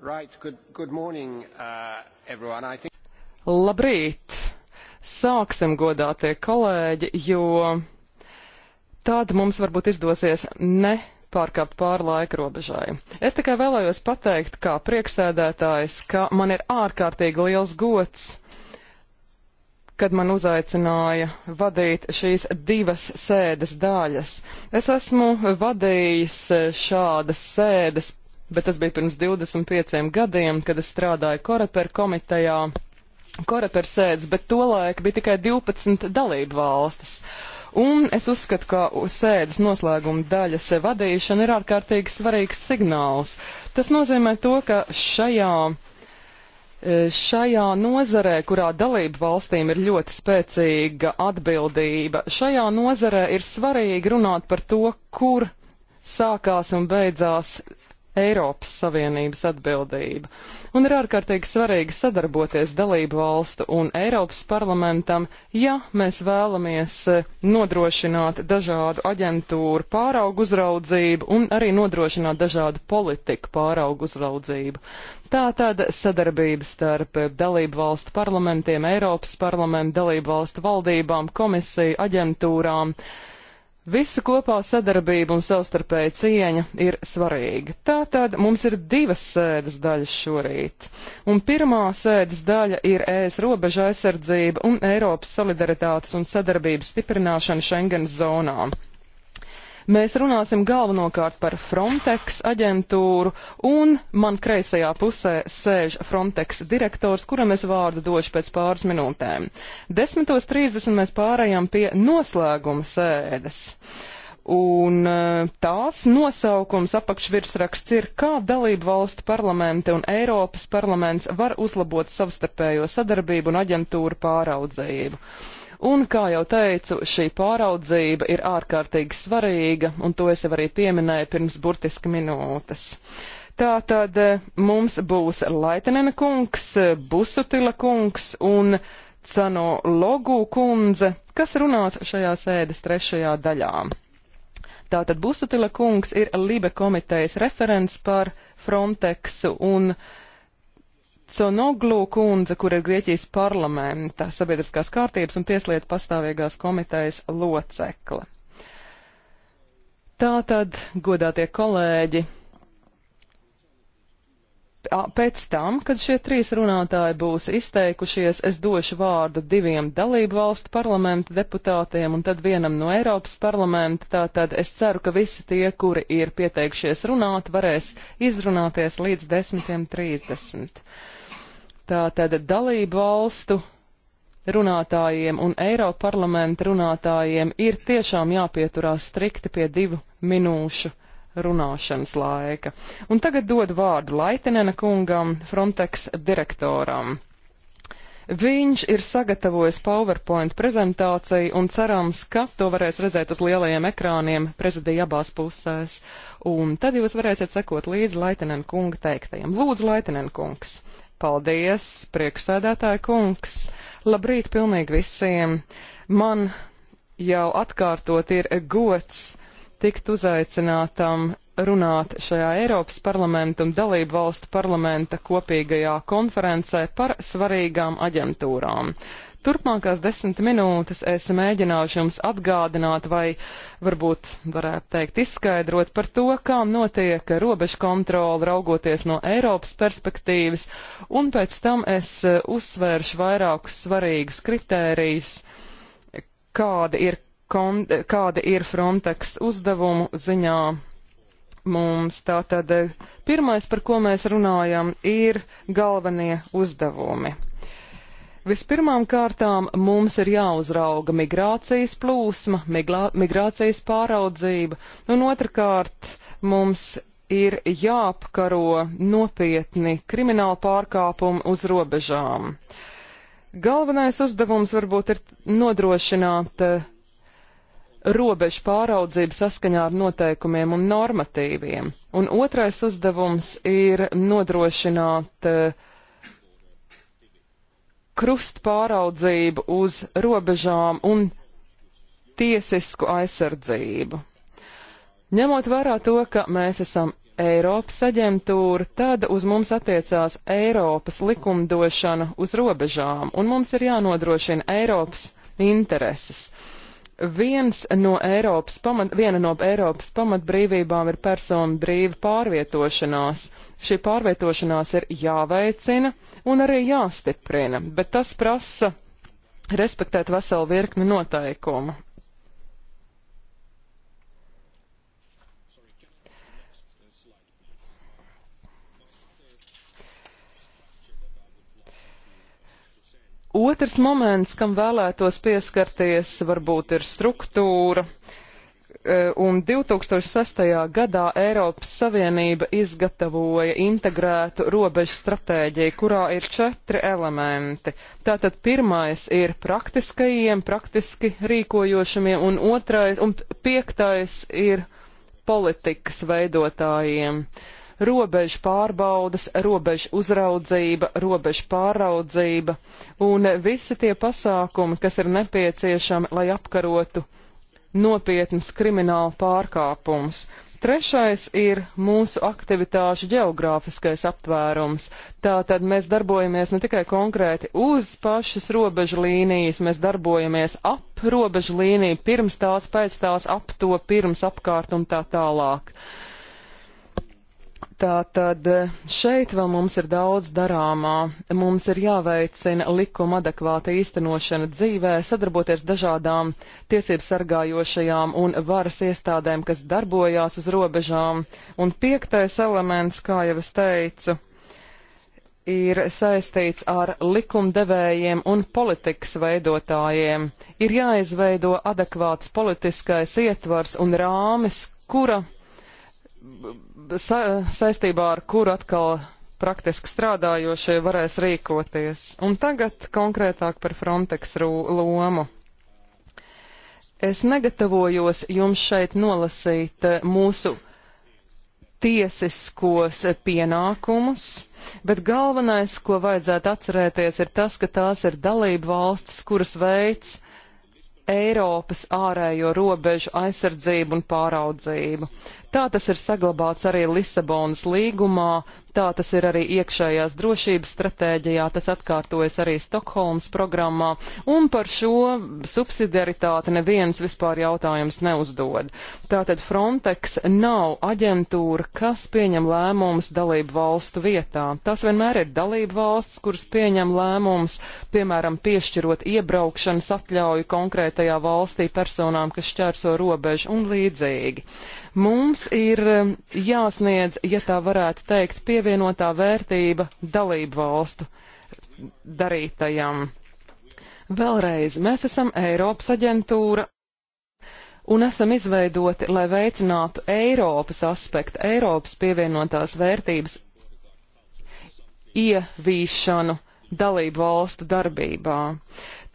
Right, good, good morning, uh, everyone. I think... Labrīt! Sāksim, godātie kolēģi, jo tad mums varbūt izdosies ne pārkāpt pāri laika robežai. Es tikai vēlējos pateikt, kā priekšsēdētājs, ka man ir ārkārtīgi liels gods, kad man uzaicināja vadīt šīs divas sēdes daļas. Es esmu vadījis šādas sēdes bet tas bija pirms 25 gadiem, kad es strādāju Koreper komitejā, Koreper sēdz, bet tolaik bija tikai 12 dalību valstis. Un es uzskatu, ka sēdes noslēguma daļas vadīšana ir ārkārtīgi svarīgs signāls. Tas nozīmē to, ka šajā e, šajā nozarē, kurā dalību valstīm ir ļoti spēcīga atbildība, šajā nozarē ir svarīgi runāt par to, kur sākās un beidzās Eiropas Savienības atbildība. Un ir ārkārtīgi svarīgi sadarboties dalību valstu un Eiropas parlamentam, ja mēs vēlamies eh, nodrošināt dažādu aģentūru pāraugu uzraudzību un arī nodrošināt dažādu politiku pāraugu uzraudzību. Tātad sadarbība starp dalību valstu parlamentiem, Eiropas parlamentu, dalību valstu valdībām, komisiju, aģentūrām. Uh, Visa kopā sadarbība un savstarpēja cieņa ir svarīga. Tātad mums ir divas sēdes daļas šorīt. Un pirmā sēdes daļa ir ēs robeža aizsardzība un Eiropas solidaritātes un sadarbības stiprināšana Schengen zonām. Mēs runāsim galvenokārt par Frontex aģentūru, un man kreisajā pusē sēž Frontex direktors, kuram es vārdu došu pēc pāris minūtēm. 10.30 mēs pārējām pie noslēguma sēdes. Un eh, tās nosaukums apakšvirsraksts ir, kā dalību valstu parlamenti un Eiropas parlaments var uzlabot savstarpējo sadarbību un aģentūru pāraudzību. Un, kā jau teicu, šī pāraudzība ir ārkārtīgi svarīga, un to es jau arī pieminēju pirms burtiski minūtes. Tātad eh, mums būs Laitenena kungs, eh, Busutila kungs un Cano Logu kundze, kas runās šajā sēdes trešajā daļā. Tātad Busutila kungs ir Libe komitejas referents par Frontexu un uh, Conoglu kundze, kur ir Grieķijas parlamenta sabiedriskās kārtības un tieslietu pastāvīgās komitejas locekle. Tātad, godātie kolēģi, pēc tam, kad šie trīs runātāji būs izteikušies, es došu vārdu diviem dalību valstu parlamenta deputātiem un tad vienam no Eiropas parlamenta. Tātad es ceru, ka visi tie, kuri ir pieteikšies runāt, varēs izrunāties līdz 10.30. Tātad dalību valstu runātājiem un Eiroparlamenta runātājiem ir tiešām jāpieturās strikti pie divu minūšu runāšanas laika. Un tagad dod vārdu Laitinena kungam, Frontex direktoram. Viņš ir sagatavojis PowerPoint prezentāciju un cerams, ka to varēs redzēt uz lielajiem ekrāniem prezidija abās pusēs. Un tad jūs varēsiet sekot līdzi Laitinen kunga teiktajiem. Lūdzu, Laitinen kungs! Paldies, priekšsēdētāja kungs! Labrīt pilnīgi visiem! Man jau atkārtot ir gods tikt uzaicinātam runāt šajā Eiropas parlamenta un dalību valstu parlamenta kopīgajā konferencē par svarīgām aģentūrām. Turpmākās desmit minūtes es mēģināšu jums atgādināt vai varbūt varētu teikt izskaidrot par to, kā notiek robežu kontrola raugoties no Eiropas perspektīvas, un pēc tam es eh, uzsvēršu vairākus svarīgus kritērijus, kāda ir, kon, kāda ir Frontex uzdevumu ziņā mums. Tātad eh, pirmais, par ko mēs runājam, ir galvenie uzdevumi. Vispirmām kārtām mums ir jāuzrauga migrācijas plūsma, miglā, migrācijas pāraudzība, un otrkārt mums ir jāapkaro nopietni krimināla pārkāpumi uz robežām. Galvenais uzdevums varbūt ir nodrošināt eh, robežu pāraudzību saskaņā ar noteikumiem un normatīviem, un otrais uzdevums ir nodrošināt uh, krustpāraudzību uz robežām un tiesisku aizsardzību. Ņemot vērā to, ka mēs esam Eiropas aģentūra, tad uz mums attiecās Eiropas likumdošana uz robežām, un mums ir jānodrošina Eiropas intereses. Viens no Eiropas pamat, viena no Eiropas pamatbrīvībām ir persona brīva pārvietošanās. Šī pārvietošanās ir jāveicina un arī jāstiprina, bet tas prasa respektēt veselu virkni noteikumu. Otrs moments, kam vēlētos pieskarties, varbūt ir struktūra. E, un 2006. gadā Eiropas Savienība izgatavoja integrētu robežu stratēģiju, kurā ir četri elementi. Tātad pirmais ir praktiskajiem, praktiski rīkojošamiem, un otrais, un piektais ir politikas veidotājiem. Uh, robežu pārbaudas, robežu uzraudzība, robežu pāraudzība un visi tie pasākumi, kas ir nepieciešami, lai apkarotu nopietnus kriminālu pārkāpumus. Trešais ir mūsu aktivitāšu geogrāfiskais aptvērums. Tātad mēs darbojamies ne tikai konkrēti uz pašas robežu līnijas, mēs darbojamies ap robežu līniju, pirms tās, pēc tās, ap to, pirms apkārt un tā tālāk. Uh, Tātad šeit vēl mums ir daudz darāmā. Mums ir jāveicina likuma adekvāta īstenošana dzīvē, sadarboties dažādām tiesību sargājošajām un varas iestādēm, kas darbojās uz robežām. Un piektais elements, kā jau es teicu, ir saistīts ar likumdevējiem un politikas veidotājiem. Ir jāizveido adekvāts politiskais ietvars un rāmis, kura sa saistībā ar kuru atkal praktiski strādājošie varēs rīkoties. Un tagad konkrētāk par Frontex lomu. Es negatavojos jums šeit nolasīt eh, mūsu tiesiskos pienākumus, bet galvenais, ko vajadzētu atcerēties, ir tas, ka tās ir dalība valstis, kuras veids Eiropas ārējo robežu aizsardzību un pāraudzību. Tā tas ir saglabāts arī Lisabonas līgumā, tā tas ir arī iekšējās drošības stratēģijā, tas atkārtojas arī Stokholmas programmā, un par šo subsidiaritāti neviens vispār jautājums neuzdod. Tātad Frontex nav aģentūra, kas pieņem lēmumus dalību valstu vietā. Tas vienmēr ir dalību valsts, kuras pieņem lēmumus, piemēram, piešķirot iebraukšanas atļauju konkrētajā valstī personām, kas šķērso robežu un līdzīgi. Mums ir um, jāsniedz, ja tā varētu teikt, pievienotā vērtība dalību valstu darītajam. Vēlreiz, mēs esam Eiropas aģentūra un esam izveidoti, lai veicinātu Eiropas aspektu, Eiropas pievienotās vērtības ievīšanu dalību valstu darbībā.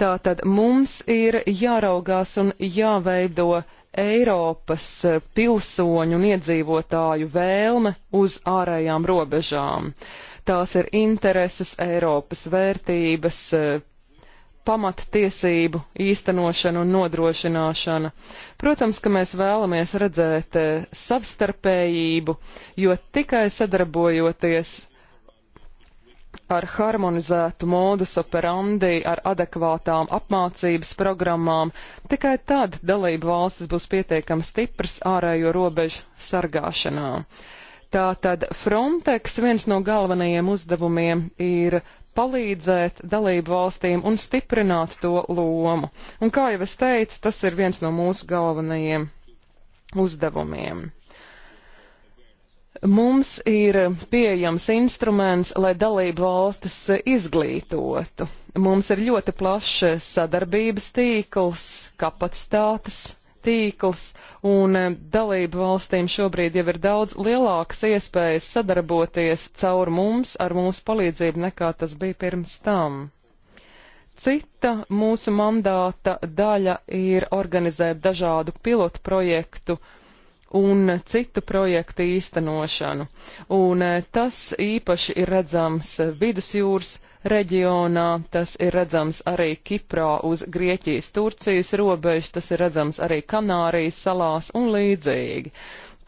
Tātad mums ir jāraugās un jāveido Eiropas eh, pilsoņu un iedzīvotāju vēlme uz ārējām robežām. Tās ir intereses, Eiropas vērtības, eh, pamattiesību īstenošana un nodrošināšana. Protams, ka mēs vēlamies redzēt eh, savstarpējību, jo tikai sadarbojoties ar harmonizētu modus operandi, ar adekvātām apmācības programmām. Tikai tad dalību valstis būs pietiekami stipras ārējo robežu sargāšanā. Tātad Frontex viens no galvenajiem uzdevumiem ir palīdzēt dalību valstīm un stiprināt to lomu. Un kā jau es teicu, tas ir viens no mūsu galvenajiem uzdevumiem. Mums ir pieejams instruments, lai dalību valstis izglītotu. Mums ir ļoti plašs sadarbības tīkls, kapacitātes tīkls, un dalību valstīm šobrīd jau ir daudz lielākas iespējas sadarboties caur mums, ar mūsu palīdzību, nekā tas bija pirms tam. Cita mūsu mandāta daļa ir organizēt dažādu pilotu projektu un citu projektu īstenošanu. Un e, tas īpaši ir redzams vidusjūras reģionā, tas ir redzams arī Kiprā uz Grieķijas Turcijas robežas, tas ir redzams arī Kanārijas salās un līdzīgi.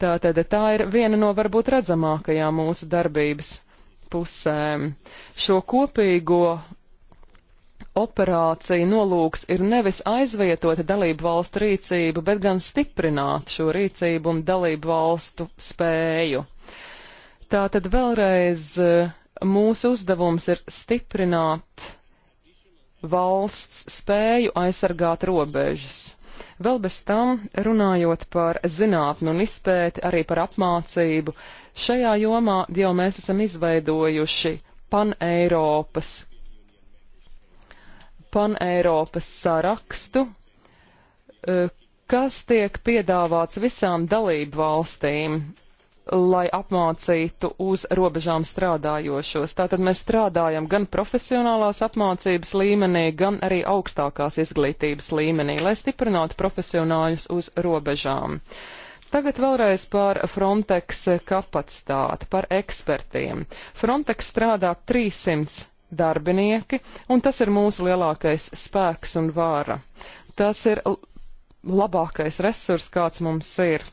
Tātad tā ir viena no varbūt redzamākajām mūsu darbības pusēm. Šo kopīgo operācija nolūks ir nevis aizvietot dalību valstu rīcību, bet gan stiprināt šo rīcību un dalību valstu spēju. Tātad vēlreiz eh, mūsu uzdevums ir stiprināt valsts spēju aizsargāt robežas. Vēl bez tam, runājot par zinātnu un izpēti, arī par apmācību, šajā jomā jau mēs esam izveidojuši paneiropas paneiropas sarakstu, eh, kas tiek piedāvāts visām dalību valstīm, lai apmācītu uz robežām strādājošos. Tātad mēs strādājam gan profesionālās apmācības līmenī, gan arī augstākās izglītības līmenī, lai stiprinātu profesionāļus uz robežām. Tagad vēlreiz par Frontex kapacitāti, par ekspertiem. Frontex strādā 300 darbinieki, un tas ir mūsu lielākais spēks un vāra. Tas ir labākais resurs, kāds mums ir.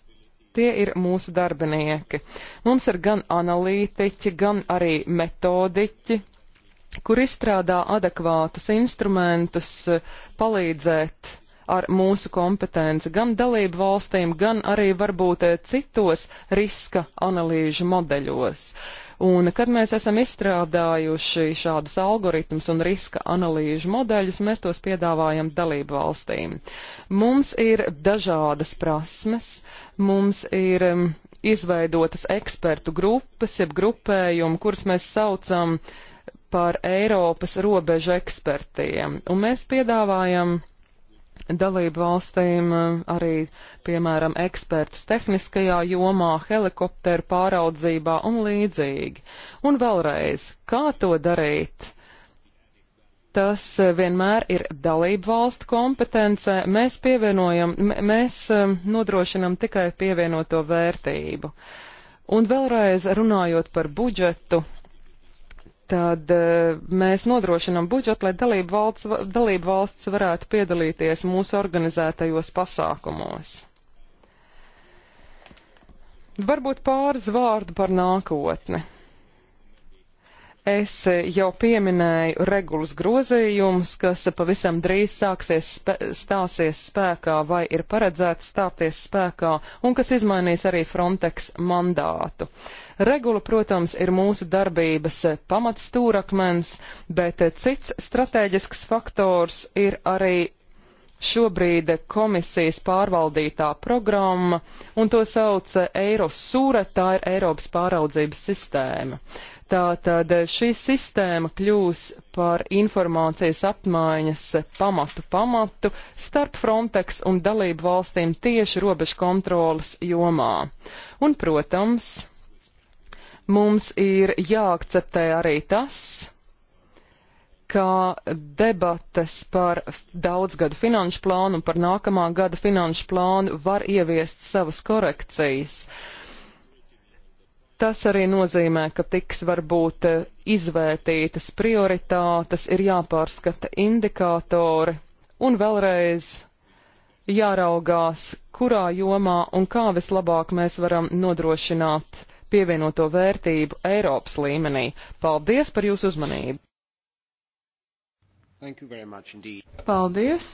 Tie ir mūsu darbinieki. Mums ir gan analītiķi, gan arī metodiķi, kur izstrādā adekvātus instrumentus palīdzēt ar mūsu kompetenci gan dalību valstīm, gan arī varbūt eh, citos riska analīžu modeļos. Un, kad mēs esam izstrādājuši šādus algoritmus un riska analīžu modeļus, mēs tos piedāvājam dalību valstīm. Mums ir dažādas prasmes, mums ir mm, izveidotas ekspertu grupas, jeb grupējumi, kurus mēs saucam par Eiropas robežu ekspertiem. Un mēs piedāvājam dalību valstīm eh, arī, piemēram, ekspertus tehniskajā jomā, helikopteru pāraudzībā un līdzīgi. Un vēlreiz, kā to darīt? Tas eh, vienmēr ir dalību valstu kompetence. Mēs pievienojam, mēs eh, nodrošinam tikai pievienoto vērtību. Un vēlreiz runājot par budžetu, tad eh, mēs nodrošinam budžetu, lai dalību valsts, dalību valsts varētu piedalīties mūsu organizētajos pasākumos. Varbūt pāris vārdu par nākotni. Es eh, jau pieminēju regulas grozījumus, kas eh, pavisam drīz sāksies spē stāsies spēkā vai ir paredzēts stāties spēkā un kas izmainīs arī Frontex mandātu. Uh, Regula, protams, ir mūsu darbības eh, pamatstūrakmens, bet eh, cits strateģisks faktors ir arī šobrīd eh, komisijas pārvaldītā programma, un to sauc Eirosūra, tā ir Eiropas pāraudzības sistēma. Tātad šī sistēma kļūs par informācijas apmaiņas pamatu pamatu starp Frontex un dalību valstīm tieši robežu kontrolas jomā. Un, protams, Mums ir jāakceptē arī tas, ka debates par daudzgadu finanšu plānu un par nākamā gada finanšu plānu var ieviest savas korekcijas. Tas arī nozīmē, ka tiks varbūt izvērtītas prioritātes, ir jāpārskata indikātori un vēlreiz jāraugās, kurā jomā un kā vislabāk mēs varam nodrošināt pievienoto vērtību Eiropas līmenī. Paldies par jūsu uzmanību! Paldies!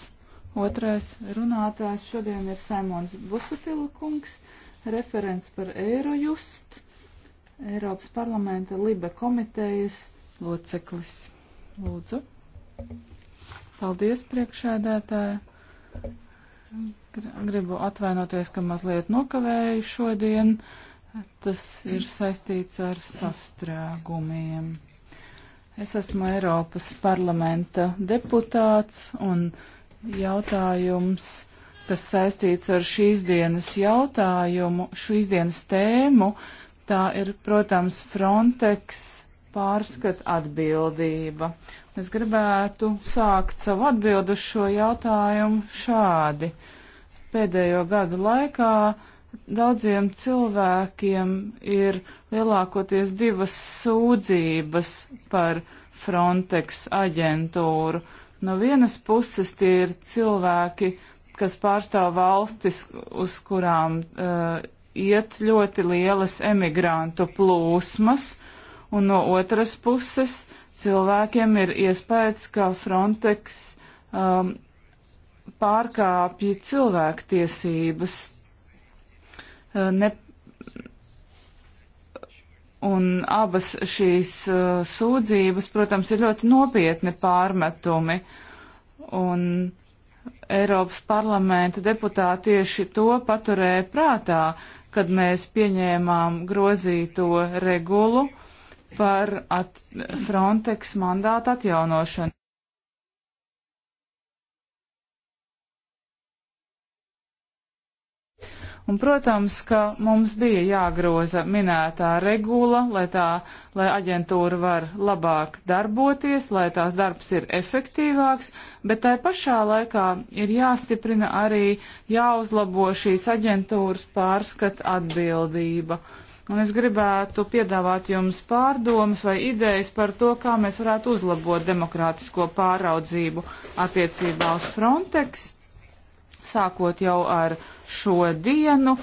Otrais runātājs šodien ir Saimons Busutila kungs, referents par Eirojust, Eiropas parlamenta Libe komitejas loceklis. Lūdzu. Paldies, priekšēdētāja. Gribu atvainoties, ka mazliet nokavēju šodien. Uh, tas ir saistīts ar sastrēgumiem. Es esmu Eiropas parlamenta deputāts un jautājums, kas saistīts ar šīs dienas jautājumu, šīs dienas tēmu, tā ir, protams, Frontex pārskat atbildība. Es gribētu sākt savu atbildu uz šo jautājumu šādi. Pēdējo gadu laikā uh, Daudziem cilvēkiem ir lielākoties divas sūdzības par Frontex aģentūru. No vienas puses tie ir cilvēki, kas pārstāv valstis, uz kurām uh, iet ļoti lielas emigrantu plūsmas, un no otras puses cilvēkiem ir iespējas, ka Frontex um, pārkāpja cilvēktiesības Eh, ne, un abas šīs eh, sūdzības, protams, ir ļoti nopietni pārmetumi. Un Eiropas parlamenta deputāti tieši to paturēja prātā, kad mēs pieņēmām grozīto regulu par Frontex mandātu atjaunošanu. Un, protams, ka mums bija jāgroza minētā regula, lai tā, lai aģentūra var labāk darboties, lai tās darbs ir efektīvāks, bet tai pašā laikā ir jāstiprina arī jāuzlabo šīs aģentūras pārskat atbildība. Un es gribētu piedāvāt jums pārdomas vai idejas par to, kā mēs varētu uzlabot demokrātisko pāraudzību attiecībā uz Frontex sākot jau ar šo dienu,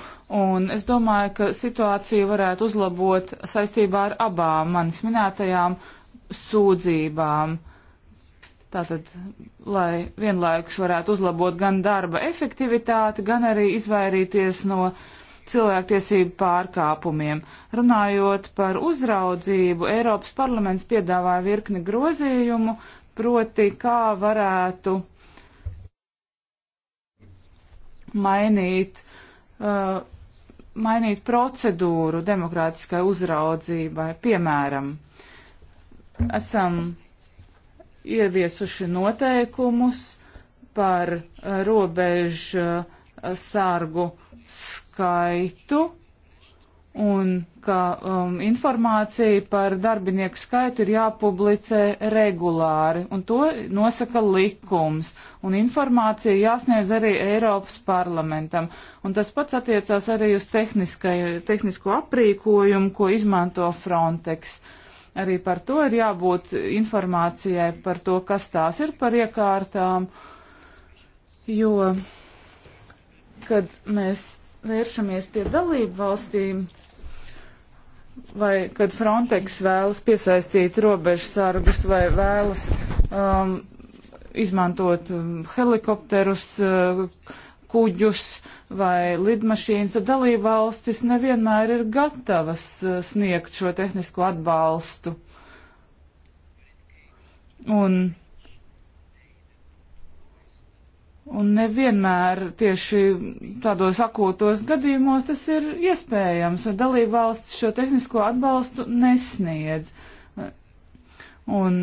un es domāju, ka situāciju varētu uzlabot saistībā ar abām manis minētajām sūdzībām. Tātad, lai vienlaikus varētu uzlabot gan darba efektivitāti, gan arī izvairīties no cilvēktiesību pārkāpumiem. Runājot par uzraudzību, Eiropas parlaments piedāvāja virkni grozījumu, proti kā varētu mainīt, uh, mainīt procedūru demokrātiskai uzraudzībai. Piemēram, esam ieviesuši noteikumus par uh, robežu uh, sargu skaitu un ka um, informācija par darbinieku skaitu ir jāpublicē regulāri, un to nosaka likums, un informācija jāsniedz arī Eiropas parlamentam. Un tas pats attiecās arī uz tehnisko aprīkojumu, ko izmanto Frontex. Arī par to ir jābūt informācijai par to, kas tās ir par iekārtām, jo, kad mēs vēršamies pie dalību valstīm, vai kad Frontex vēlas piesaistīt robežsargus vai vēlas um, izmantot um, helikopterus, uh, kuģus vai lidmašīnas, tad dalība valstis nevienmēr ir gatavas uh, sniegt šo tehnisko atbalstu. Un Un nevienmēr tieši tādos akūtos gadījumos tas ir iespējams, un dalībvalsts šo tehnisko atbalstu nesniedz. Un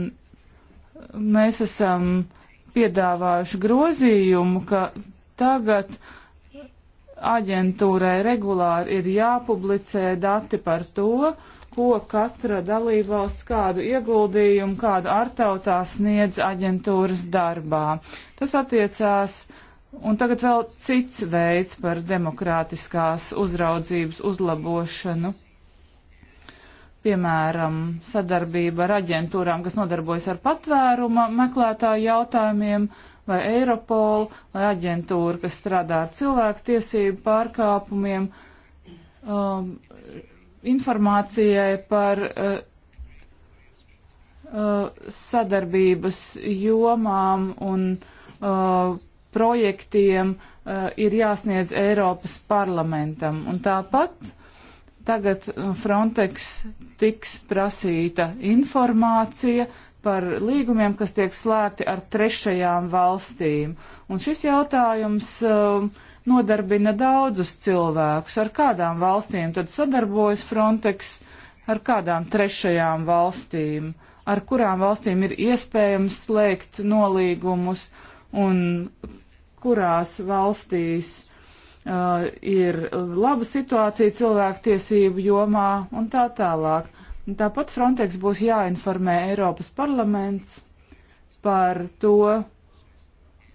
mēs esam piedāvājuši grozījumu, ka tagad aģentūrai regulāri ir jāpublicē dati par to, ko katra dalībvalsts, kādu ieguldījumu, kādu ārtautā sniedz aģentūras darbā. Tas attiecās, un tagad vēl cits veids par demokrātiskās uzraudzības uzlabošanu. Piemēram, sadarbība ar aģentūrām, kas nodarbojas ar patvēruma meklētāju jautājumiem, vai Eiropolu, vai aģentūra, kas strādā ar cilvēku tiesību pārkāpumiem, um, informācijai par uh, uh, sadarbības jomām un uh, projektiem ir jāsniedz Eiropas parlamentam. Un tāpat tagad Frontex tiks prasīta informācija par līgumiem, kas tiek slēgti ar trešajām valstīm. Un šis jautājums uh, nodarbina daudzus cilvēkus. Ar kādām valstīm tad sadarbojas Frontex, ar kādām trešajām valstīm, ar kurām valstīm ir iespējams slēgt nolīgumus un kurās valstīs uh, ir laba situācija cilvēktiesību jomā un tā tālāk. Un tāpat Frontex būs jāinformē Eiropas parlaments par to,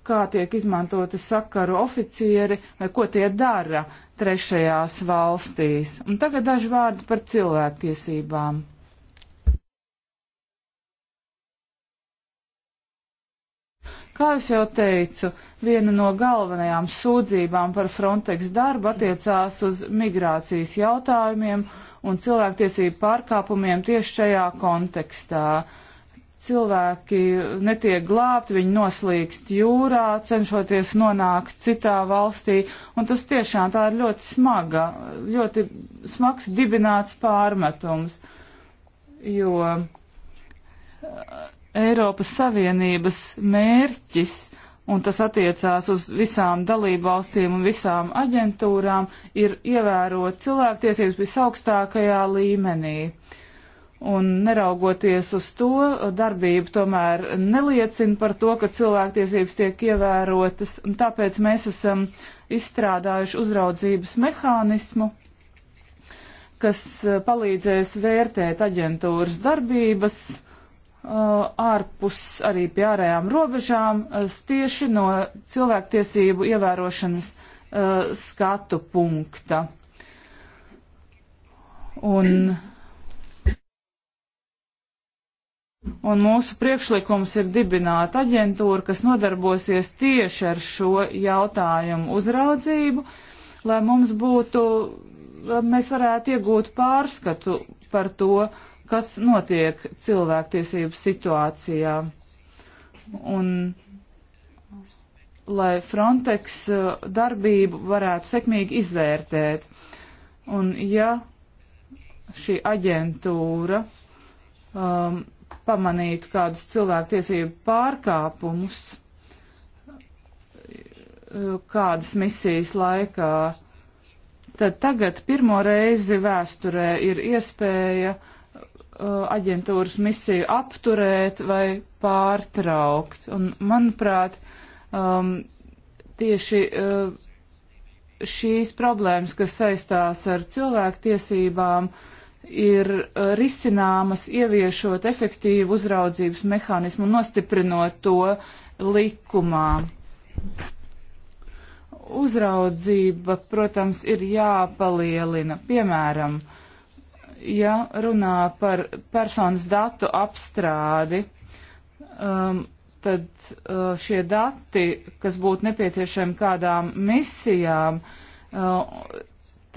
kā tiek izmantoti sakaru oficieri vai ko tie dara trešajās valstīs. Un tagad daži vārdi par cilvēktiesībām. Kā es jau teicu, viena no galvenajām sūdzībām par Frontex darbu attiecās uz migrācijas jautājumiem un cilvēktiesību pārkāpumiem tieši šajā kontekstā. Uh, cilvēki netiek glābti, viņi noslīkst jūrā, cenšoties nonākt citā valstī, un tas tiešām tā ir ļoti smaga, ļoti smags dibināts pārmetums, jo eh, Eiropas Savienības mērķis, un tas attiecās uz visām dalībvalstīm un visām aģentūrām, ir ievērot cilvēktiesības visaugstākajā līmenī. Uh, Un neraugoties uz to, darbība tomēr neliecina par to, ka cilvēktiesības tiek ievērotas, un tāpēc mēs esam izstrādājuši uzraudzības mehānismu, kas eh, palīdzēs vērtēt aģentūras darbības eh, ārpus arī pie ārējām robežām eh, tieši no cilvēktiesību ievērošanas skatu punkta. Un, mm Un mūsu priekšlikums ir dibināt aģentūru, kas nodarbosies tieši ar šo jautājumu uzraudzību, lai mums būtu, lai mēs varētu iegūt pārskatu par to, kas notiek cilvēktiesību situācijā. Un lai Frontex uh, darbību varētu sekmīgi izvērtēt. Un ja šī aģentūra um, pamanītu kādus cilvēktiesību pārkāpumus kādas misijas laikā, tad tagad pirmo reizi vēsturē ir iespēja uh, aģentūras misiju apturēt vai pārtraukt. Un, manuprāt, um, tieši uh, šīs problēmas, kas saistās ar cilvēktiesībām, uh, ir uh, risināmas ieviešot efektīvu uzraudzības mehānismu un nostiprinot to likumā. Uzraudzība, protams, ir jāpalielina. Piemēram, ja runā par personas datu apstrādi, um, tad uh, šie dati, kas būtu nepieciešami kādām misijām, uh,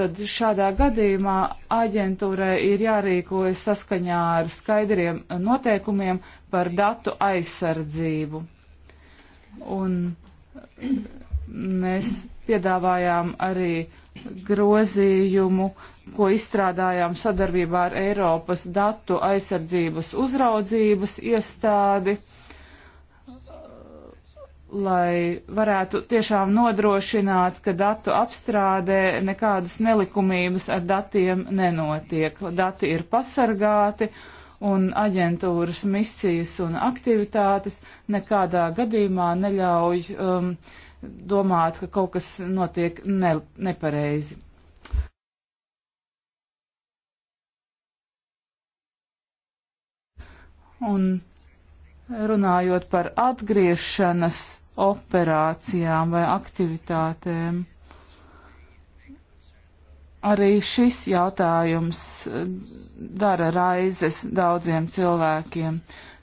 tad šādā gadījumā aģentūrai ir jārīkojas saskaņā ar skaidriem noteikumiem par datu aizsardzību. Un mēs piedāvājām arī grozījumu, ko izstrādājām sadarbībā ar Eiropas datu aizsardzības uzraudzības iestādi lai varētu tiešām nodrošināt, ka datu apstrādē nekādas nelikumības ar datiem nenotiek. Dati ir pasargāti un aģentūras misijas un aktivitātes nekādā gadījumā neļauj um, domāt, ka kaut kas notiek ne, nepareizi. Un runājot par atgriešanas operācijām vai aktivitātēm. Arī šis jautājums eh, dara raizes daudziem cilvēkiem.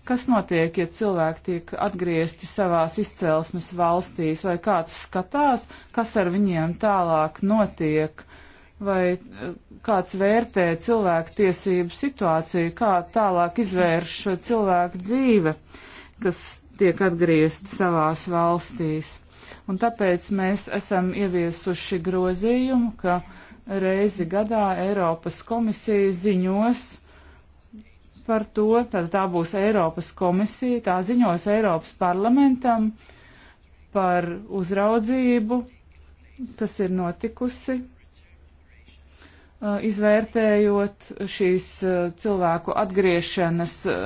Kas notiek, ja cilvēki tiek atgriezti savās izcelsmes valstīs, vai kāds skatās, kas ar viņiem tālāk notiek, vai eh, kāds vērtē cilvēku tiesību situāciju, kā tālāk izvērš šo cilvēku dzīve, kas tiek atgriezti savās valstīs. Un tāpēc mēs esam ieviesuši grozījumu, ka reizi gadā Eiropas komisija ziņos par to, tad tā būs Eiropas komisija, tā ziņos Eiropas parlamentam par uzraudzību, kas ir notikusi, uh, izvērtējot šīs uh, cilvēku atgriešanas uh,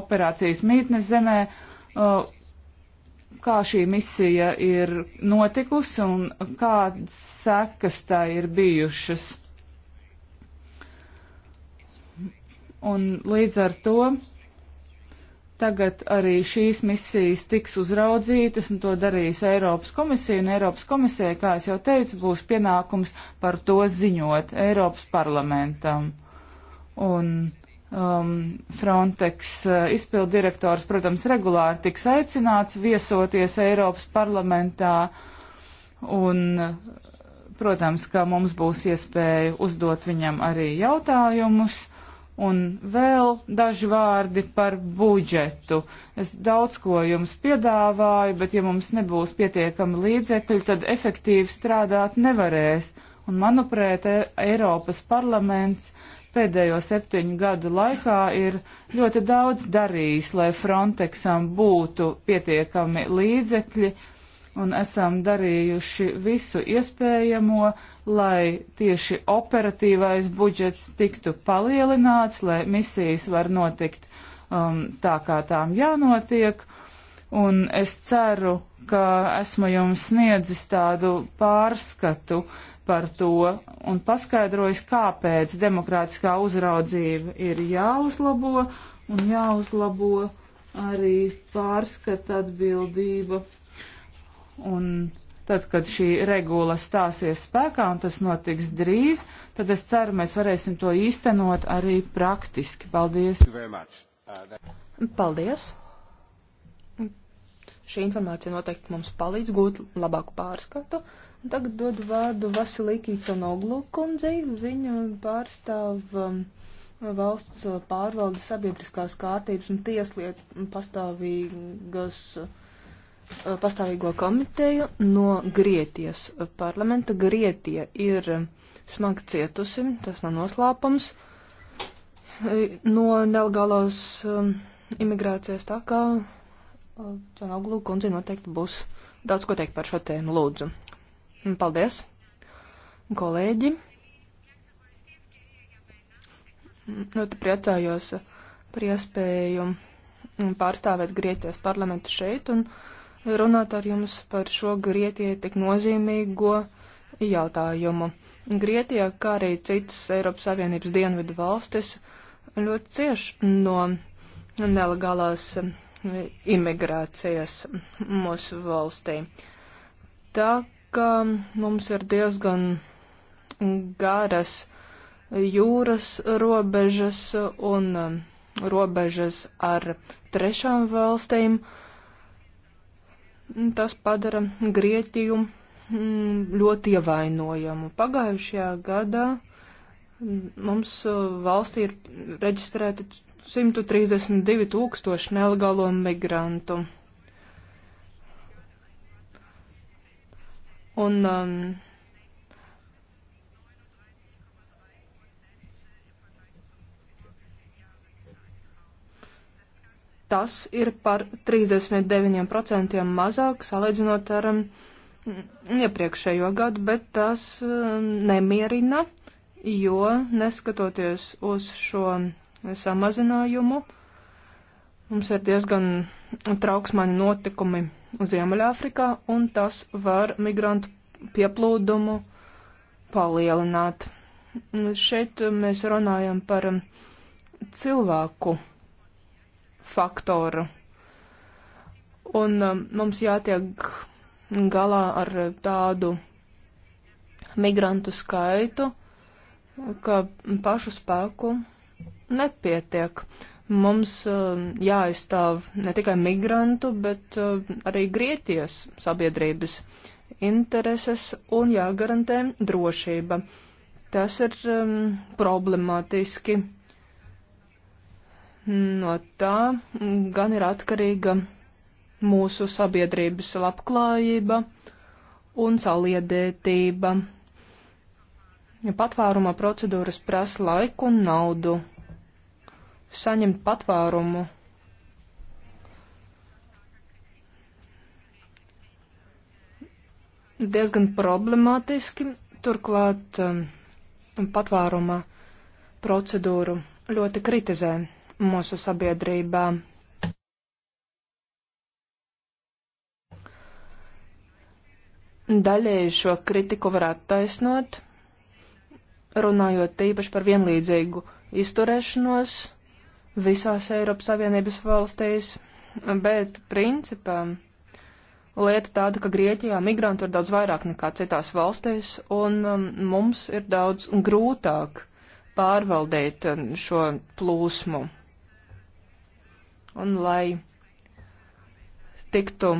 operācijas mītnes zemē Uh, kā šī misija ir notikusi un kādas sekas tā ir bijušas. Un līdz ar to tagad arī šīs misijas tiks uzraudzītas, un to darīs Eiropas komisija. Un Eiropas komisija, kā es jau teicu, būs pienākums par to ziņot Eiropas parlamentam. Un um, Frontex uh, izpildirektors, protams, regulāri tiks aicināts viesoties Eiropas parlamentā, un, protams, ka mums būs iespēja uzdot viņam arī jautājumus. Un vēl daži vārdi par budžetu. Es daudz ko jums piedāvāju, bet ja mums nebūs pietiekami līdzekļi, tad efektīvi strādāt nevarēs. Un manuprāt, e- Eiropas parlaments uh, pēdējo septiņu gadu laikā ir ļoti daudz darījis, lai Frontexam būtu pietiekami līdzekļi, un esam darījuši visu iespējamo, lai tieši operatīvais budžets tiktu palielināts, lai misijas var notikt um, tā, kā tām jānotiek. Un es ceru, ka esmu jums sniedzis tādu pārskatu par to un paskaidrojis, kāpēc demokrātiskā uzraudzība ir jāuzlabo un jāuzlabo arī pārskata atbildība. Un tad, kad šī regula stāsies spēkā, un tas notiks drīz, tad es ceru, mēs varēsim to īstenot arī praktiski. Paldies! Uh, Paldies! Šī informācija noteikti mums palīdz gūt labāku pārskatu. Tagad dodu vārdu Vasilīki Canoglu kundzei. Viņa pārstāv um, valsts pārvaldes sabiedriskās kārtības un tieslietu pastāvīgas, uh, pastāvīgo komiteju no Grieties parlamenta. Grietie ir smagi cietusi, tas nav noslēpums, uh, no nelegālās um, imigrācijas tā kā Canoglu uh, kundze noteikti būs daudz ko teikt par šo tēmu. Lūdzu. Paldies, kolēģi. Ļoti priecājos par iespēju pārstāvēt Grieķijas parlamentu šeit un runāt ar jums par šo Grieķijai tik nozīmīgo jautājumu. Grieķija, kā arī citas Eiropas Savienības dienvidu valstis, ļoti cieši no nelegālās imigrācijas mūsu valstī. Tā ka mums ir diezgan garas jūras robežas un robežas ar trešām valstīm. Tas padara Grieķiju mm, ļoti ievainojamu. Pagājušajā gadā mums uh, valstī ir reģistrēti 132 tūkstoši nelegālo migrantu. Un um, tas ir par 39% mazāk salīdzinot ar um, iepriekšējo gadu, bet tas um, nemierina, jo neskatoties uz šo samazinājumu, mums ir diezgan trauksmani notikumi Ziemeļāfrikā, un tas var migrantu pieplūdumu palielināt. Šeit mēs runājam par um, cilvēku faktoru, un um, mums jātiek galā ar tādu migrantu skaitu, ka pašu spēku nepietiek. Mums um, jāaizstāv ne tikai migrantu, bet um, arī Grieķijas sabiedrības intereses un jāgarantē drošība. Tas ir um, problemātiski. No tā gan ir atkarīga mūsu sabiedrības labklājība un saliedētība. Patvāruma procedūras prasa laiku un naudu, saņemt patvērumu. Diezgan problemātiski, turklāt um, patvāruma procedūru ļoti kritizē mūsu sabiedrībā. Daļēji šo kritiku var attaisnot, runājot īpaši par vienlīdzīgu izturēšanos visās Eiropas Savienības valstīs, bet principā lieta tāda, ka Grieķijā migrantu ir daudz vairāk nekā citās valstīs, un um, mums ir daudz grūtāk pārvaldīt um, šo plūsmu. Un lai tiktu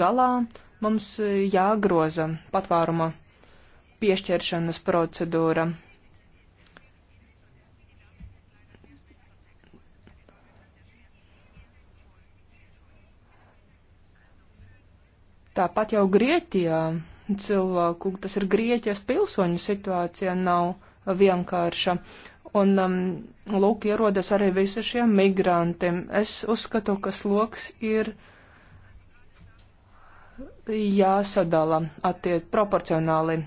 galā, mums jāgroza patvāruma piešķiršanas procedūra Tāpat jau Grieķijā cilvēku, tas ir Grieķijas pilsoņu situācija, nav vienkārša. Un um, lūk, ierodas arī visi šie migranti. Es uzskatu, ka sloks ir jāsadala attiec proporcionāli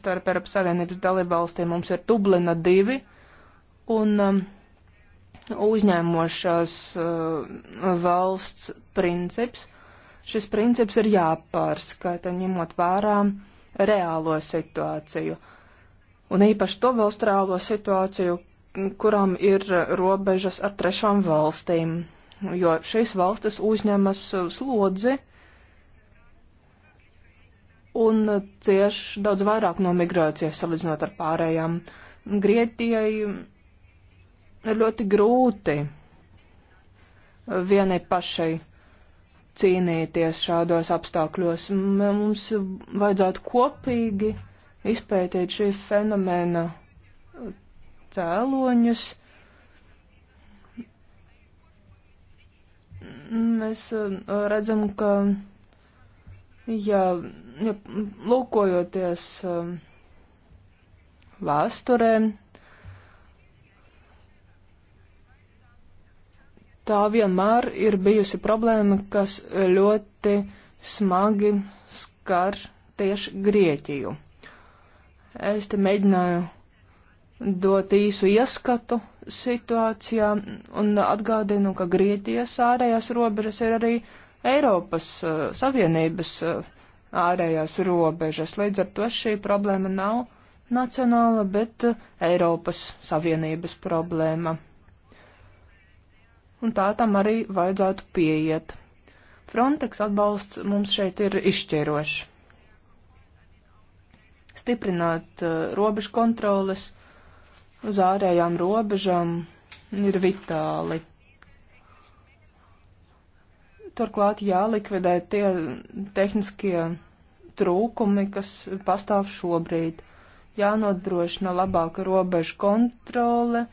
starp Eiropas Savienības dalībvalstīm. Mums ir Dublina divi un um, uzņēmošās uh, valsts princips Šis princips ir jāpārskata, ņemot vērā reālo situāciju. Un īpaši to valstrālo situāciju, kurām ir robežas ar trešām valstīm, jo šīs valstis uzņemas slodzi un cieš daudz vairāk no migrācijas salīdzinot ar pārējām. Grieķijai ir ļoti grūti vienai pašai cīnīties šādos apstākļos. Mums vajadzētu kopīgi izpētīt šī fenomena cēloņus. Mēs uh, redzam, ka, ja, ja lūkojoties uh, vēsturē, tā vienmēr ir bijusi problēma, kas ļoti smagi skar tieši Grieķiju. Es te mēģināju dot īsu ieskatu situācijā un atgādinu, ka Grieķijas ārējās robežas ir arī Eiropas uh, Savienības uh, ārējās robežas. Līdz ar to šī problēma nav nacionāla, bet uh, Eiropas Savienības problēma un tā tam arī vajadzētu pieiet. Frontex atbalsts mums šeit ir izšķirošs. Stiprināt uh, robežu kontroles uz ārējām robežām ir vitāli. Turklāt jālikvidē tie tehniskie trūkumi, kas pastāv šobrīd. Jānodrošina labāka robežu kontrole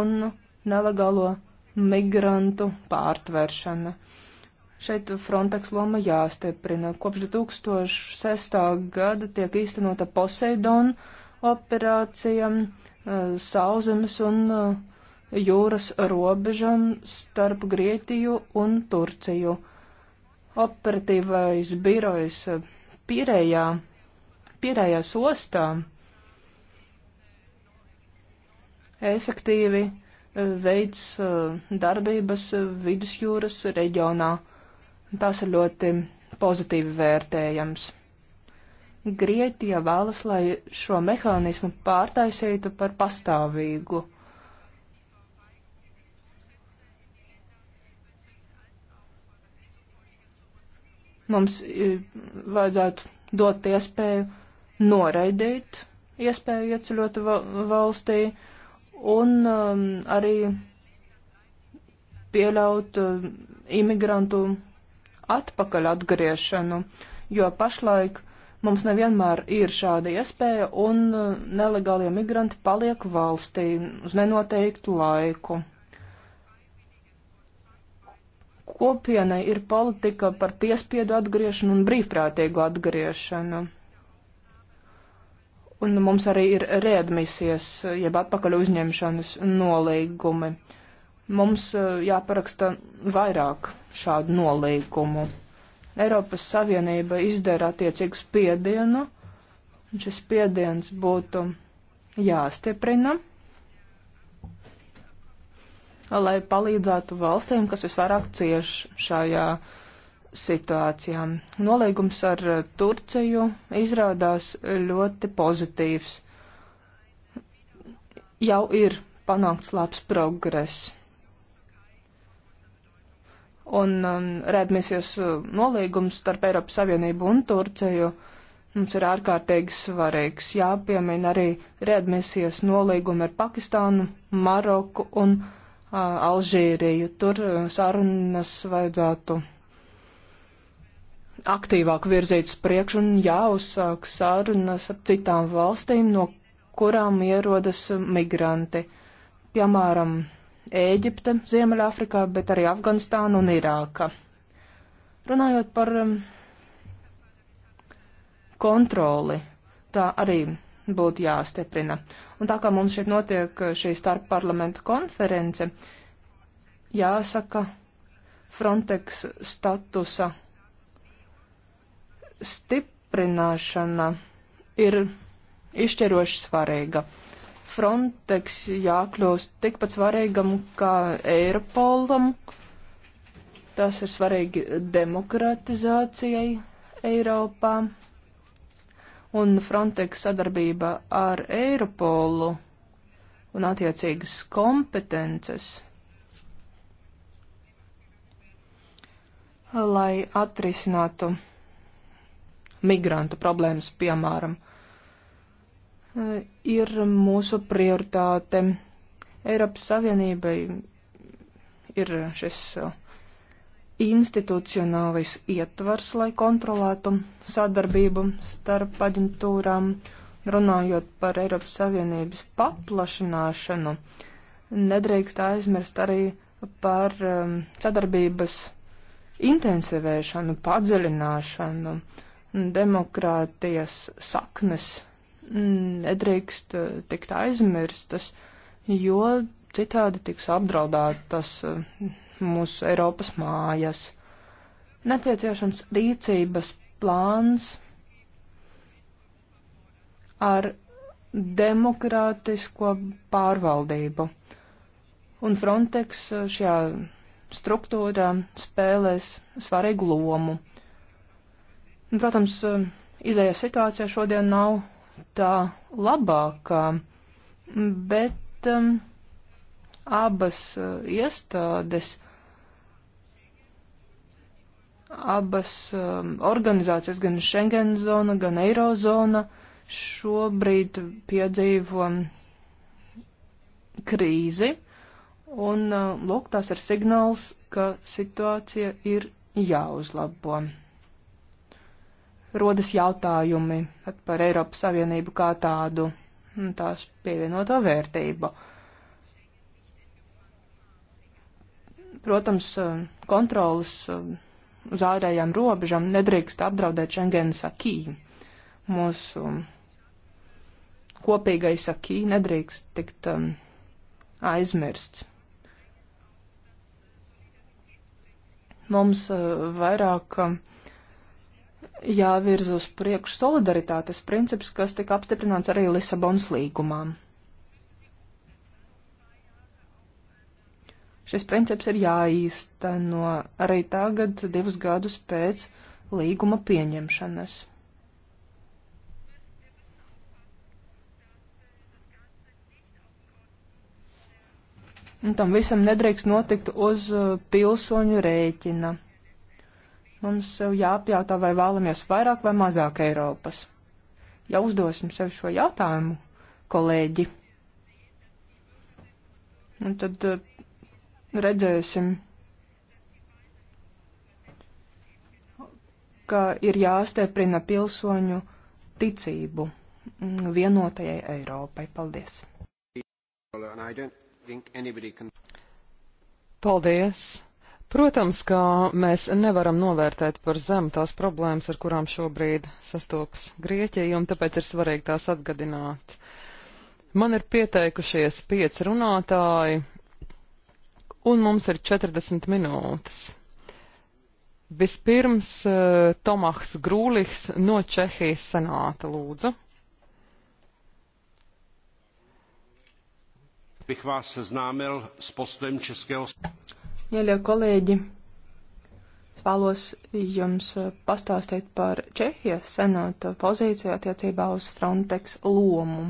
un nelegālo migrantu pārtveršana. Šeit Frontex loma jāstiprina. Kopš 2006. gada tiek īstenota Poseidon operācija eh, sauzemes un eh, jūras robežam starp Grieķiju un Turciju. Operatīvais birojs eh, Pirējā, Pirējas ostā efektīvi veids darbības vidusjūras reģionā. Tās ir ļoti pozitīvi vērtējams. Grieķija vēlas, lai šo mehānismu pārtaisītu par pastāvīgu. Mums vajadzētu dot iespēju noraidīt iespēju ieceļot valstī, uh, un um, arī pieļaut uh, imigrantu atpakaļ atgriešanu, jo pašlaik mums nevienmēr ir šāda iespēja un uh, nelegālie migranti paliek valstī uz nenoteiktu laiku. Kopienai ir politika par piespiedu atgriešanu un brīvprātīgu atgriešanu. Un mums arī ir readmisijas, jeb atpakaļ uzņemšanas nolīgumi. Mums e, jāparaksta vairāk šādu nolīgumu. Eiropas Savienība izdara attiecīgu spiedienu, un šis spiediens būtu jāstiprina, lai palīdzētu valstīm, kas visvairāk cieš šajā uh, situācijām. Nolīgums ar eh, Turciju izrādās ļoti pozitīvs. Jau ir panākts labs progress. Un um, rēdmīsies eh, nolīgums starp Eiropas Savienību un Turciju mums ir ārkārtīgi svarīgs. Jāpiemina arī rēdmīsies nolīgumi ar Pakistānu, Maroku un uh, Alžīriju. Tur sarunas vajadzētu aktīvāk virzīt uz priekšu un jāuzsāk sarunas ar citām valstīm, no kurām ierodas migranti. Piemēram, Ēģipte, Ziemeļāfrikā, bet arī Afganistāna un Irāka. Runājot par um, kontroli, tā arī būtu jāstiprina. Un tā kā mums šeit notiek uh, šī starpparlamenta konference, jāsaka Frontex statusa stiprināšana ir izšķiroši svarīga. Frontex jākļūst tikpat svarīgam kā Eiropolam. Tas ir svarīgi demokratizācijai Eiropā. Un Frontex sadarbība ar Eiropolu un attiecīgas kompetences, lai atrisinātu migrantu problēmas, piemēram, eh, ir mūsu prioritāte. Eiropas Savienībai ir šis eh, institucionālais ietvars, lai kontrolētu sadarbību starp aģentūrām, runājot par Eiropas Savienības paplašināšanu. Nedrīkst aizmirst arī par eh, sadarbības intensivēšanu, padziļināšanu. Uh, demokrātijas saknes nedrīkst eh, tikt aizmirstas, jo citādi tiks apdraudētas eh, mūsu Eiropas mājas. Nepieciešams rīcības plāns ar demokrātisko pārvaldību. Un Frontex eh, šajā struktūrā spēlēs svarīgu lomu. Un, protams, eh, izēja situācija šodien nav tā labākā, bet um, abas uh, iestādes, abas um, organizācijas, gan Schengen zona, gan Eirozona, šobrīd piedzīvo mm, krīzi. Un, uh, lūk, tas ir signāls, ka situācija ir jāuzlabo rodas jautājumi par Eiropas Savienību kā tādu un tās pievienoto vērtību. Protams, kontrolas uz ārējām robežām nedrīkst apdraudēt Schengenas akī. Mūsu kopīgais akī nedrīkst tikt um, aizmirsts. Mums uh, vairāk uh, jāvirz uz priekšu solidaritātes princips, kas tika apstiprināts arī Lisabonas līgumā. Šis princips ir jāīsteno arī tagad, divus gadus pēc līguma pieņemšanas. Un tam visam nedrīkst notikt uz uh, pilsoņu rēķina. Mums jāapjautā, vai vēlamies vairāk vai mazāk Eiropas. Ja uzdosim sev šo jautājumu, kolēģi, un tad eh, redzēsim, ka ir jāstieprina pilsoņu ticību vienotajai Eiropai. Paldies! Paldies! Protams, ka mēs nevaram novērtēt par zemu tās problēmas, ar kurām šobrīd sastopas Grieķija, un tāpēc ir svarīgi tās atgadināt. Man ir pieteikušies pieci runātāji, un mums ir 40 minūtes. Vispirms eh, Tomahs Grūliks no Čehijas senāta lūdzu. Bych vás seznámil s postojem Českého Mīļie kolēģi, es vēlos jums eh, pastāstīt par Čehijas senāta pozīciju attiecībā uz Frontex lomu.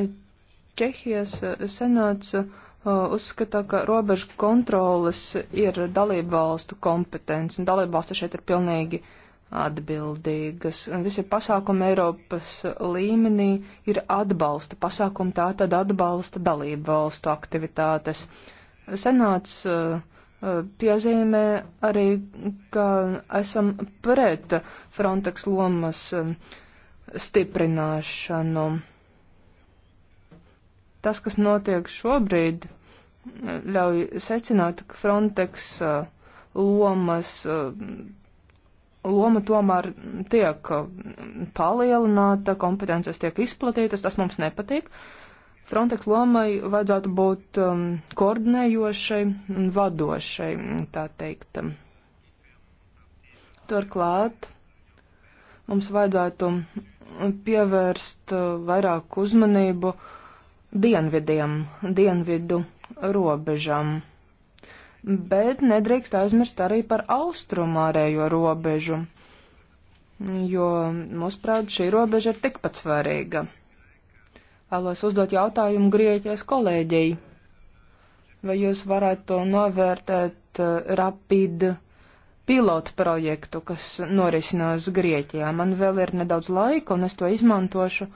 Eh, Čehijas eh, senāts uzskata, ka robežu kontrolas ir dalību valstu kompetence, un dalību valstu šeit ir pilnīgi uh, atbildīgas. Visi pasākumi Eiropas līmenī ir atbalsta pasākumi, tā tad atbalsta dalību valstu aktivitātes. Senāts uh, uh, piezīmē arī, ka esam pret Frontex lomas uh, stiprināšanu. Tas, kas notiek šobrīd, ļauj secināt, ka Frontex lomas loma tomēr tiek uh, palielināta, kompetences tiek izplatītas, tas mums nepatīk. Frontex lomai vajadzētu būt um, koordinējošai un vadošai, tā teikt. Turklāt mums vajadzētu pievērst uh, vairāk uzmanību dienvidiem, dienvidu robežām bet nedrīkst aizmirst arī par austrumārējo robežu, jo, mūsuprāt, šī robeža ir tikpat svarīga. Vēlos uzdot jautājumu Grieķijas kolēģei. Vai jūs varētu novērtēt eh, rapidu pilotu projektu, kas norisinās Grieķijā? Man vēl ir nedaudz laika, un es to izmantošu,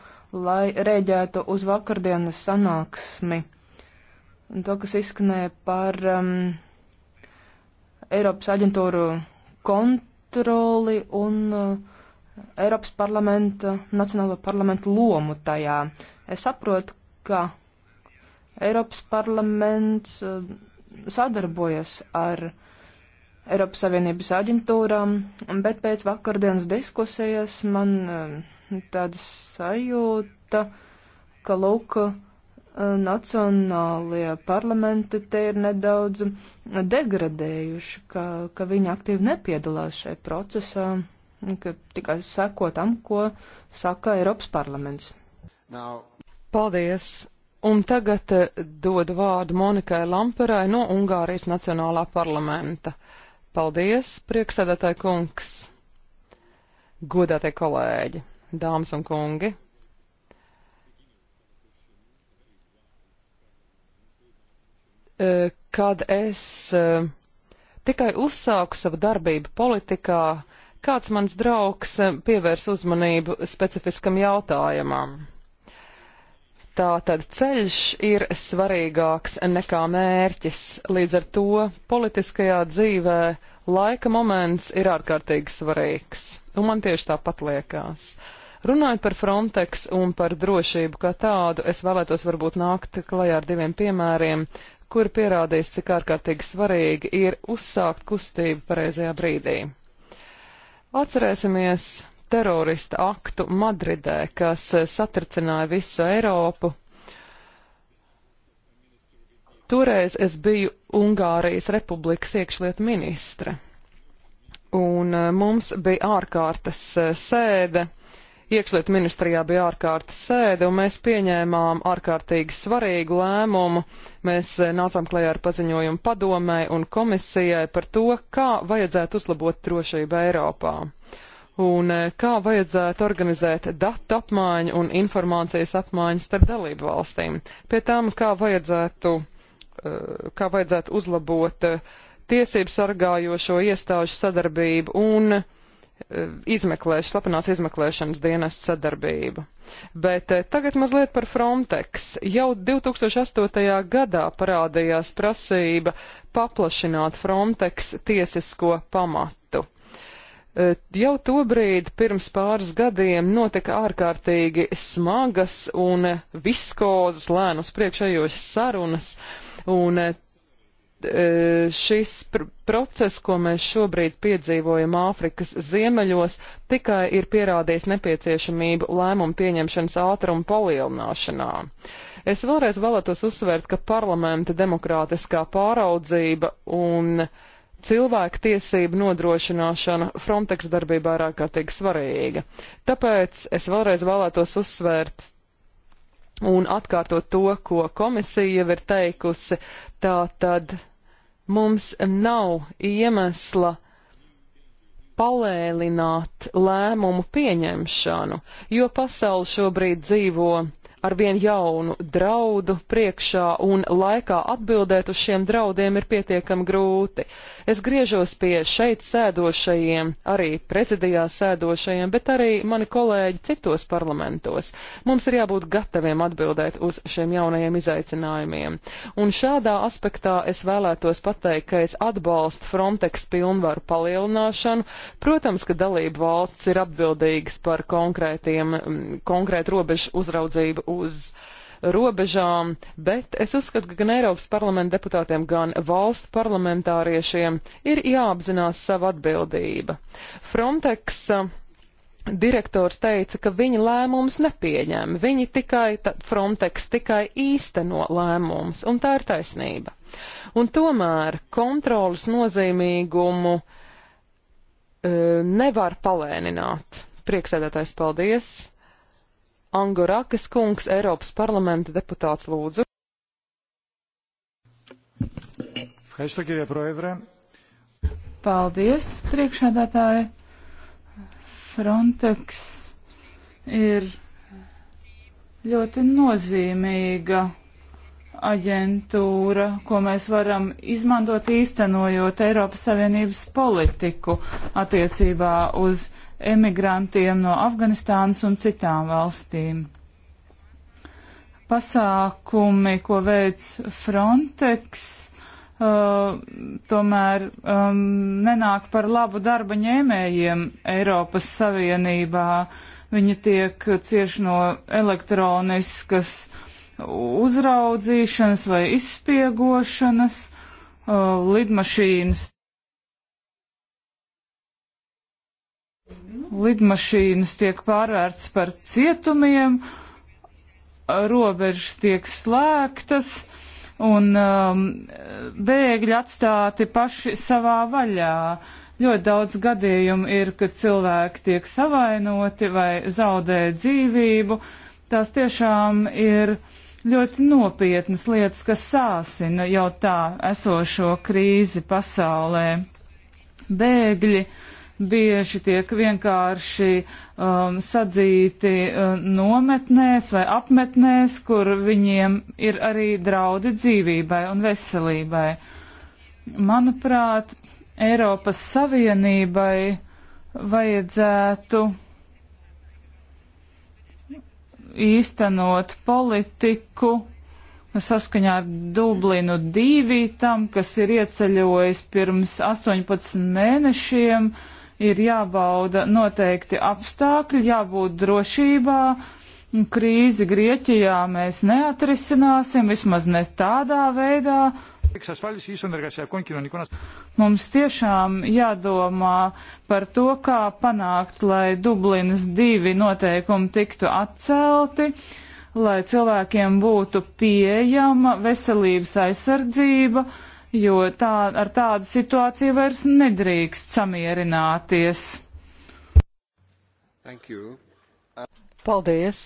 lai rēģētu uz vakardienas sanāksmi. Un to, kas izskanēja par um, Eiropas aģentūru kontroli un eh, Eiropas parlamenta, Nacionālo parlamentu lomu tajā. Es saprotu, ka Eiropas parlaments eh, sadarbojas ar Eiropas Savienības aģentūrām, bet pēc vakardienas diskusijas man eh, tāda sajūta, ka lūk, nacionālie parlamenti te ir nedaudz degradējuši, ka, ka viņi aktīvi nepiedalās šajā procesā, ka tikai seko tam, ko saka Eiropas parlaments. Now. Paldies! Un tagad eh, dodu vārdu Monikai Lamperai no Ungārijas Nacionālā parlamenta. Paldies, prieksēdētāji kungs! Godātie kolēģi, dāmas un kungi! E, kad es e, tikai uzsāku savu darbību politikā, kāds mans draugs e, pievērs uzmanību specifiskam jautājumam. Tātad ceļš ir svarīgāks nekā mērķis, līdz ar to politiskajā dzīvē laika moments ir ārkārtīgi svarīgs, un man tieši tāpat liekas. Runājot par Frontex un par drošību kā tādu, es vēlētos varbūt nākt klajā ar diviem piemēriem, kur pierādīs, cik ārkārtīgi svarīgi ir uzsākt kustību pareizajā brīdī. Atcerēsimies terorista aktu Madridē, kas eh, satricināja visu Eiropu. Toreiz es biju Ungārijas Republikas iekšlietu ministre, un eh, mums bija ārkārtas eh, sēde, uh, iekšlietu ministrijā bija ārkārtas sēde, un mēs pieņēmām ārkārtīgi svarīgu lēmumu. Mēs eh, nācām klajā ar paziņojumu padomē un komisijai par to, kā vajadzētu uzlabot drošību Eiropā un eh, kā vajadzētu organizēt datu apmaiņu un informācijas apmaiņu starp dalību valstīm. Pie tām, kā vajadzētu, eh, kā vajadzētu uzlabot tiesību sargājošo iestāžu sadarbību un izmeklēš, slepenās izmeklēšanas dienas sadarbību. Bet eh, tagad mazliet par Frontex. Jau 2008. gadā parādījās prasība paplašināt Frontex tiesisko pamatu. Eh, jau tobrīd pirms pāris gadiem notika ārkārtīgi smagas un viskozas lēnas priekšējos sarunas, un eh, Eh, šis pr process, ko mēs šobrīd piedzīvojam Āfrikas ziemeļos, tikai ir pierādījis nepieciešamību lēmumu pieņemšanas ātrumu palielināšanā. Es vēlreiz vēlētos uzsvērt, ka parlamenta demokrātiskā pāraudzība un cilvēku tiesību nodrošināšana Frontex darbībā ir ārkārtīgi svarīga. Tāpēc es vēlreiz vēlētos uzsvērt un atkārtot to, ko komisija jau ir teikusi, tā tad Mums nav iemesla palēlināt lēmumu pieņemšanu, jo pasauli šobrīd dzīvo ar vien jaunu draudu priekšā un laikā atbildēt uz šiem draudiem ir pietiekami grūti. Es griežos pie šeit sēdošajiem, arī prezidijā sēdošajiem, bet arī mani kolēģi citos parlamentos. Mums ir jābūt gataviem atbildēt uz šiem jaunajiem izaicinājumiem. Un šādā aspektā es vēlētos pateikt, ka es atbalstu Frontex pilnvaru palielināšanu. Protams, ka dalību valsts ir atbildīgas par konkrētiem, mm, konkrētu robežu uzraudzību uz robežām, bet es uzskatu, ka gan Eiropas parlamenta deputātiem, gan valstu parlamentāriešiem ir jāapzinās sava atbildība. Frontex uh, direktors teica, ka viņi lēmumus nepieņem, viņi tikai, Frontex tikai īsteno lēmumus, un tā ir taisnība. Un tomēr kontrolas nozīmīgumu e, nevar palēnināt. Priekšsēdētājs, paldies! Angorakas kungs, Eiropas parlamenta deputāts lūdzu. Paldies, priekšādātāji. Frontex ir ļoti nozīmīga aģentūra, ko mēs varam izmantot īstenojot Eiropas Savienības politiku attiecībā uz emigrantiem no Afganistānas un citām valstīm. Pasākumi, ko veic Frontex, uh, tomēr um, nenāk par labu darba ņēmējiem Eiropas Savienībā. Viņi tiek cieši no elektroniskas uzraudzīšanas vai izspiegošanas, uh, lidmašīnas Lidmašīnas tiek pārvērts par cietumiem, robežas tiek slēgtas un um, bēgļi atstāti paši savā vaļā. Ļoti daudz gadījumu ir, kad cilvēki tiek savainoti vai zaudē dzīvību. Tās tiešām ir ļoti nopietnas lietas, kas sāsina jau tā esošo krīzi pasaulē. Bēgļi uh, bieži tiek vienkārši um, sadzīti um, nometnēs vai apmetnēs, kur viņiem ir arī draudi dzīvībai un veselībai. Manuprāt, Eiropas Savienībai vajadzētu īstenot politiku saskaņā ar Dublinu divi tam, kas ir ieceļojis pirms 18 mēnešiem. Uh, ir jābauda noteikti apstākļi, jābūt drošībā. Krīzi Grieķijā mēs neatrisināsim, vismaz ne tādā veidā. Mums tiešām jādomā par to, kā panākt, lai Dublinas divi noteikumi tiktu atcelti, lai cilvēkiem būtu pieejama veselības aizsardzība, uh, jo tā, ar tādu situāciju vairs nedrīkst samierināties. Paldies!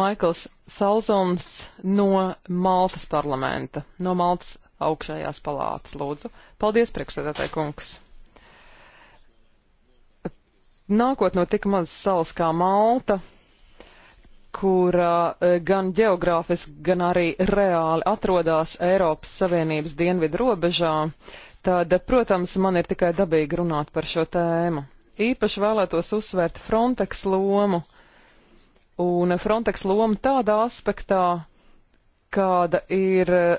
Maikls Salzons no Maltas parlamenta, no Maltas augšējās palātas, lūdzu. Paldies, priekšsēdētāji kungs! Nākot no tik mazas salas kā Malta, kura eh, gan geogrāfiski, gan arī reāli atrodas Eiropas Savienības dienvidu robežā, tad, protams, man ir tikai dabīgi runāt par šo tēmu. Īpaši vēlētos uzsvērt Frontex lomu, un Frontex loma tādā aspektā, kāda ir eh,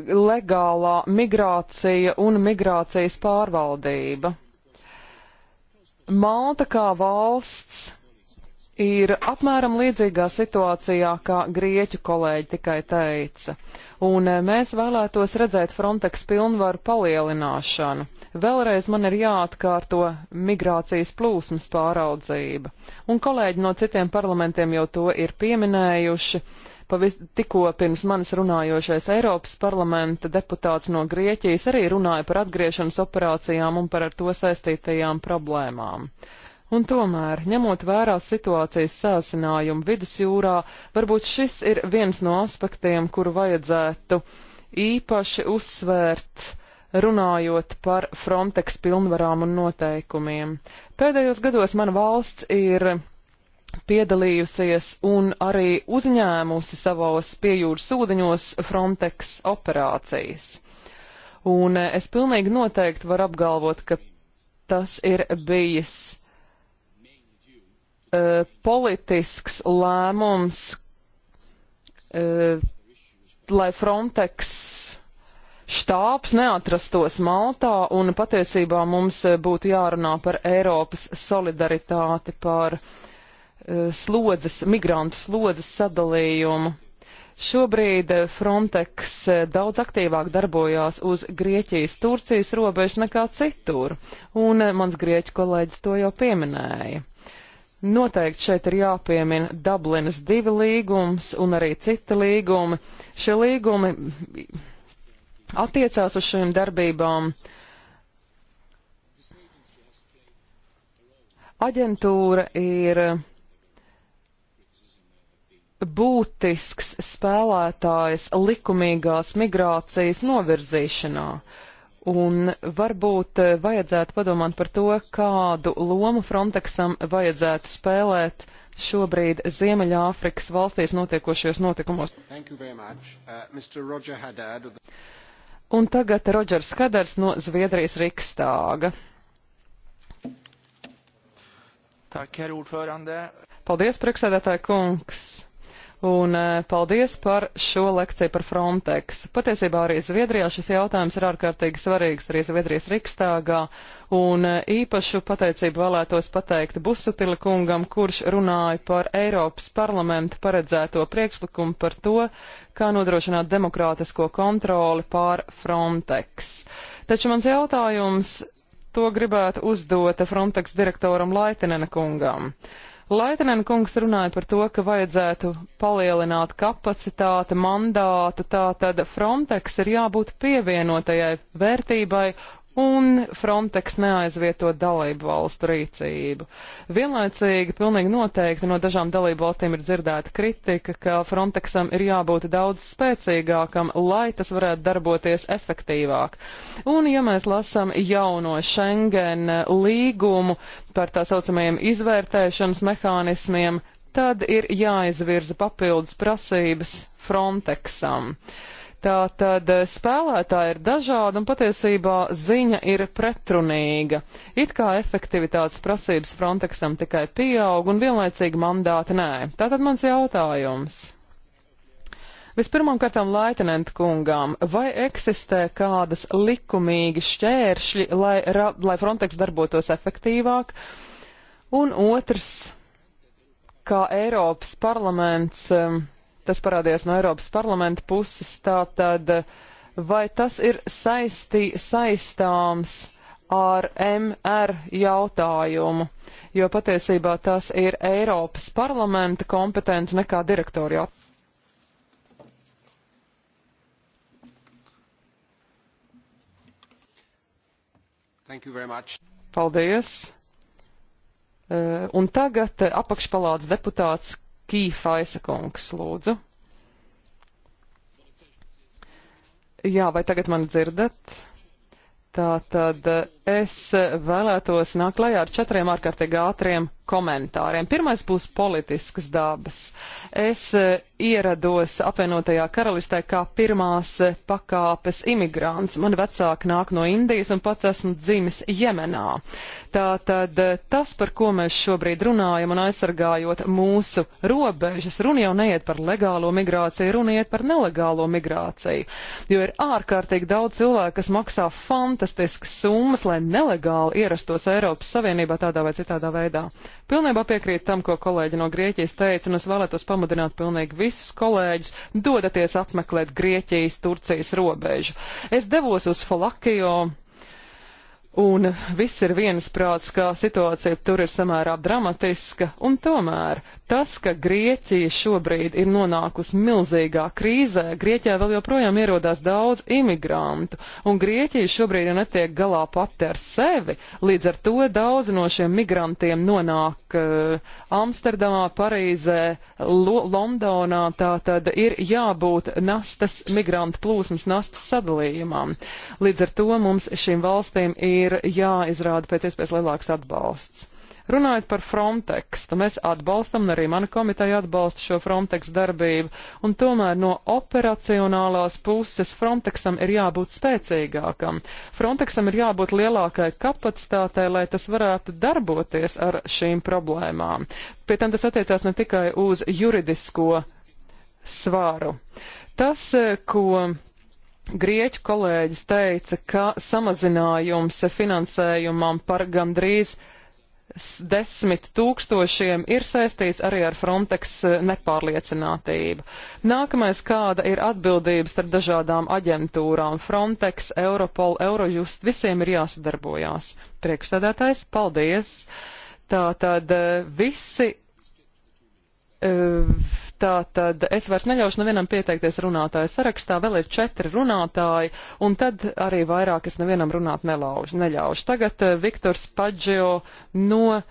legālā migrācija un migrācijas pārvaldība. Malta kā valsts ir apmēram līdzīgā situācijā, kā grieķu kolēģi tikai teica. Un e, mēs vēlētos redzēt Frontex pilnvaru palielināšanu. Vēlreiz man ir jāatkārto migrācijas plūsmas pāraudzība. Un kolēģi no citiem parlamentiem jau to ir pieminējuši. Pavis, tikko pirms manis runājošais Eiropas parlamenta deputāts no Grieķijas arī runāja par atgriešanas operācijām un par ar to saistītajām problēmām. Uh, Un tomēr, ņemot vērā situācijas sāsinājumu vidusjūrā, varbūt šis ir viens no aspektiem, kuru vajadzētu īpaši uzsvērt, runājot par Frontex pilnvarām un noteikumiem. Pēdējos gados mana valsts ir piedalījusies un arī uzņēmusi savos piejūras ūdeņos Frontex operācijas. Un es pilnīgi noteikti varu apgalvot, ka tas ir bijis uh, politisks lēmums, uh, lai Frontex štābs neatrastos Maltā, un patiesībā mums uh, būtu jārunā par Eiropas solidaritāti, par uh, slodzes, migrantu slodzes sadalījumu. Šobrīd uh, Frontex uh, daudz aktīvāk darbojās uz Grieķijas-Turcijas robežu nekā citur, un mans grieķu kolēģis to jau pieminēja. Noteikti šeit ir jāpiemina Dublinas divi līgums un arī citi līgumi. Šie līgumi attiecās uz šīm darbībām. Aģentūra ir būtisks spēlētājs likumīgās migrācijas novirzīšanā. Uh, Un varbūt eh, vajadzētu padomāt par to, kādu lomu Frontexam vajadzētu spēlēt šobrīd Ziemeļāfrikas valstīs notiekošajos notikumos. Uh, Haddad... Un tagad Rodžers Hadars no Zviedrijas Rikstāga. Tak, Paldies, priekšsēdētāji kungs! Un eh, paldies par šo lekciju par Frontex. Patiesībā arī Zviedrijā šis jautājums ir ārkārtīgi svarīgs, arī Zviedrijas Rikstāgā. Un eh, īpašu pateicību vēlētos pateikt Busutila kungam, kurš runāja par Eiropas parlamenta paredzēto priekšlikumu par to, kā nodrošināt demokrātisko kontroli pār Frontex. Taču mans jautājums to gribētu uzdot Frontex direktoram Laitinena kungam. Laitinen kungs runāja par to, ka vajadzētu palielināt kapacitāti, mandātu, tātad Frontex ir jābūt pievienotajai vērtībai un Frontex neaizvieto dalību valstu rīcību. Vienlaicīgi pilnīgi noteikti no dažām dalību valstīm ir dzirdēta kritika, ka Frontexam ir jābūt daudz spēcīgākam, lai tas varētu darboties efektīvāk. Un ja mēs lasam jauno Schengen līgumu par tā saucamajiem izvērtēšanas mehānismiem, tad ir jāizvirza papildus prasības Frontexam. Tā tad spēlētāji ir dažādi un patiesībā ziņa ir pretrunīga. It kā efektivitātes prasības Frontexam tikai pieaug un vienlaicīgi mandāti nē. Tātad mans jautājums. Vispirmām kārtām Laitinenta kungām, vai eksistē kādas likumīgi šķēršļi, lai, ra, lai Frontex darbotos efektīvāk? Un otrs, kā Eiropas parlaments. Um, tas parādījās no Eiropas parlamenta puses, tātad vai tas ir saistī, saistāms ar MR jautājumu, jo patiesībā tas ir Eiropas parlamenta kompetence nekā direktori jautājums. Paldies! Uh, un tagad apakšpalāts deputāts Kīfaisa kungs, lūdzu. Jā, vai tagad mani dzirdat? Tā tad es vēlētos nākt klajā ar četriem ārkārtīgi ātriem komentāriem. Pirmais būs politisks dabas. Es e, ierados apvienotajā karalistē kā pirmās e, pakāpes imigrants. Mani vecāki nāk no Indijas un pats esmu dzimis Jemenā. Tātad e, tas, par ko mēs šobrīd runājam un aizsargājot mūsu robežas, runa jau neiet par legālo migrāciju, runa iet par nelegālo migrāciju. Jo ir ārkārtīgi daudz cilvēku, kas maksā fantastiskas summas, lai lai nelegāli ierastos Eiropas Savienībā tādā vai citādā veidā. Pilnībā piekrīt tam, ko kolēģi no Grieķijas teica, un es vēlētos pamudināt pilnīgi visus kolēģus dodaties apmeklēt Grieķijas, Turcijas robežu. Es devos uz Falakio. Un viss ir viensprāts, ka situācija tur ir samērā dramatiska, un tomēr Tas, ka Grieķija šobrīd ir nonākusi milzīgā krīzē, Grieķijā vēl joprojām ierodās daudz imigrantu, un Grieķija šobrīd netiek galā pati ar sevi, līdz ar to daudz no šiem migrantiem nonāk uh, Amsterdamā, Parīzē, Lo Londonā, tā tad ir jābūt nastas migrantu plūsmas nastas sadalījumam. Līdz ar to mums šīm valstīm ir jāizrāda pēc iespējas lielāks atbalsts. Runājot par Frontex, mēs atbalstam, un arī mana komiteja atbalsta šo Frontex darbību, un tomēr no operacionālās puses Frontexam ir jābūt spēcīgākam. Frontexam ir jābūt lielākai kapacitātei, lai tas varētu darboties ar šīm problēmām. Pie tam tas attiecās ne tikai uz juridisko svāru. Tas, eh, ko grieķu kolēģis teica, ka samazinājums finansējumam par gandrīz desmit tūkstošiem ir saistīts arī ar Frontex eh, nepārliecinātību. Nākamais, kāda ir atbildības starp dažādām aģentūrām - Frontex, Europol, Eurojust, visiem ir jāsadarbojās. Priekšsēdētājs, paldies! Tātad eh, visi. Uh, Tā tad es vairs neļaušu nevienam pieteikties runātāju sarakstā, vēl ir četri runātāji, un tad arī vairāk es nevienam runāt nelaužu, neļaušu. Tagad uh, Viktors Paģio no uh,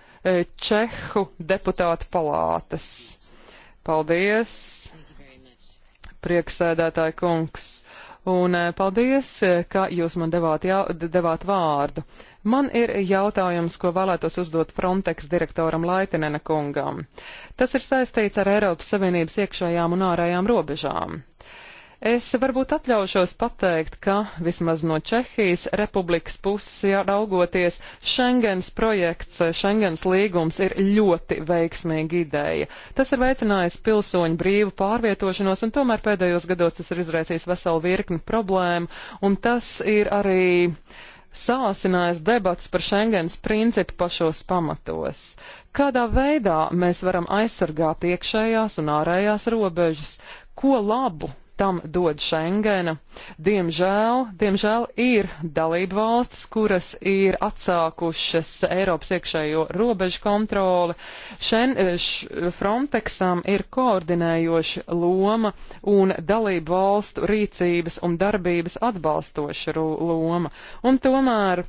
Čehu deputātu palātes. Paldies, prieksēdētāji kungs, un uh, paldies, ka jūs man devāt, jā, devāt vārdu. Uh, Man ir jautājums, ko vēlētos uzdot Frontex direktoram Laitinena kungam. Tas ir saistīts ar Eiropas Savienības iekšējām un ārējām robežām. Es varbūt atļaušos pateikt, ka vismaz no Čehijas republikas puses raugoties, Schengens projekts, Schengens līgums ir ļoti veiksmīgi ideja. Tas ir veicinājis pilsoņu brīvu pārvietošanos, un tomēr pēdējos gados tas ir izraisījis veselu virkni problēmu, un tas ir arī. Uh, sāsinājis debats par Schengens principu pašos pamatos. Kādā veidā mēs varam aizsargāt iekšējās un ārējās robežas? Ko labu tam dod Schengena. Diemžēl, diemžēl ir dalība valstis, kuras ir atsākušas Eiropas iekšējo robežu kontroli. Šen, eh, š, Frontexam ir koordinējoša loma un dalību valstu rīcības un darbības atbalstoša loma. Un tomēr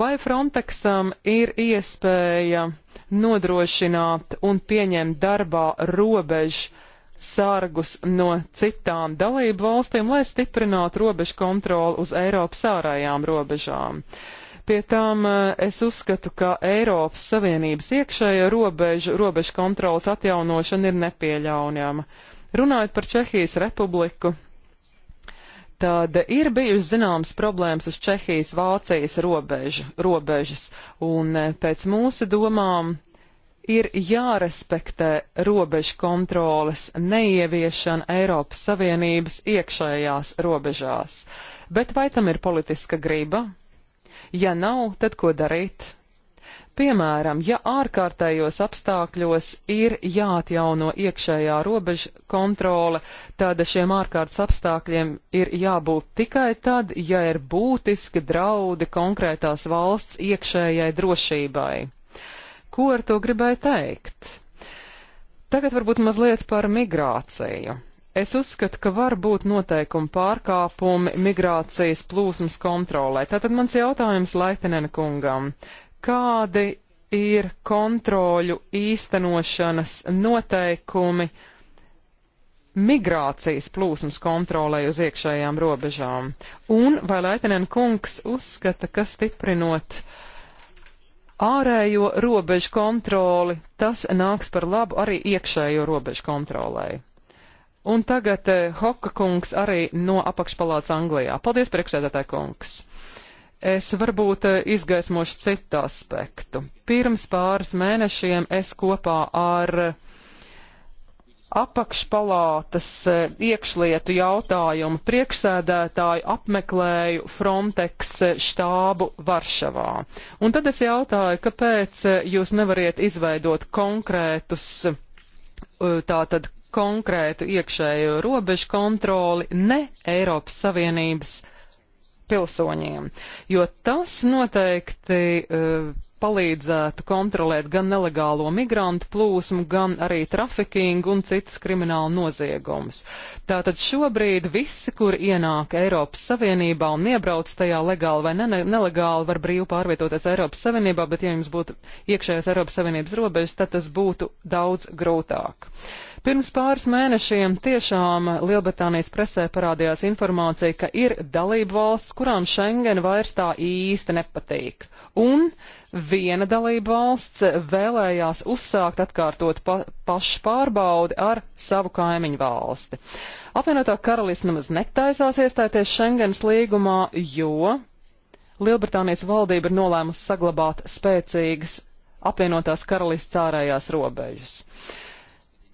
Vai Frontexam ir iespēja nodrošināt un pieņemt darbā robežu sargus no citām dalību valstīm, lai stiprinātu robežu kontroli uz Eiropas ārējām robežām. Pie tām eh, es uzskatu, ka Eiropas Savienības iekšēja robežu, robežu kontrolas atjaunošana ir nepieļaunama. Runājot par Čehijas republiku, tad ir bijušas zināmas problēmas uz Čehijas-Vācijas robežu, robežas, un eh, pēc mūsu domām ir jārespektē robežu kontroles neieviešana Eiropas Savienības iekšējās robežās. Bet vai tam ir politiska griba? Ja nav, tad ko darīt? Piemēram, ja ārkārtējos apstākļos ir jāatjauno iekšējā robeža kontrole, tad šiem ārkārtas apstākļiem ir jābūt tikai tad, ja ir būtiski draudi konkrētās valsts iekšējai drošībai. Ko ar to gribēju teikt? Tagad varbūt mazliet par migrāciju. Es uzskatu, ka var būt noteikumi pārkāpumi migrācijas plūsmas kontrolē. Tātad mans jautājums Laitinen kungam. Kādi ir kontroļu īstenošanas noteikumi migrācijas plūsmas kontrolē uz iekšējām robežām? Un vai Laitinen kungs uzskata, ka stiprinot uh, ārējo robežu kontroli, tas nāks par labu arī iekšējo robežu kontrolai. Un tagad eh, Hoka kungs arī no apakšpalāca Anglijā. Paldies, priekšsēdētāji kungs! Es varbūt eh, izgaismošu citu aspektu. Pirms pāris mēnešiem es kopā ar eh, apakšpalātas e, iekšlietu jautājumu priekšsēdētāju apmeklēju Frontex e, štābu Varšavā. Un tad es jautāju, kāpēc e, jūs nevariet izveidot konkrētus, tātad konkrētu iekšējo robežu kontroli ne Eiropas Savienības pilsoņiem, jo tas noteikti uh, palīdzētu kontrolēt gan nelegālo migrantu plūsmu, gan arī trafikingu un citus kriminālu noziegumus. Tātad šobrīd visi, kur ienāk Eiropas Savienībā un iebrauc tajā legāli vai ne ne nelegāli, var brīvi pārvietoties Eiropas Savienībā, bet ja jums būtu iekšējās Eiropas Savienības robežas, tad tas būtu daudz grūtāk. Pirms pāris mēnešiem tiešām Lielbritānijas presē parādījās informācija, ka ir dalību valsts, kurām Schengen vairs tā īsti nepatīk. Un viena dalība valsts vēlējās uzsākt atkārtot pa pašu pārbaudi ar savu kaimiņu valsti. Apvienotā karalists nemaz netaisās iestāties Schengens līgumā, jo Lielbritānijas valdība ir nolēmusi saglabāt spēcīgas apvienotās karalists ārējās robežas.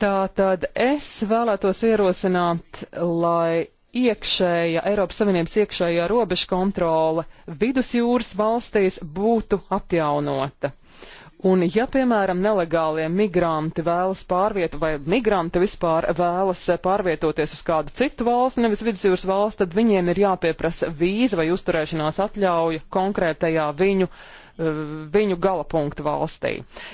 Tātad es vēlētos ierosināt, lai iekšēja, Eiropas Savienības iekšējā robeža kontrole vidusjūras valstīs būtu atjaunota. Un ja, piemēram, nelegālie migranti vēlas pārvietot, vai migranti vispār vēlas pārvietoties uz kādu citu valsti, nevis vidusjūras valsts, tad viņiem ir jāpieprasa vīza vai uzturēšanās atļauja konkrētajā viņu uh, viņu galapunktu valstī.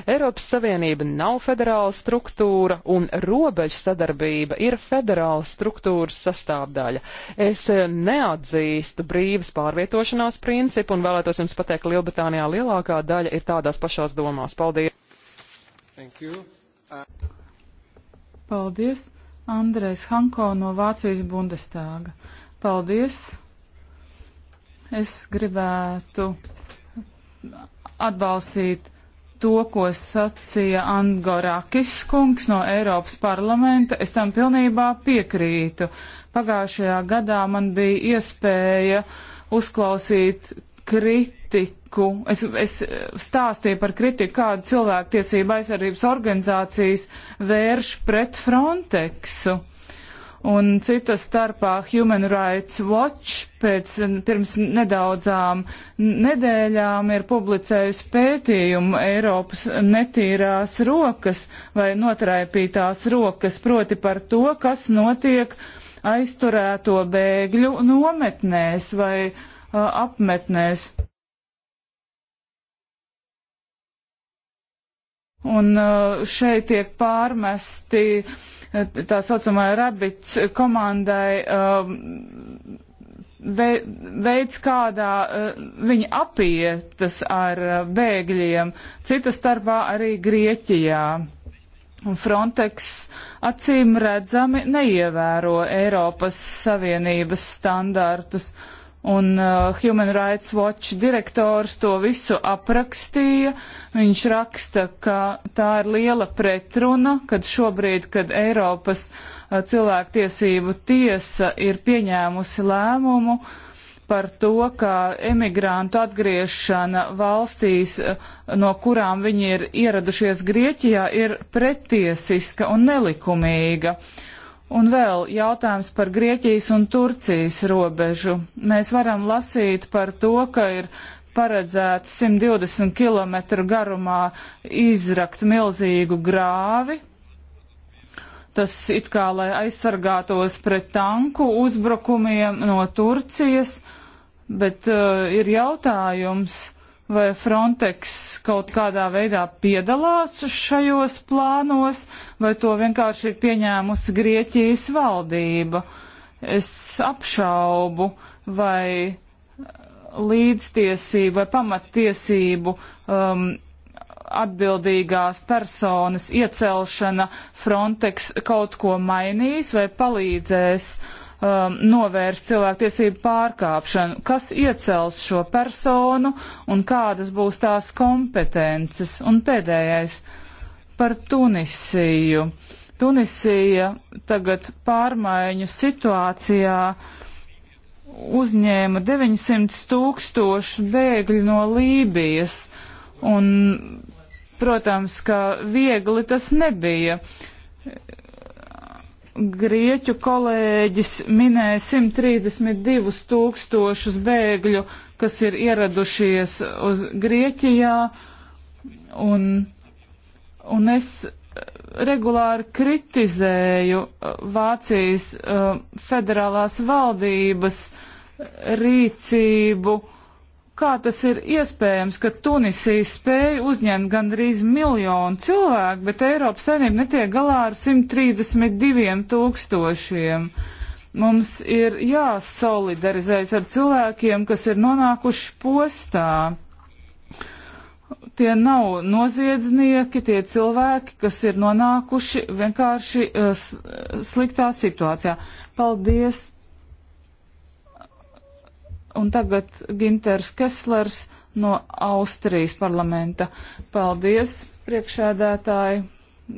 Eiropas Savienība nav federāla struktūra un robežu sadarbība ir federāla struktūras sastāvdaļa. Es eh, neatzīstu brīvas pārvietošanās principu un vēlētos jums pateikt, ka Lielbritānijā lielākā daļa ir tādās pašās domās. Paldies! Thank you. Uh... Paldies! Andrejs Hanko no Vācijas Bundestāga. Paldies! Es gribētu atbalstīt to, ko sacīja Angorakis kungs no Eiropas parlamenta. Es tam pilnībā piekrītu. Pagājušajā gadā man bija iespēja uzklausīt kritiku. Es, es stāstīju par kritiku, kādu cilvēktiesību aizsardzības organizācijas vērš pret Frontexu un citas starpā Human Rights Watch pēc pirms nedaudzām nedēļām ir publicējusi pētījumu Eiropas netīrās rokas vai notraipītās rokas, proti par to, kas notiek aizturēto bēgļu nometnēs vai uh, apmetnēs. Un uh, šeit tiek pārmesti uh, tā saucamai rabits komandai um, veids, kādā uh, viņi apietas ar uh, bēgļiem, cita starpā arī Grieķijā. Un Frontex acīm redzami neievēro Eiropas Savienības standartus. Uh, Un uh, Human Rights Watch direktors to visu aprakstīja. Viņš raksta, ka tā ir liela pretruna, kad šobrīd, kad Eiropas uh, cilvēktiesību tiesa ir pieņēmusi lēmumu par to, ka emigrantu atgriešana valstīs, uh, no kurām viņi ir ieradušies Grieķijā, ir pretiesiska un nelikumīga. Uh, Un vēl jautājums par Grieķijas un Turcijas robežu. Mēs varam lasīt par to, ka ir paredzēts 120 km garumā izrakt milzīgu grāvi. Tas it kā lai aizsargātos pret tanku uzbrukumiem no Turcijas, bet uh, ir jautājums, vai Frontex kaut kādā veidā piedalās šajos plānos, vai to vienkārši ir pieņēmusi Grieķijas valdība. Es apšaubu, vai līdztiesību vai pamattiesību um, atbildīgās personas iecelšana Frontex kaut ko mainīs vai palīdzēs uh, um, novērst cilvēktiesību pārkāpšanu, kas iecels šo personu un kādas būs tās kompetences. Un pēdējais par Tunisiju. Tunisija tagad pārmaiņu situācijā uzņēma 900 tūkstošu bēgļu no Lībijas, un, protams, ka viegli tas nebija Grieķu kolēģis minēja 132 tūkstošus bēgļu, kas ir ieradušies uz Grieķijā, un, un es eh, regulāri kritizēju eh, Vācijas uh, federālās valdības rīcību uh, Kā tas ir iespējams, ka Tunisija spēja uzņemt gandrīz miljonu cilvēku, bet Eiropas Savienība netiek galā ar 132 tūkstošiem? Mums ir jāsolidarizējas ar cilvēkiem, kas ir nonākuši postā. Tie nav noziedznieki, tie cilvēki, kas ir nonākuši vienkārši uh, sliktā situācijā. Paldies! un tagad Ginters Keslers no Austrijas parlamenta. Paldies, priekšēdētāji,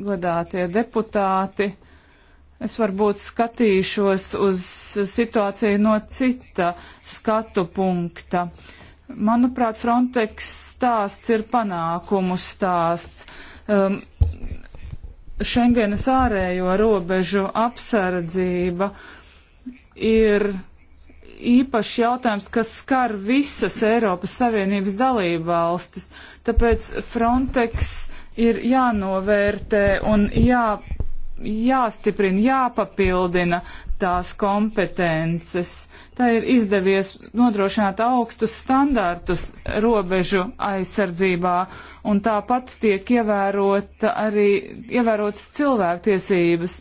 godātie deputāti. Es varbūt skatīšos uz situāciju no cita skatu punkta. Manuprāt, Frontex stāsts ir panākumu stāsts. Um, Šengenas ārējo robežu apsardzība ir īpašs jautājums, kas skar visas Eiropas Savienības dalību valstis. Tāpēc Frontex ir jānovērtē un jā, jāstiprina, jāpapildina tās kompetences. Tā ir izdevies nodrošināt augstus standārtus robežu aizsardzībā, un tāpat tiek ievērota arī, ievērotas cilvēktiesības. tiesības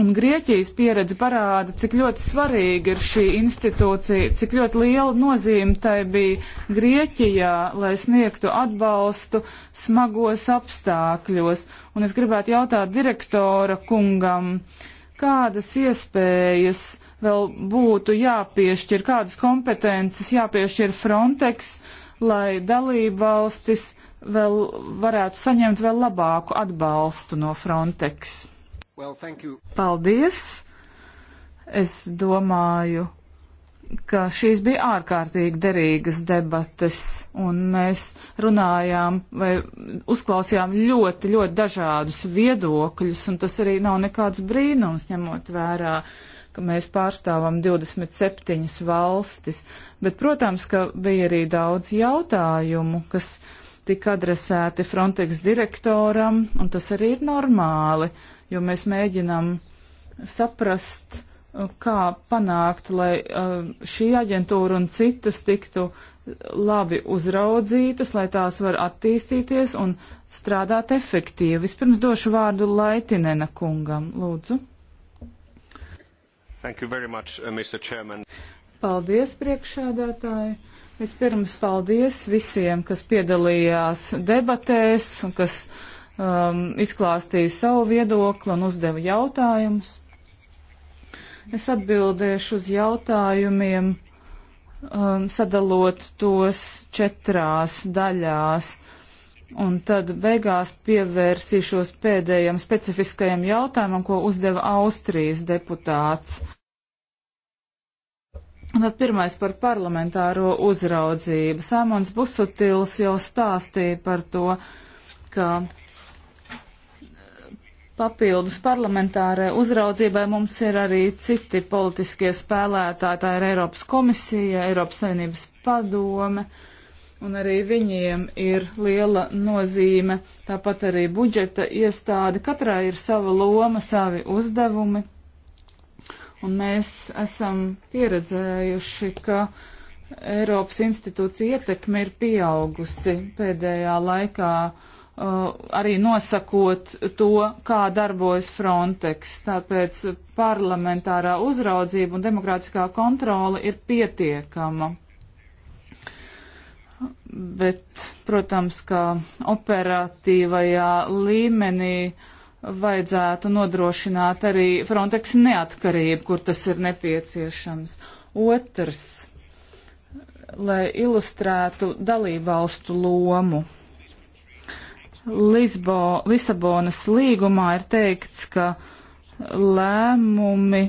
Un Grieķijas pieredze parāda, cik ļoti svarīga ir šī institūcija, cik ļoti liela nozīme tai bija Grieķijā, lai sniegtu atbalstu smagos apstākļos. Un es gribētu jautāt direktora kungam, kādas iespējas vēl būtu jāpiešķir, kādas kompetences jāpiešķir Frontex, lai dalību valstis vēl varētu saņemt vēl labāku atbalstu no Frontex. Well, Paldies! Es domāju, ka šīs bija ārkārtīgi derīgas debates, un mēs runājām vai uzklausījām ļoti, ļoti dažādus viedokļus, un tas arī nav nekāds brīnums, ņemot vērā, ka mēs pārstāvam 27 valstis. Bet, protams, ka bija arī daudz jautājumu, kas tika adresēti Frontex direktoram, un tas arī ir normāli. Uh, jo mēs mēģinam saprast, uh, kā panākt, lai uh, šī aģentūra un citas tiktu labi uzraudzītas, lai tās var attīstīties un strādāt efektīvi. Vispirms došu vārdu Laitinena kungam, lūdzu. Much, uh, paldies, priekšādātāji. Vispirms paldies visiem, kas piedalījās debatēs un kas uh, um, izklāstīja savu viedokli un uzdeva jautājumus. Es atbildēšu uz jautājumiem, um, sadalot tos četrās daļās, un tad beigās pievērsīšos pēdējiem specifiskajam jautājumam, ko uzdeva Austrijas deputāts. Tad pirmais par parlamentāro uzraudzību. Sēmons Busutils jau stāstīja par to, ka Papildus parlamentārai uzraudzībai mums ir arī citi politiskie spēlētāji, tā ir Eiropas komisija, Eiropas Savienības padome, un arī viņiem ir liela nozīme, tāpat arī budžeta iestāde. Katrai ir sava loma, savi uzdevumi, un mēs esam pieredzējuši, ka Eiropas institūcija ietekme ir pieaugusi pēdējā laikā Uh, arī nosakot to, kā darbojas Frontex. Tāpēc parlamentārā uzraudzība un demokrātiskā kontrola ir pietiekama. Bet, protams, kā operatīvajā līmenī vajadzētu nodrošināt arī Frontex neatkarību, kur tas ir nepieciešams. Otrs, lai ilustrētu dalībvalstu lomu Lisbo, Lisabonas līgumā ir teikts, ka lēmumi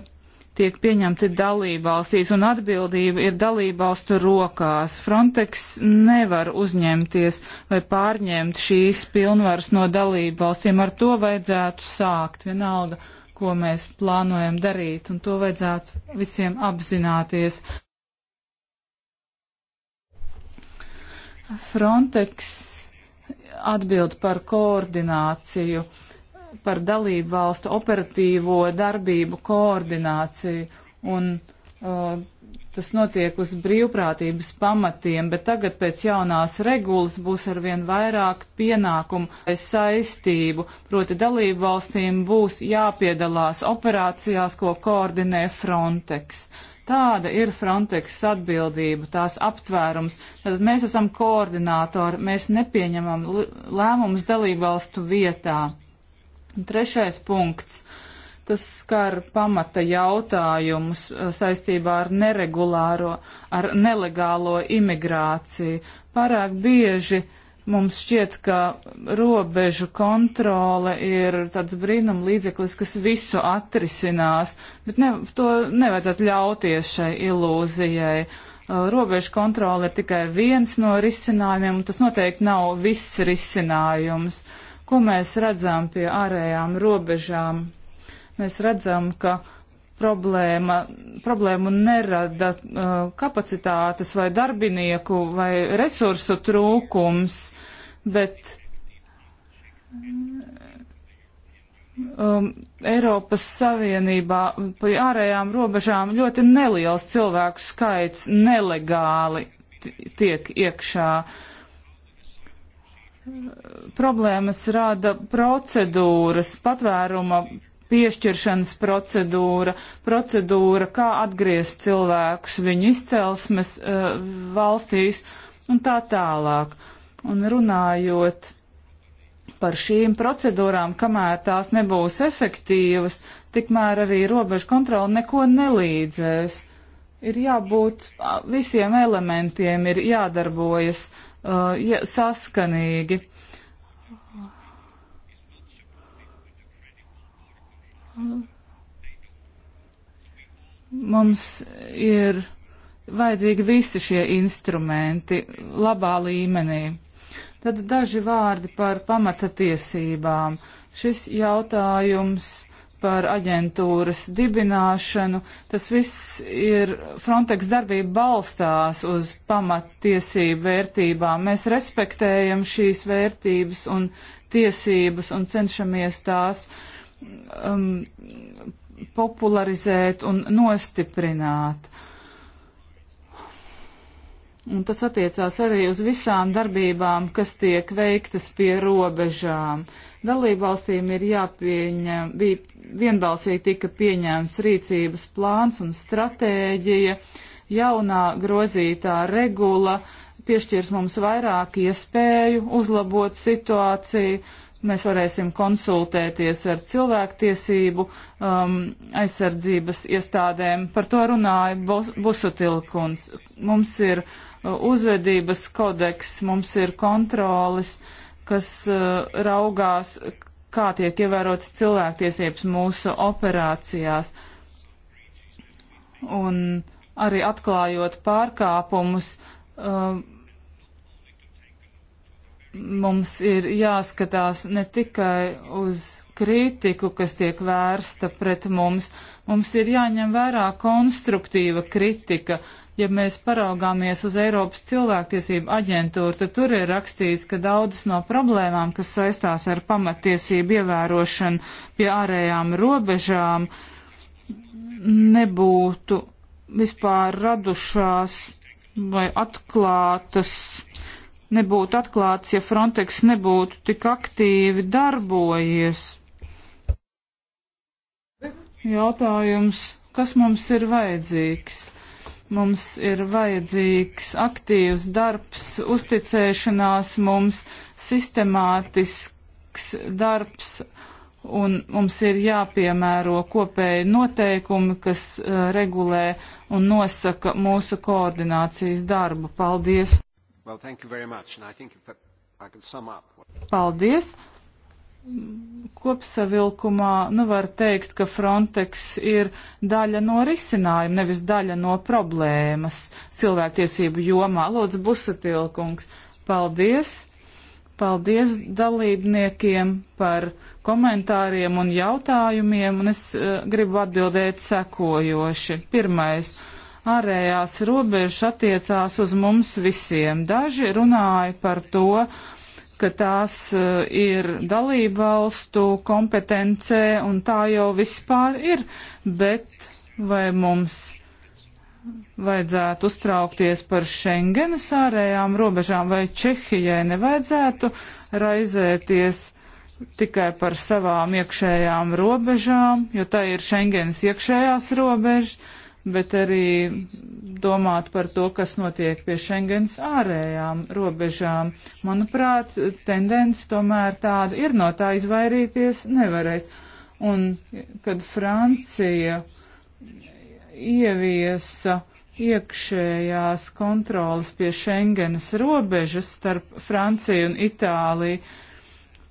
tiek pieņemti dalībvalstīs un atbildība ir dalībvalstu rokās. Frontex nevar uzņemties vai pārņemt šīs pilnvaras no dalībvalstīm. Ar to vajadzētu sākt vienalga, ko mēs plānojam darīt, un to vajadzētu visiem apzināties. Frontex atbild par koordināciju, par dalību valstu operatīvo darbību koordināciju. Un, uh, tas notiek uz brīvprātības pamatiem, bet tagad pēc jaunās regulas būs arvien vairāk pienākumu vai saistību, proti dalību valstīm būs jāpiedalās operācijās, ko koordinē Frontex. Tāda ir Frontex atbildība, tās aptvērums. Tad mēs esam koordinātori, mēs nepieņemam lēmumus dalībvalstu vietā. Un trešais punkts. Tas skar pamata jautājumus uh, saistībā ar neregulāro, ar nelegālo imigrāciju. Pārāk bieži uh, Mums šķiet, ka robežu kontrole ir tāds brīnum līdzeklis, kas visu atrisinās, bet ne, to nevajadzētu ļauties šai ilūzijai. Uh, robežu kontrole ir tikai viens no risinājumiem, un tas noteikti nav viss risinājums. Ko mēs redzam pie ārējām robežām? Mēs redzam, ka problēma, problēmu nerada uh, kapacitātes vai darbinieku vai resursu trūkums, bet um, Eiropas Savienībā pa ārējām robežām ļoti neliels cilvēku skaits nelegāli tiek iekšā. Problēmas rada procedūras, patvēruma piešķiršanas procedūra, procedūra, kā atgriezt cilvēkus viņu izcelsmes uh, valstīs un tā tālāk. Un runājot par šīm procedūrām, kamēr tās nebūs efektīvas, tikmēr arī robežu kontrola neko nelīdzēs. Ir jābūt visiem elementiem, ir jādarbojas uh, ja, saskanīgi. Mums ir vajadzīgi visi šie instrumenti labā līmenī. Tad daži vārdi par pamata-tiesībām. Šis jautājums par aģentūras dibināšanu, tas viss ir Frontex darbība balstās uz pamattiesību vērtībām. Mēs respektējam šīs vērtības un tiesības un cenšamies tās uh, um, popularizēt un nostiprināt. Un tas attiecās arī uz visām darbībām, kas tiek veiktas pie robežām. Dalībvalstīm ir jāpieņem, bija vienbalsīgi tika pieņemts rīcības plāns un stratēģija, jaunā grozītā regula piešķirs mums vairāk iespēju uzlabot situāciju, mēs varēsim konsultēties ar cilvēktiesību um, aizsardzības iestādēm. Par to runāja Bus Busutilkuns. Mums ir uh, uzvedības kodeks, mums ir kontrolis, kas uh, raugās, kā tiek ievērotas cilvēktiesības mūsu operācijās. Un arī atklājot pārkāpumus, uh, mums ir jāskatās ne tikai uz kritiku, kas tiek vērsta pret mums, mums ir jāņem vērā konstruktīva kritika. Ja mēs paraugāmies uz Eiropas cilvēktiesību aģentūru, tad tur ir rakstīts, ka daudzas no problēmām, kas saistās ar pamatiesību ievērošanu pie ārējām robežām, nebūtu vispār radušās vai atklātas nebūtu atklāts, ja Frontex nebūtu tik aktīvi darbojies. Jautājums, kas mums ir vajadzīgs? Mums ir vajadzīgs aktīvs darbs, uzticēšanās mums, sistemātisks darbs, un mums ir jāpiemēro kopēji noteikumi, kas eh, regulē un nosaka mūsu koordinācijas darbu. Paldies! Well, thank you very much, and I think if I can sum up. Paldies! Kopsavilkumā, nu var teikt, ka Frontex ir daļa no risinājuma, nevis daļa no problēmas cilvēktiesību jomā. Lūdzu, Busatilkungs, paldies! Paldies dalībniekiem par komentāriem un jautājumiem, un es uh, gribu atbildēt sekojoši. Pirmais. Uh, ārējās robežas attiecās uz mums visiem. Daži runāja par to, ka tās eh, ir dalībvalstu kompetencē un tā jau vispār ir, bet vai mums vajadzētu uztraukties par Schengenas ārējām robežām vai Čehijai nevajadzētu raizēties tikai par savām iekšējām robežām, jo tā ir Schengenas iekšējās robežas bet arī domāt par to, kas notiek pie Schengens ārējām robežām. Manuprāt, tendence tomēr tāda ir no tā izvairīties nevarēs. Un kad Francija ieviesa iekšējās kontrolas pie Schengenas robežas starp Franciju un Itāliju,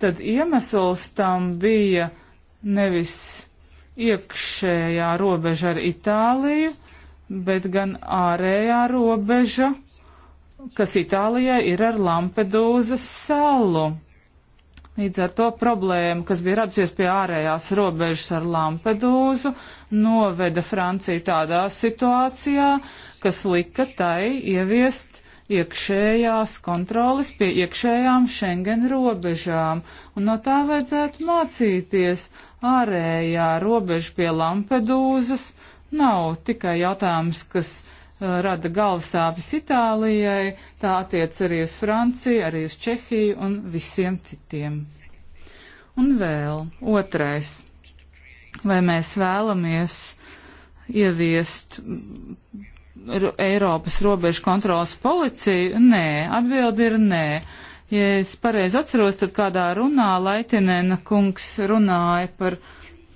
tad iemesls tam bija nevis iekšējā robeža ar Itāliju, bet gan ārējā robeža, kas Itālijai ir ar Lampedūzas salu. Līdz ar to problēma, kas bija radusies pie ārējās robežas ar Lampedūzu, noveda Franciju tādā situācijā, kas lika tai ieviest iekšējās kontrolas pie iekšējām Schengen robežām, un no tā vajadzētu mācīties, ārējā robeža pie Lampedūzas nav tikai jautājums, kas uh, rada galvasāpes Itālijai, tā attiec arī uz Franciju, arī uz Čehiju un visiem citiem. Un vēl otrais. Vai mēs vēlamies ieviest Eiropas robežu kontrolas policiju? Nē, atbildi ir nē. Ja es pareizi atceros, tad kādā runā Laitinēna kungs runāja par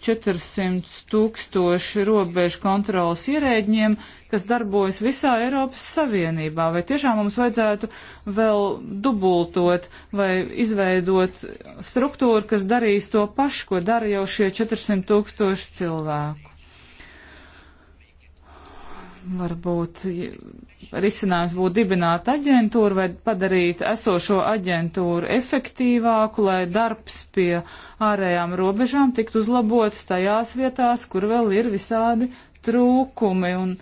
400 tūkstoši robežu kontrolas ierēģiem, kas darbojas visā Eiropas Savienībā. Vai tiešām mums vajadzētu vēl dubultot vai izveidot struktūru, kas darīs to pašu, ko dara jau šie 400 tūkstoši cilvēku? varbūt risinājums būtu dibināt aģentūru vai padarīt esošo aģentūru efektīvāku, lai darbs pie ārējām robežām tiktu uzlabots tajās vietās, kur vēl ir visādi trūkumi un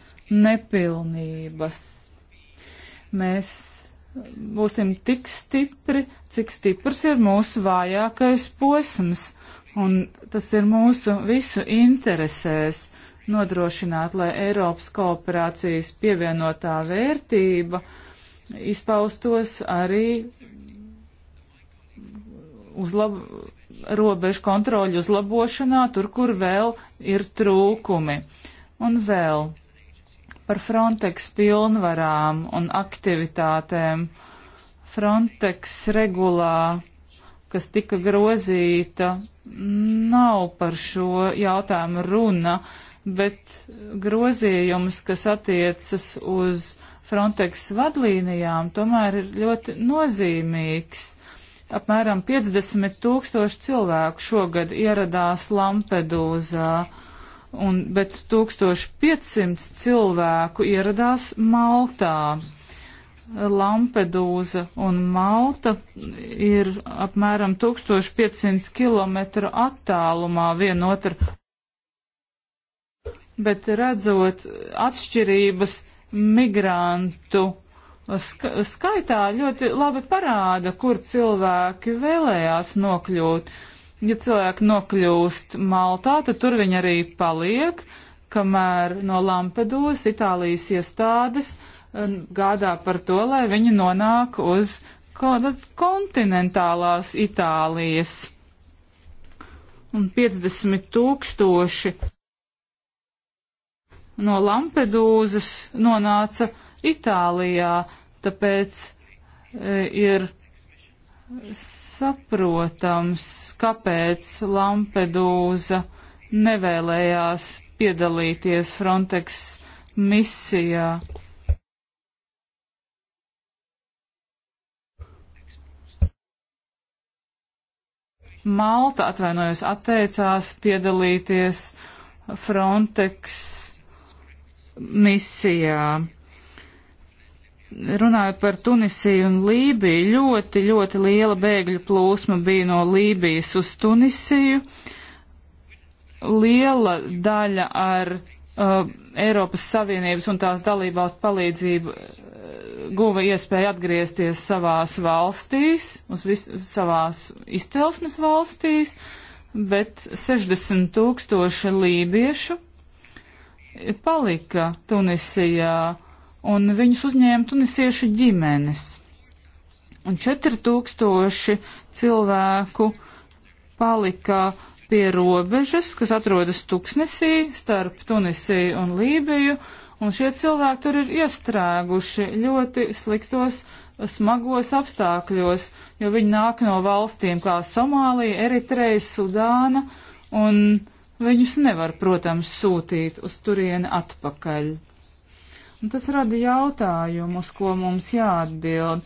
nepilnības. Mēs būsim tik stipri, cik stiprs ir mūsu vājākais posms, un tas ir mūsu visu interesēs nodrošināt, lai Eiropas kooperācijas pievienotā vērtība izpaustos arī uzlab robežu kontroļu uzlabošanā, tur, kur vēl ir trūkumi. Un vēl par Frontex pilnvarām un aktivitātēm. Frontex regulā, kas tika grozīta, nav par šo jautājumu runa. Uh, bet grozījumus, kas attiecas uz Frontex vadlīnijām, tomēr ir ļoti nozīmīgs. Apmēram 50 tūkstoši cilvēku šogad ieradās Lampedūzā, un, bet 1500 cilvēku ieradās Maltā. Lampedūza un Malta ir apmēram 1500 km attālumā vienotru bet redzot atšķirības migrantu skaitā ļoti labi parāda, kur cilvēki vēlējās nokļūt. Ja cilvēki nokļūst Maltā, tad tur viņi arī paliek, kamēr no Lampedūzas Itālijas iestādes gādā par to, lai viņi nonāk uz kontinentālās Itālijas. Un 50 tūkstoši no Lampedūzas nonāca Itālijā, tāpēc e, ir saprotams, kāpēc Lampedūza nevēlējās piedalīties Frontex misijā. Malta, atvainojos, atteicās piedalīties Frontex misijā. Runājot par Tunisiju un Lībiju, ļoti, ļoti liela bēgļu plūsma bija no Lībijas uz Tunisiju. Liela daļa ar uh, Eiropas Savienības un tās dalībvalstu palīdzību uh, guva iespēju atgriezties savās valstīs, uz vis, savās izcelsmes valstīs, bet 60 tūkstoši lībiešu palika Tunisijā un viņus uzņēma tunisiešu ģimenes. Un 4000 cilvēku palika pie robežas, kas atrodas Tuksnesī starp Tunisiju un Lībiju, un šie cilvēki tur ir iestrēguši ļoti sliktos, smagos apstākļos, jo viņi nāk no valstīm kā Somālija, Eritreja, Sudāna un. Viņus nevar, protams, sūtīt uz turieni atpakaļ. Un tas rada jautājumu, uz ko mums jāatbild.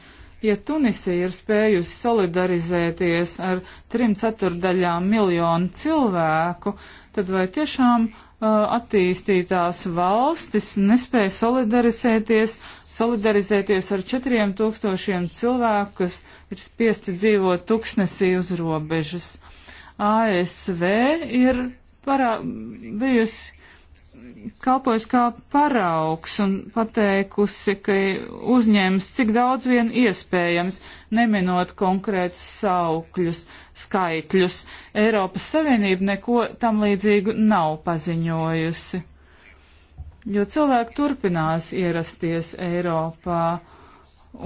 Ja Tunisija ir spējusi solidarizēties ar trim ceturdaļām miljonu cilvēku, tad vai tiešām uh, attīstītās valstis nespēja solidarizēties, solidarizēties ar četriem tūkstošiem cilvēku, kas ir spiesti dzīvot tuksnesī uz robežas? ASV ir parā, bijusi kalpojusi kā paraugs un pateikusi, ka uzņēmis cik daudz vien iespējams, neminot konkrētus saukļus, skaitļus. Eiropas Savienība neko tam līdzīgu nav paziņojusi, jo cilvēki turpinās ierasties Eiropā.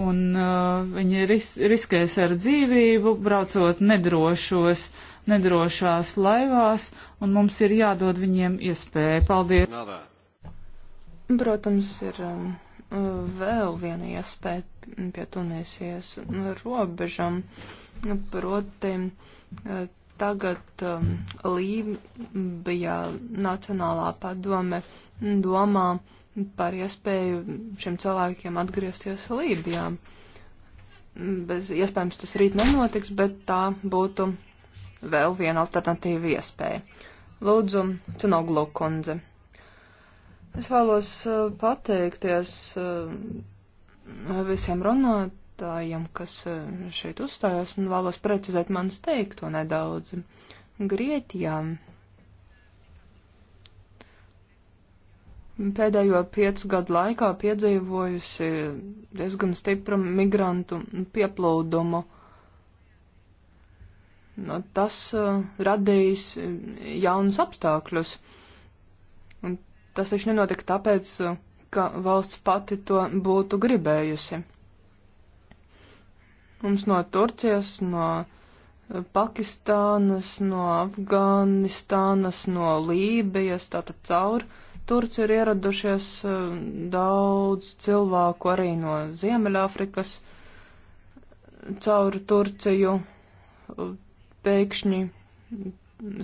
Un uh, viņi ris riskēs ar dzīvību, braucot nedrošos uh, nedrošās laivās, un mums ir jādod viņiem iespēja. Paldies! Protams, ir um, vēl viena iespēja pie Tunīsijas robežam, proti eh, tagad um, Lībijā Nacionālā padome domā par iespēju šiem cilvēkiem atgriezties Lībijā. Bez, iespējams, tas rīt nenotiks, bet tā būtu vēl viena alternatīva iespēja. Lūdzu, Cinoglu kundze. Es vēlos uh, pateikties uh, visiem runātājiem, kas uh, šeit uzstājās, un vēlos precizēt manas teikto nedaudz. Grieķijā pēdējo piecu gadu laikā piedzīvojusi diezgan stipru migrantu pieplūdumu nu, tas uh, radīs eh, jaunus apstākļus. Un tas taču nenotika tāpēc, eh, ka valsts pati to būtu gribējusi. Mums no Turcijas, no Pakistānas, no Afganistānas, no Lībijas, tātad caur Turciju ir ieradušies daudz cilvēku arī no Ziemeļāfrikas caur Turciju pēkšņi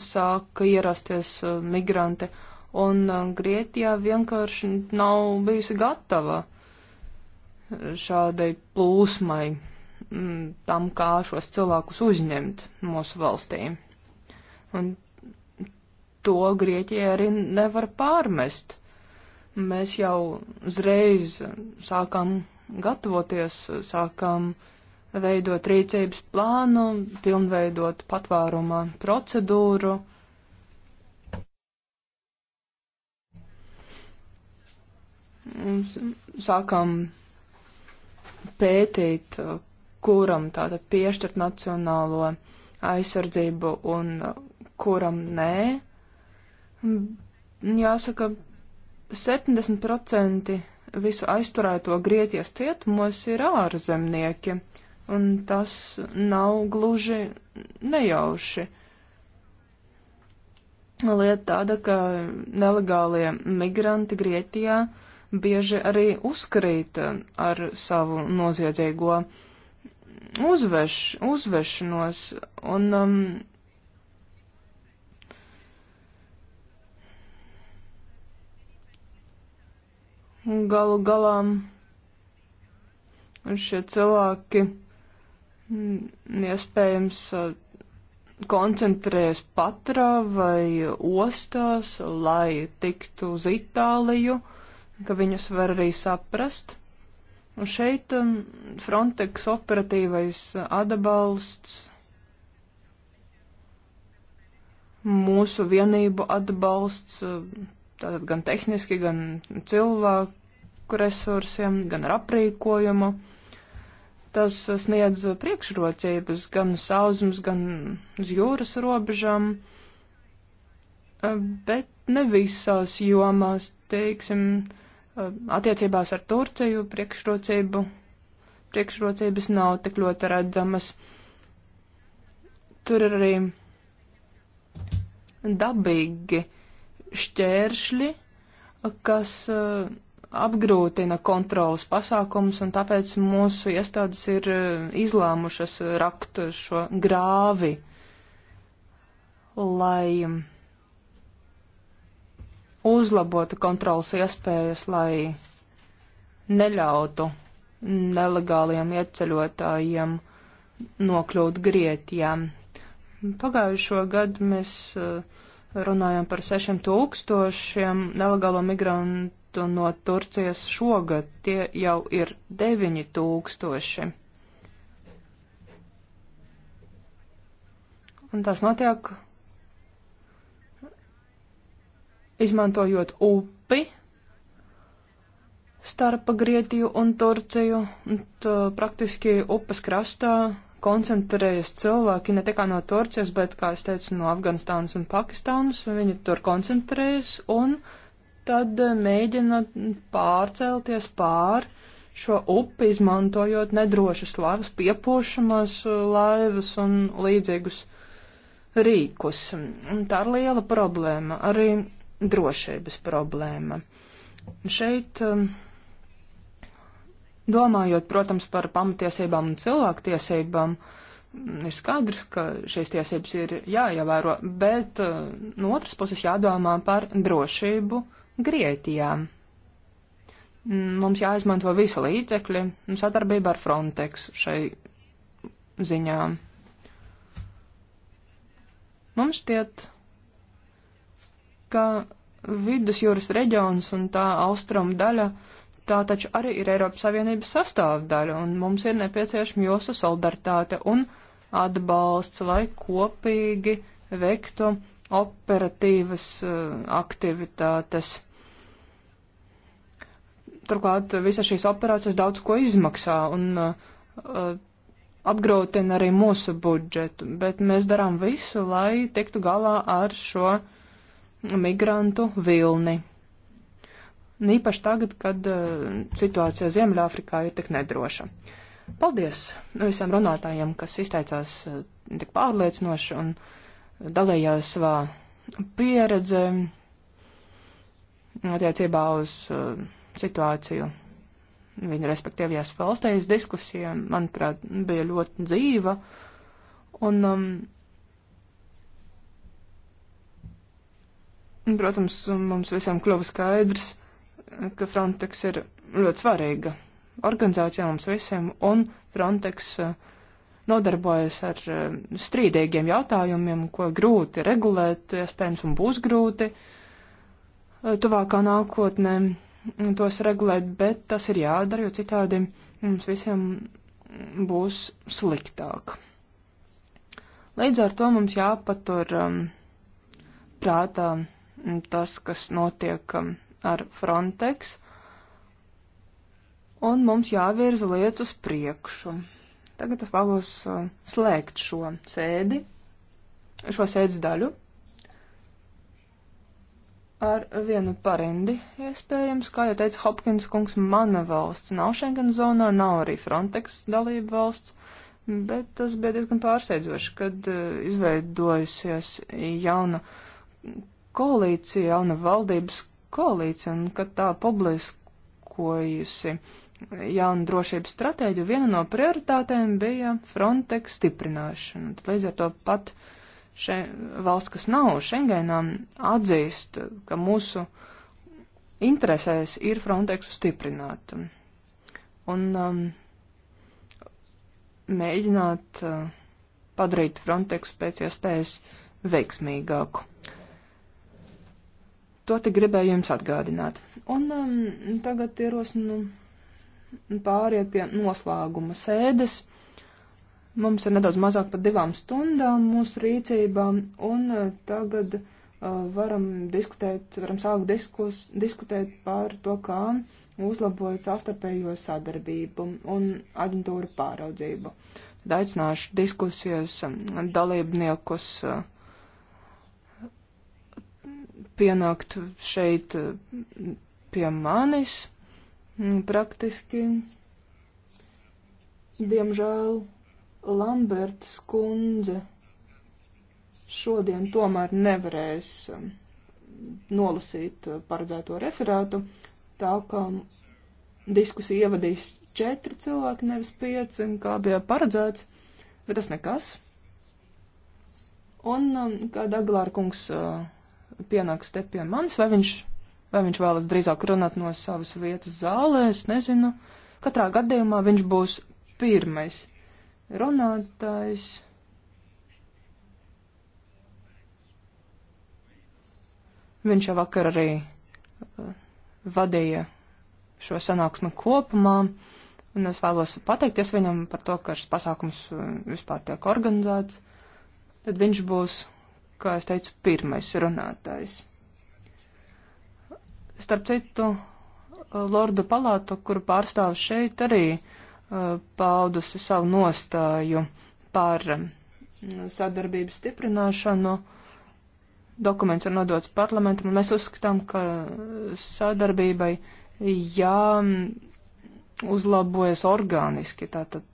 sāka ierasties uh, migranti, un uh, Grietijā vienkārši nav bijusi gatava uh, šādai plūsmai mm, tam, kā šos cilvēkus uzņemt mūsu valstī. Un to Grieķija arī nevar pārmest. Mēs jau uzreiz sākām gatavoties, sākām uh, veidot rīcības plānu, pilnveidot patvārumā procedūru. Sākam pētīt, kuram tātad piešķirt nacionālo aizsardzību un kuram nē. Jāsaka, 70% visu aizturēto Grieķijas cietumos ir ārzemnieki. Uh, un tas nav gluži nejauši. Lieta tāda, ka nelegālie migranti Grieķijā bieži arī uzkrīt ar savu noziedzīgo uzveš, uzvešanos, un um, galu galā šie cilvēki Mm, iespējams uh, koncentrējas patrā vai ostās, lai tiktu uz Itāliju, ka viņus var arī saprast. Un šeit um, Frontex operatīvais atbalsts, mūsu vienību atbalsts, uh, tātad gan tehniski, gan cilvēku resursiem, gan ar aprīkojumu. Tas sniedz priekšrocības gan uz sauszemes, gan uz jūras robežām, bet ne visās jomās, teiksim, attiecībās ar Turciju priekšrocību, priekšrocības nav tik ļoti redzamas. Tur ir arī dabīgi šķēršļi, kas uh, apgrūtina kontrolas pasākumus, un tāpēc mūsu iestādes ir eh, izlēmušas rakt šo grāvi, lai uzlabotu kontrolas iespējas, lai neļautu nelegāliem ieceļotājiem nokļūt Grietijā. Pagājušo gadu mēs eh, runājām par 6000 nelegālo migrantu migrantu no Turcijas šogad. Tie jau ir 9000. Un tas notiek izmantojot upi starp Grieķiju un Turciju. Un tā, praktiski upes krastā koncentrējas cilvēki ne tikai no Turcijas, bet, kā es teicu, no Afganistānas un Pakistānas. Viņi tur koncentrējas un uh, tad eh, mēģina pārcelties pār šo upi, izmantojot nedrošas laivas, piepūšamās eh, laivas un līdzīgus rīkus. Un tā ir liela problēma, arī drošības problēma. Šeit, eh, domājot, protams, par pamatiesībām un cilvēktiesībām, mm, ir skaidrs, ka šīs tiesības ir jāievēro, bet no otras puses jādomā par drošību Grieķijā. Mums jāizmanto visi līdzekļi sadarbība ar Frontex šai ziņā. Mums šķiet, ka vidusjūras reģions un tā austrumu daļa, tā taču arī ir Eiropas Savienības sastāvdaļa, un mums ir nepieciešama jūsu solidaritāte un atbalsts, lai kopīgi veiktu operatīvas eh, aktivitātes. Turklāt visas šīs operācijas daudz ko izmaksā un uh, eh, apgrūtina arī mūsu budžetu, bet mēs darām visu, lai tiktu galā ar šo migrantu vilni. Nīpaši tagad, kad uh, situācija Ziemeļāfrikā ir tik nedroša. Paldies visiem runātājiem, kas izteicās uh, tik pārliecinoši un uh, dalījās savā pieredzē attiecībā uz uh, situāciju viņa respektīvajās valstīs. Diskusija, manuprāt, bija ļoti dzīva. Un, um, protams, mums visiem kļuva skaidrs, ka Frontex ir ļoti svarīga organizācija mums visiem, un Frontex uh, nodarbojas ar eh, strīdīgiem jautājumiem, ko grūti regulēt, iespējams, un būs grūti eh, tuvākā nākotnē tos regulēt, bet tas ir jādara, jo citādi mums visiem būs sliktāk. Līdz ar to mums jāpatur um, prātā tas, kas notiek um, ar Frontex, un mums jāvirza lietas uz priekšu. Tagad es vēlos uh, slēgt šo sēdi, šo sēdes daļu ar vienu parindi, iespējams, kā jau teica Hopkins kungs, mana valsts nav Schengen zonā, nav arī Frontex dalība valsts, bet tas bija diezgan pārsteidzoši, kad uh, izveidojusies jauna koalīcija, jauna valdības koalīcija, un kad tā publiskojusi jaunu drošības stratēģiju, viena no prioritātēm bija Frontex stiprināšana. Tad līdz ar to pat še, valsts, kas nav Schengenā, atzīst, ka mūsu interesēs ir Frontexu stiprināt. Un um, mēģināt uh, padarīt Frontexu pēc iespējas veiksmīgāku. To tik gribēju jums atgādināt. Un um, tagad ierosinu. Nu, pāriet pie noslēguma sēdes. Mums ir nedaudz mazāk par divām stundām mūsu rīcībā, un eh, tagad uh, varam diskutēt, varam sākt diskus, diskutēt par to, kā uzlabot sastarpējo sadarbību un aģentūru pāraudzību. Tad aicināšu diskusijas eh, dalībniekus uh, pienākt šeit pie manis Mm, praktiski, diemžēl, Lamberts kundze šodien tomēr nevarēs um, nolasīt uh, paredzēto referātu, tā kā diskusiju ievadīs četri cilvēki, nevis pieci, kā bija paredzēts, bet tas nekas. Un um, kā Daglāra kungs uh, pienāks te pie manis, vai viņš Vai viņš vēlas drīzāk runāt no savas vietas zālē, es nezinu. Katrā gadījumā viņš būs pirmais runātājs. Viņš jau vakar arī uh, vadīja šo sanāksmi kopumā, un es vēlos pateikties viņam par to, ka šis pasākums uh, vispār tiek organizēts. Tad viņš būs, kā es teicu, pirmais runātājs. Starp citu, Lordu palātu, kur pārstāv šeit, arī paudusi savu nostāju par sadarbības stiprināšanu. Dokuments ir nodots parlamentam, un mēs uzskatām, ka sadarbībai jāuzlabojas organiski, tātad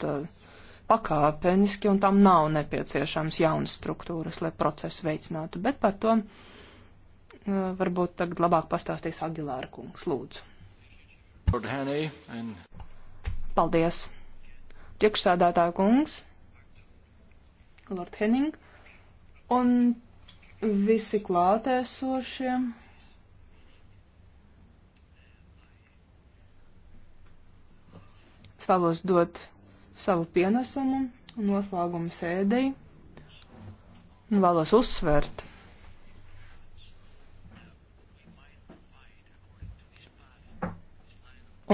pakāpeniski, un tam nav nepieciešams jaunas struktūras, lai procesu veicinātu. Bet par to Varbūt tagad labāk pastāstīs Agilāra kungs, lūdzu. Paldies. Priekšsādātāja kungs, Lord Henning, un visi klātēsošie. Es vēlos dot savu pienesumu un noslēgumu sēdei. Vēlos uzsvērt,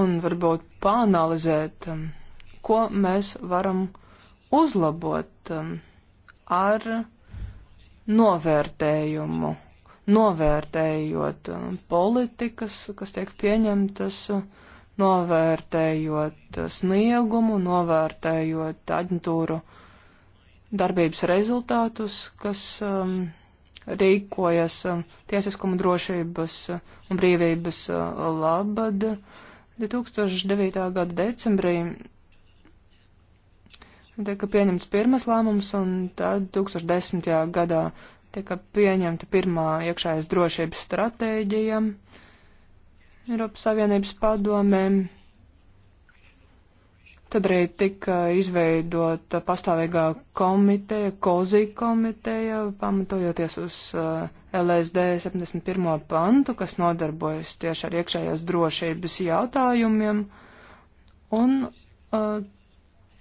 un varbūt pāanalizēt, um, ko mēs varam uzlabot um, ar novērtējumu, novērtējot um, politikas, kas tiek pieņemtas, novērtējot sniegumu, novērtējot aģentūru darbības rezultātus, kas um, rīkojas um, tiesiskuma drošības un brīvības uh, labad. Uh, 2009. gada decembrī tika pieņemts pirmas lēmums, un tad 2010. gadā tika pieņemta pirmā iekšējas drošības stratēģija Eiropas Savienības padomēm. Tad arī tika izveidota pastāvīgā komiteja, kozī komiteja, pamatojoties uz uh, LSD 71. pantu, kas nodarbojas tieši ar iekšējās drošības jautājumiem. Un uh,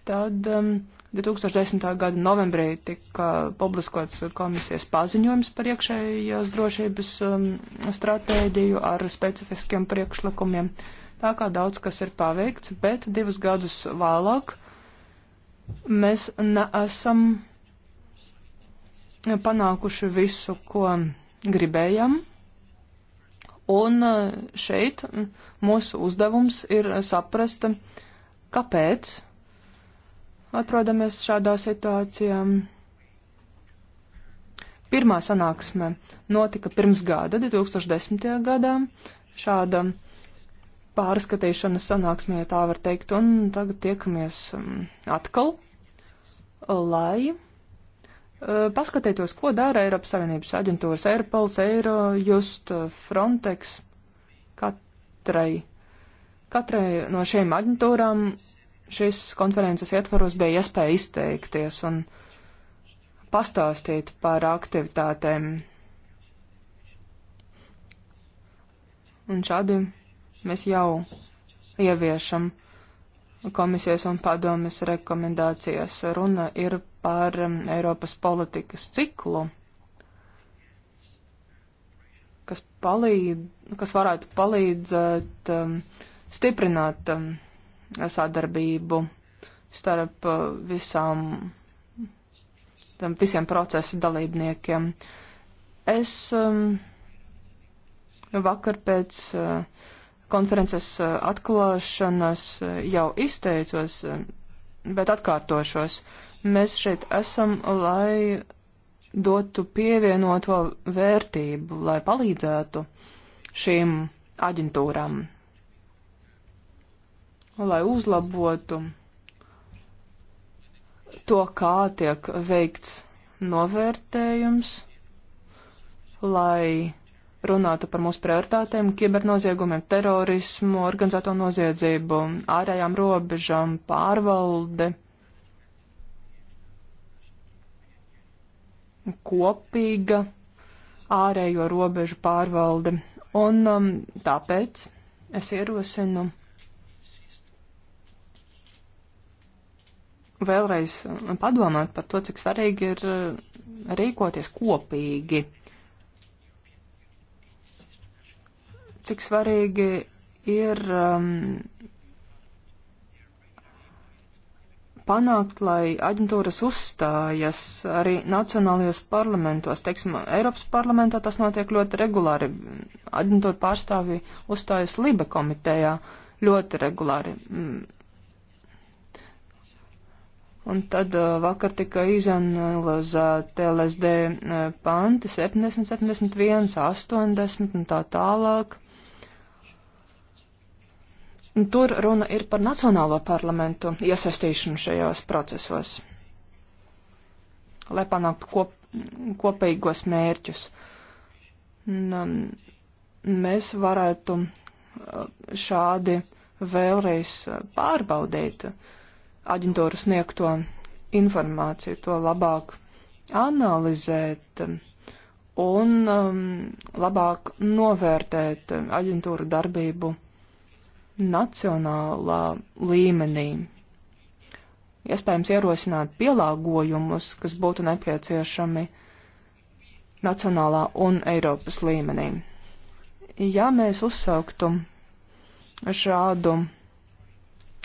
tad um, 2010. gada novembrī tika publiskots komisijas paziņojums par iekšējās drošības um, stratēģiju ar specifiskiem priekšlikumiem. Tā kā daudz kas ir paveikts, bet divus gadus vēlāk mēs neesam panākuši visu, ko gribējam. Un e, šeit mūsu uzdevums ir saprast, kāpēc atrodamies šādā situācijā. Pirmā sanāksme notika pirms gada, 2010. gadā. Šāda pārskatīšanas sanāksmē, ja tā var teikt, un tagad tiekamies atkal, lai Eh, paskatieties, ko dara Eiropas Savienības aģentūras Airpols, Eiro, Just, eh, Frontex. Katrai, katrai no šīm aģentūrām šīs konferences ietvaros bija iespēja izteikties un pastāstīt par aktivitātēm. Un šādi mēs jau ieviešam komisijas un padomjas rekomendācijas. Runa ir par um, Eiropas politikas ciklu, kas, palīd, kas varētu palīdzēt um, stiprināt um, sadarbību starp uh, visām, tam, visiem procesa dalībniekiem. Es um, vakar pēc uh, konferences uh, atklāšanas uh, jau izteicos. Uh, bet atkārtošos. Mēs šeit esam, lai dotu pievienoto vērtību, lai palīdzētu šīm aģentūrām, lai uzlabotu to, kā tiek veikts novērtējums, lai runātu par mūsu prioritātēm, kibernoziegumiem, terorismu, organizēto noziedzību, ārējām robežām, pārvalde, kopīga ārējo robežu pārvalde. Un um, tāpēc es ierosinu vēlreiz padomāt par to, cik svarīgi ir uh, rīkoties kopīgi cik svarīgi ir um, panākt, lai aģentūras uzstājas arī nacionālajos parlamentos. Teiksim, Eiropas parlamentā tas notiek ļoti regulāri. Aģentūra pārstāvji uzstājas Libe komitejā ļoti regulāri. Un tad uh, vakar tika izanalizēta LSD uh, panti 70, 71, 80 un tā tālāk. Tur runa ir par nacionālo parlamentu iesaistīšanu šajos procesos, lai panāktu kop, kopīgos mērķus. Un, um, mēs varētu uh, šādi vēlreiz uh, pārbaudīt aģentūru sniegto informāciju, to labāk analizēt um, un um, labāk novērtēt um, aģentūru darbību nacionālā līmenī. Iespējams ierosināt pielāgojumus, kas būtu nepieciešami nacionālā un Eiropas līmenī. Ja mēs uzsauktu šādu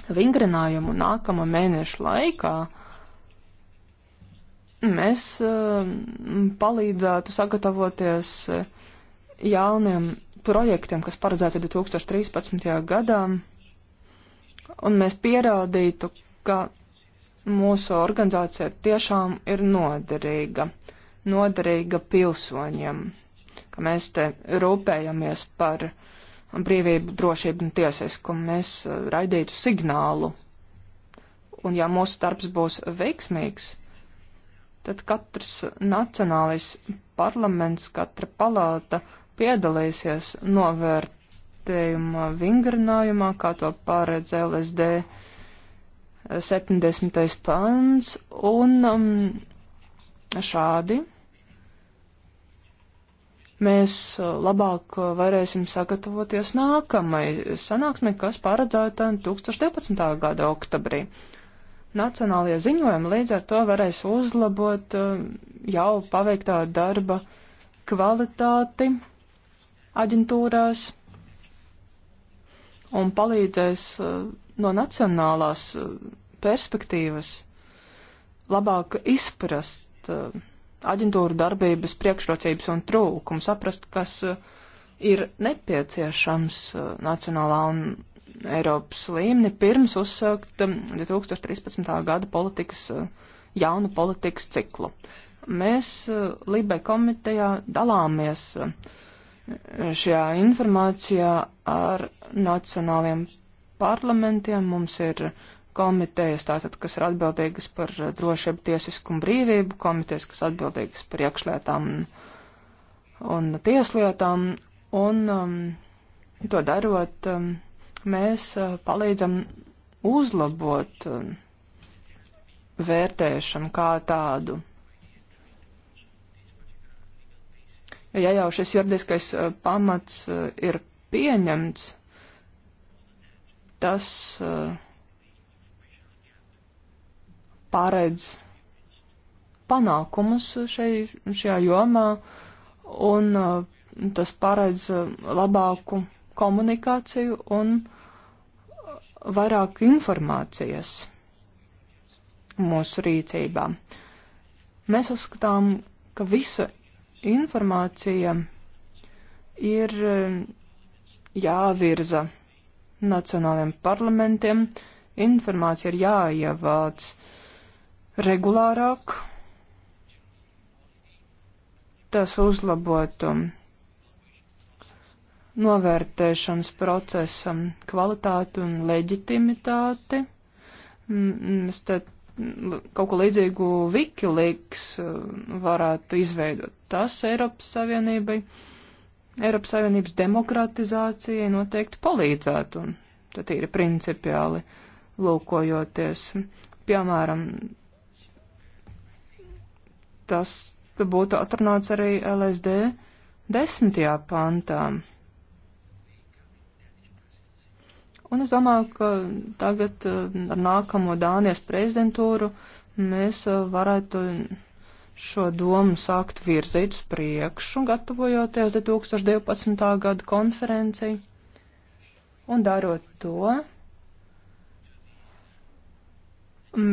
vingrinājumu nākama mēneša laikā, mēs eh, palīdzētu sagatavoties eh, jauniem projektiem, kas paredzēti 2013. gadā, un mēs pierādītu, ka mūsu organizācija tiešām ir noderīga, noderīga pilsoņiem, ka mēs te rūpējamies par brīvību, drošību un tiesiskumu, mēs eh, raidītu signālu. Un ja mūsu darbs būs veiksmīgs, tad katrs nacionālais parlaments, katra palāta piedalīsies novērtējuma vingrinājumā, kā to pārēdz LSD 70. pants, un um, šādi mēs uh, labāk varēsim sagatavoties nākamai sanāksmei, kas paredzēta 2012. gada oktobrī. Nacionālajie ziņojumi līdz ar to varēs uzlabot uh, jau paveiktā darba kvalitāti aģentūrās un palīdzēs uh, no nacionālās uh, perspektīvas labāk izprast uh, aģentūru darbības priekšrocības un trūkumu, saprast, kas ir nepieciešams nacionālā un Eiropas līmeni pirms uzsākt 2013. Um, gada politikas, jaunu politikas ciklu. Mēs Libe komitejā dalāmies uh, šajā informācijā ar nacionāliem parlamentiem. Mums ir komitejas, tātad, kas ir atbildīgas par eh, drošību, tiesiskumu, brīvību, komitejas, kas atbildīgas par iekšlietām un, un tieslietām. Un um, to darot, um, mēs uh, palīdzam uzlabot um, vērtēšanu kā tādu ja jau šis juridiskais eh, pamats eh, ir pieņemts, tas eh, paredz panākumus šai, šajā jomā un tas paredz labāku komunikāciju un vairāk informācijas mūsu rīcībā. Mēs uzskatām, ka visa informācija ir eh, jāvirza nacionāliem parlamentiem, informācija ir jāievāc regulārāk, tas uzlabotu novērtēšanas procesam kvalitāti un leģitimitāti. Mēs te kaut ko līdzīgu Wikileaks uh, varētu izveidot. Tas Eiropas Savienībai, Eiropas Savienības demokratizācijai noteikti palīdzētu, un tad ir principiāli lūkojoties. Piemēram, tas būtu atrunāts arī LSD desmitajā pantā. Un es domāju, ka tagad eh, ar nākamo Dānijas prezidentūru mēs eh, varētu šo domu sākt virzīt uz priekšu, gatavojoties 2012. gada konferencei. Un darot to,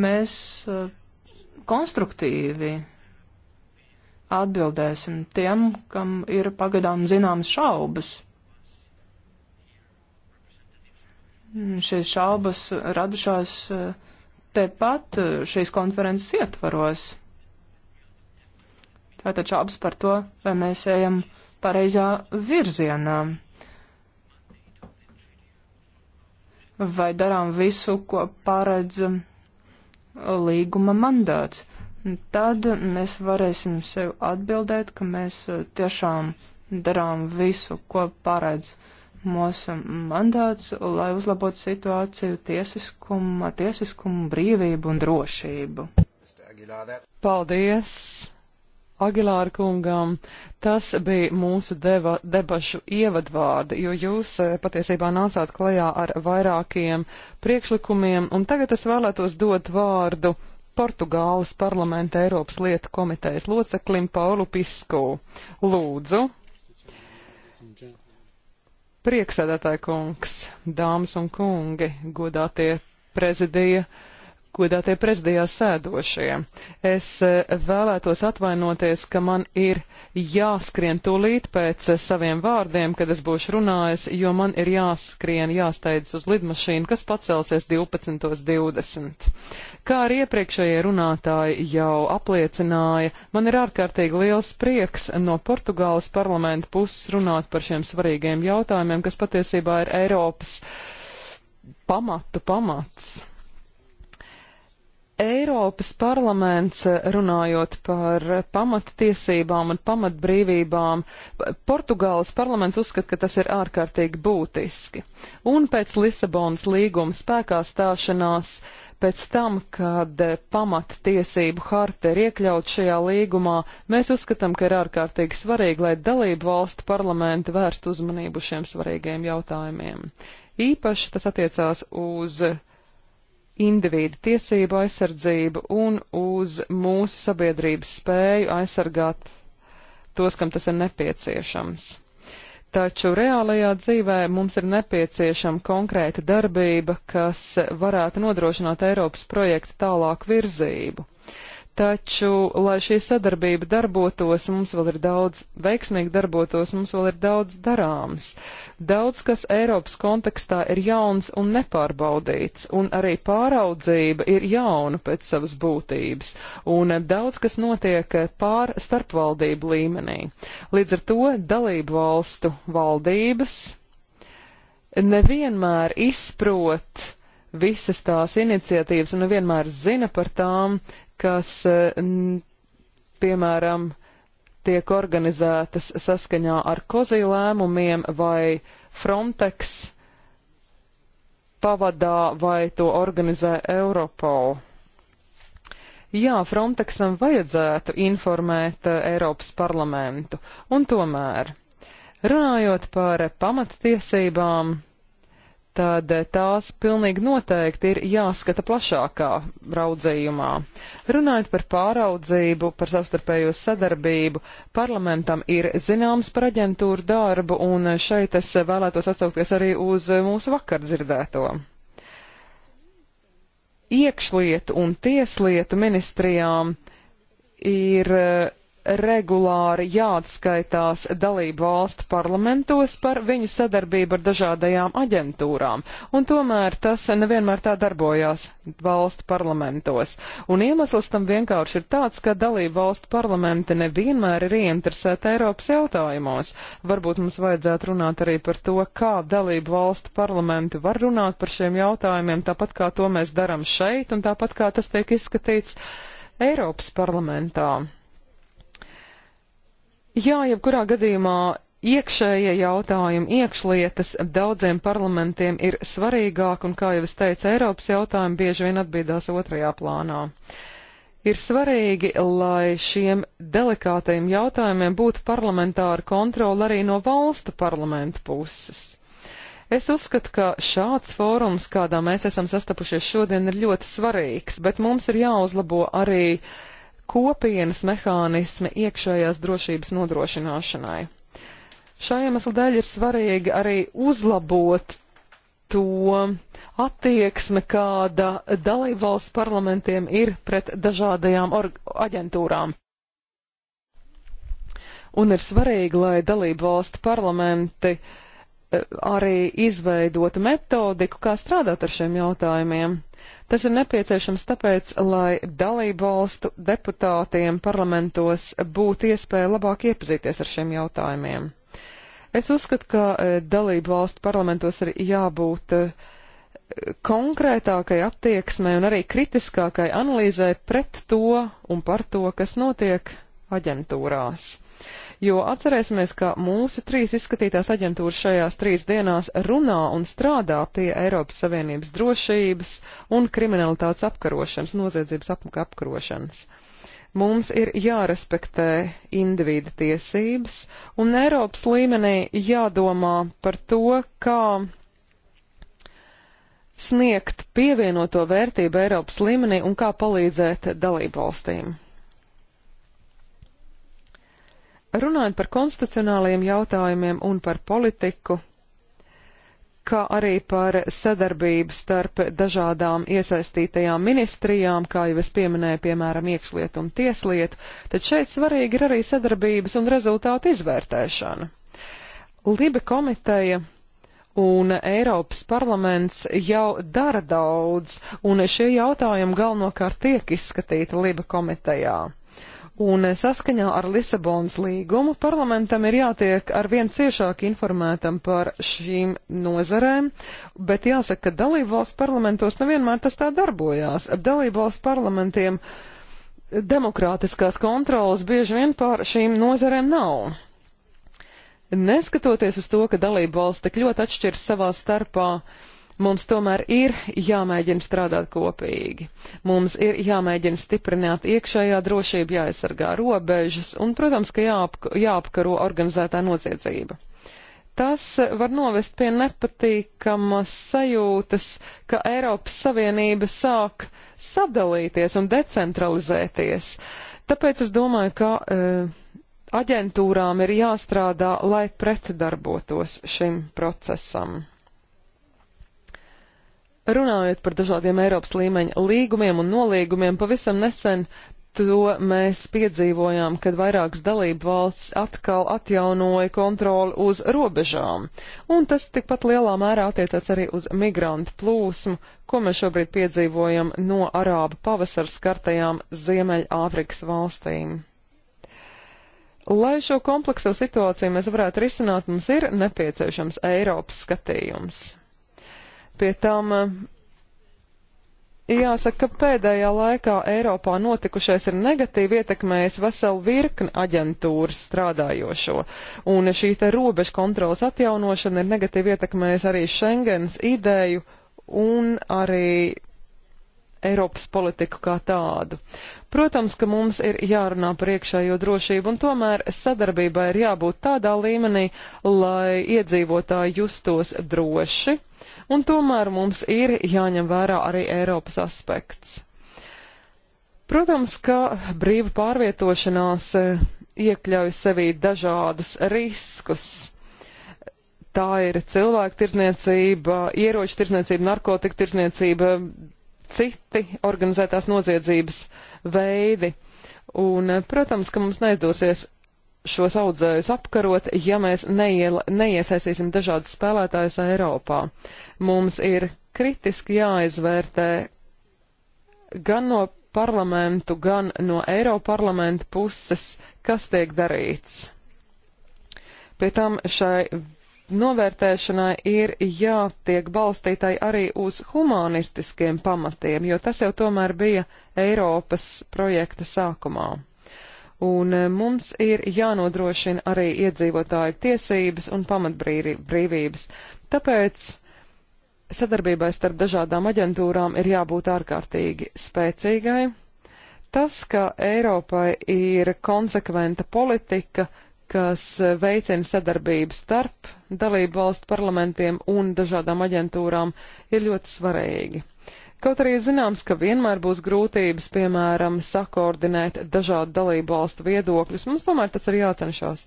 mēs eh, konstruktīvi atbildēsim tiem, kam ir pagadām zināmas šaubas Šīs šaubas radušās e, tepat e, šīs konferences ietvaros. Tātad šaubas par to, vai mēs ejam pareizā virzienā. Vai darām visu, ko paredz e, līguma mandāts. Tad mēs varēsim sev atbildēt, ka mēs tiešām darām visu, ko paredz līguma mandāts mūsu mandāts, lai uzlabotu situāciju tiesiskumu, tiesiskumu, brīvību un drošību. Paldies! Agilāra kungam, tas bija mūsu deva, debašu ievadvārdi, jo jūs eh, patiesībā nācāt klajā ar vairākiem priekšlikumiem, un tagad es vēlētos dot vārdu Portugāles parlamenta Eiropas lietu komitejas loceklim Paulu Pisku. Lūdzu! Priekšsēdētāji kungs, dāmas un kungi, godātie prezidija, godātie prezidijā sēdošie. Es eh, vēlētos atvainoties, ka man ir jāskrien tūlīt pēc eh, saviem vārdiem, kad es būšu runājis, jo man ir jāskrien, jāsteidzas uz lidmašīnu, kas pacelsies 12.20. Kā arī iepriekšējie runātāji jau apliecināja, man ir ārkārtīgi liels prieks no Portugāles parlamenta puses runāt par šiem svarīgiem jautājumiem, kas patiesībā ir Eiropas pamatu pamats. Eiropas parlaments, runājot par pamattiesībām un pamatbrīvībām, Portugāles parlaments uzskata, ka tas ir ārkārtīgi būtiski. Un pēc Lisabonas līguma spēkā stāšanās, pēc tam, kad pamattiesību harta ir iekļaut šajā līgumā, mēs uzskatām, ka ir ārkārtīgi svarīgi, lai dalību valstu parlamenti vērst uzmanību šiem svarīgiem jautājumiem. Īpaši tas attiecās uz individu tiesību aizsardzību un uz mūsu sabiedrības spēju aizsargāt tos, kam tas ir nepieciešams. Taču reālajā dzīvē mums ir nepieciešama konkrēta darbība, kas varētu nodrošināt Eiropas projektu tālāku virzību. Taču, lai šī sadarbība darbotos, mums vēl ir daudz, veiksmīgi darbotos, mums vēl ir daudz darāms. Daudz, kas Eiropas kontekstā ir jauns un nepārbaudīts, un arī pāraudzība ir jauna pēc savas būtības, un daudz, kas notiek pār starpvaldību līmenī. Līdz ar to dalību valstu valdības nevienmēr izprot, visas tās iniciatīvas un nevienmēr zina par tām, kas, eh, piemēram, tiek organizētas saskaņā ar kozī lēmumiem vai Frontex pavadā vai to organizē Europol. Jā, Frontexam vajadzētu informēt eh, Eiropas parlamentu, un tomēr, runājot par pamattiesībām, tad tās pilnīgi noteikti ir jāskata plašākā raudzījumā. Runājot par pāraudzību, par savstarpējo sadarbību, parlamentam ir zināms par aģentūru darbu, un šeit es vēlētos atsaukties arī uz mūsu vakar dzirdēto. Iekšlietu un tieslietu ministrijām ir regulāri jāatskaitās dalību valstu parlamentos par viņu sadarbību ar dažādajām aģentūrām, un tomēr tas nevienmēr tā darbojās valstu parlamentos. Un iemesls tam vienkārši ir tāds, ka dalību valstu parlamenti nevienmēr ir ieinteresēti Eiropas jautājumos. Varbūt mums vajadzētu runāt arī par to, kā dalību valstu parlamenti var runāt par šiem jautājumiem, tāpat kā to mēs darām šeit, un tāpat kā tas tiek izskatīts Eiropas parlamentā. Jā, jebkurā gadījumā iekšējie jautājumi, iekšlietas daudziem parlamentiem ir svarīgāk, un, kā jau es teicu, Eiropas jautājumi bieži vien atbīdās otrajā plānā. Ir svarīgi, lai šiem delikātajiem jautājumiem būtu parlamentāra kontrola arī no valstu parlamentu puses. Es uzskatu, ka šāds fórums, kādā mēs esam sastapušies šodien, ir ļoti svarīgs, bet mums ir jāuzlabo arī uh, kopienas mehānismi iekšējās drošības nodrošināšanai. Šā iemesla dēļ ir svarīgi arī uzlabot to attieksme, kāda dalībvalsts parlamentiem ir pret dažādajām aģentūrām. Un ir svarīgi, lai dalībvalstu parlamenti eh, arī izveidotu metodiku, kā strādāt ar šiem jautājumiem. Tas ir nepieciešams tāpēc, lai dalību valstu deputātiem parlamentos būtu iespēja labāk iepazīties ar šiem jautājumiem. Es uzskatu, ka e, dalību valstu parlamentos ir jābūt e, konkrētākai attieksmei un arī kritiskākai analīzai pret to un par to, kas notiek aģentūrās jo atcerēsimies, ka mūsu trīs izskatītās aģentūras šajās trīs dienās runā un strādā pie Eiropas Savienības drošības un kriminalitātes apkarošanas, noziedzības apkarošanas. Mums ir jārespektē individa tiesības, un Eiropas līmenī jādomā par to, kā sniegt pievienoto vērtību Eiropas līmenī un kā palīdzēt dalībvalstīm. Runājot par konstitucionālajiem jautājumiem un par politiku, kā arī par sadarbību starp dažādām iesaistītajām ministrijām, kā jau es pieminēju, piemēram, iekšlietu un tieslietu, tad šeit svarīgi ir arī sadarbības un rezultātu izvērtēšana. Libe komiteja un Eiropas parlaments jau dara daudz, un šie jautājumi galvenokārt tiek izskatīti Libe komitejā un saskaņā ar Lisabonas līgumu parlamentam ir jātiek ar vien ciešāk informētam par šīm nozarēm, bet jāsaka, ka dalībvalsts parlamentos nevienmēr tas tā darbojās. Dalībvalsts parlamentiem demokrātiskās kontrolas bieži vien pār šīm nozarēm nav. Neskatoties uz to, ka dalībvalsts tik ļoti atšķiras savā starpā, uh, Mums tomēr ir jāmēģina strādāt kopīgi. Mums ir jāmēģina stiprināt iekšējā drošība, jāaizsargā robežas un, protams, ka jāap, jāapkaro organizētā nociedzība. Tas var novest pie nepatīkamas sajūtas, ka Eiropas Savienība sāk sadalīties un decentralizēties. Tāpēc es domāju, ka e, aģentūrām ir jāstrādā, lai pretdarbotos šim procesam. Runājot par dažādiem Eiropas līmeņa līgumiem un nolīgumiem, pavisam nesen to mēs piedzīvojām, kad vairākas dalību valsts atkal atjaunoja kontroli uz robežām. Un tas tikpat lielā mērā attiecas arī uz migrantu plūsmu, ko mēs šobrīd piedzīvojam no Arābu pavasara skartajām Ziemeļāfrikas valstīm. Lai šo komplekso situāciju mēs varētu risināt, mums ir nepieciešams Eiropas skatījums. Pie tam eh, jāsaka, ka pēdējā laikā Eiropā notikušais ir negatīvi ietekmējis veselu virkni aģentūras strādājošo, un šī te robežu kontrolas atjaunošana ir negatīvi ietekmējis arī Schengens ideju un arī Eiropas politiku kā tādu. Protams, ka mums ir jārunā par iekšējo drošību, un tomēr sadarbībai ir jābūt tādā līmenī, lai iedzīvotāji justos droši, un tomēr mums ir jāņem vērā arī Eiropas aspekts. Protams, ka brīva pārvietošanās e, iekļauj sevī dažādus riskus. Tā ir cilvēku tirzniecība, ieroču tirzniecība, narkotika tirzniecība, citi organizētās noziedzības veidi. Un, eh, protams, ka mums neizdosies šos audzējus apkarot, ja mēs neiel, neiesaistīsim dažādas spēlētājas Eiropā. Mums ir kritiski jāizvērtē gan no parlamentu, gan no Eiroparlamenta puses, kas tiek darīts. Pie tam šai novērtēšanai ir jātiek balstītai arī uz humanistiskiem pamatiem, jo tas jau tomēr bija Eiropas projekta sākumā. Un e, mums ir jānodrošina arī iedzīvotāju tiesības un pamatbrīvības. Tāpēc sadarbībai starp dažādām aģentūrām ir jābūt ārkārtīgi spēcīgai. Tas, ka Eiropai ir konsekventa politika, uh, kas eh, veicina sadarbību starp dalību valstu parlamentiem un dažādām aģentūrām, ir ļoti svarīgi. Kaut arī zināms, ka vienmēr būs grūtības, piemēram, sakoordinēt dažādu dalību valstu viedokļus, mums tomēr tas ir jācenšas.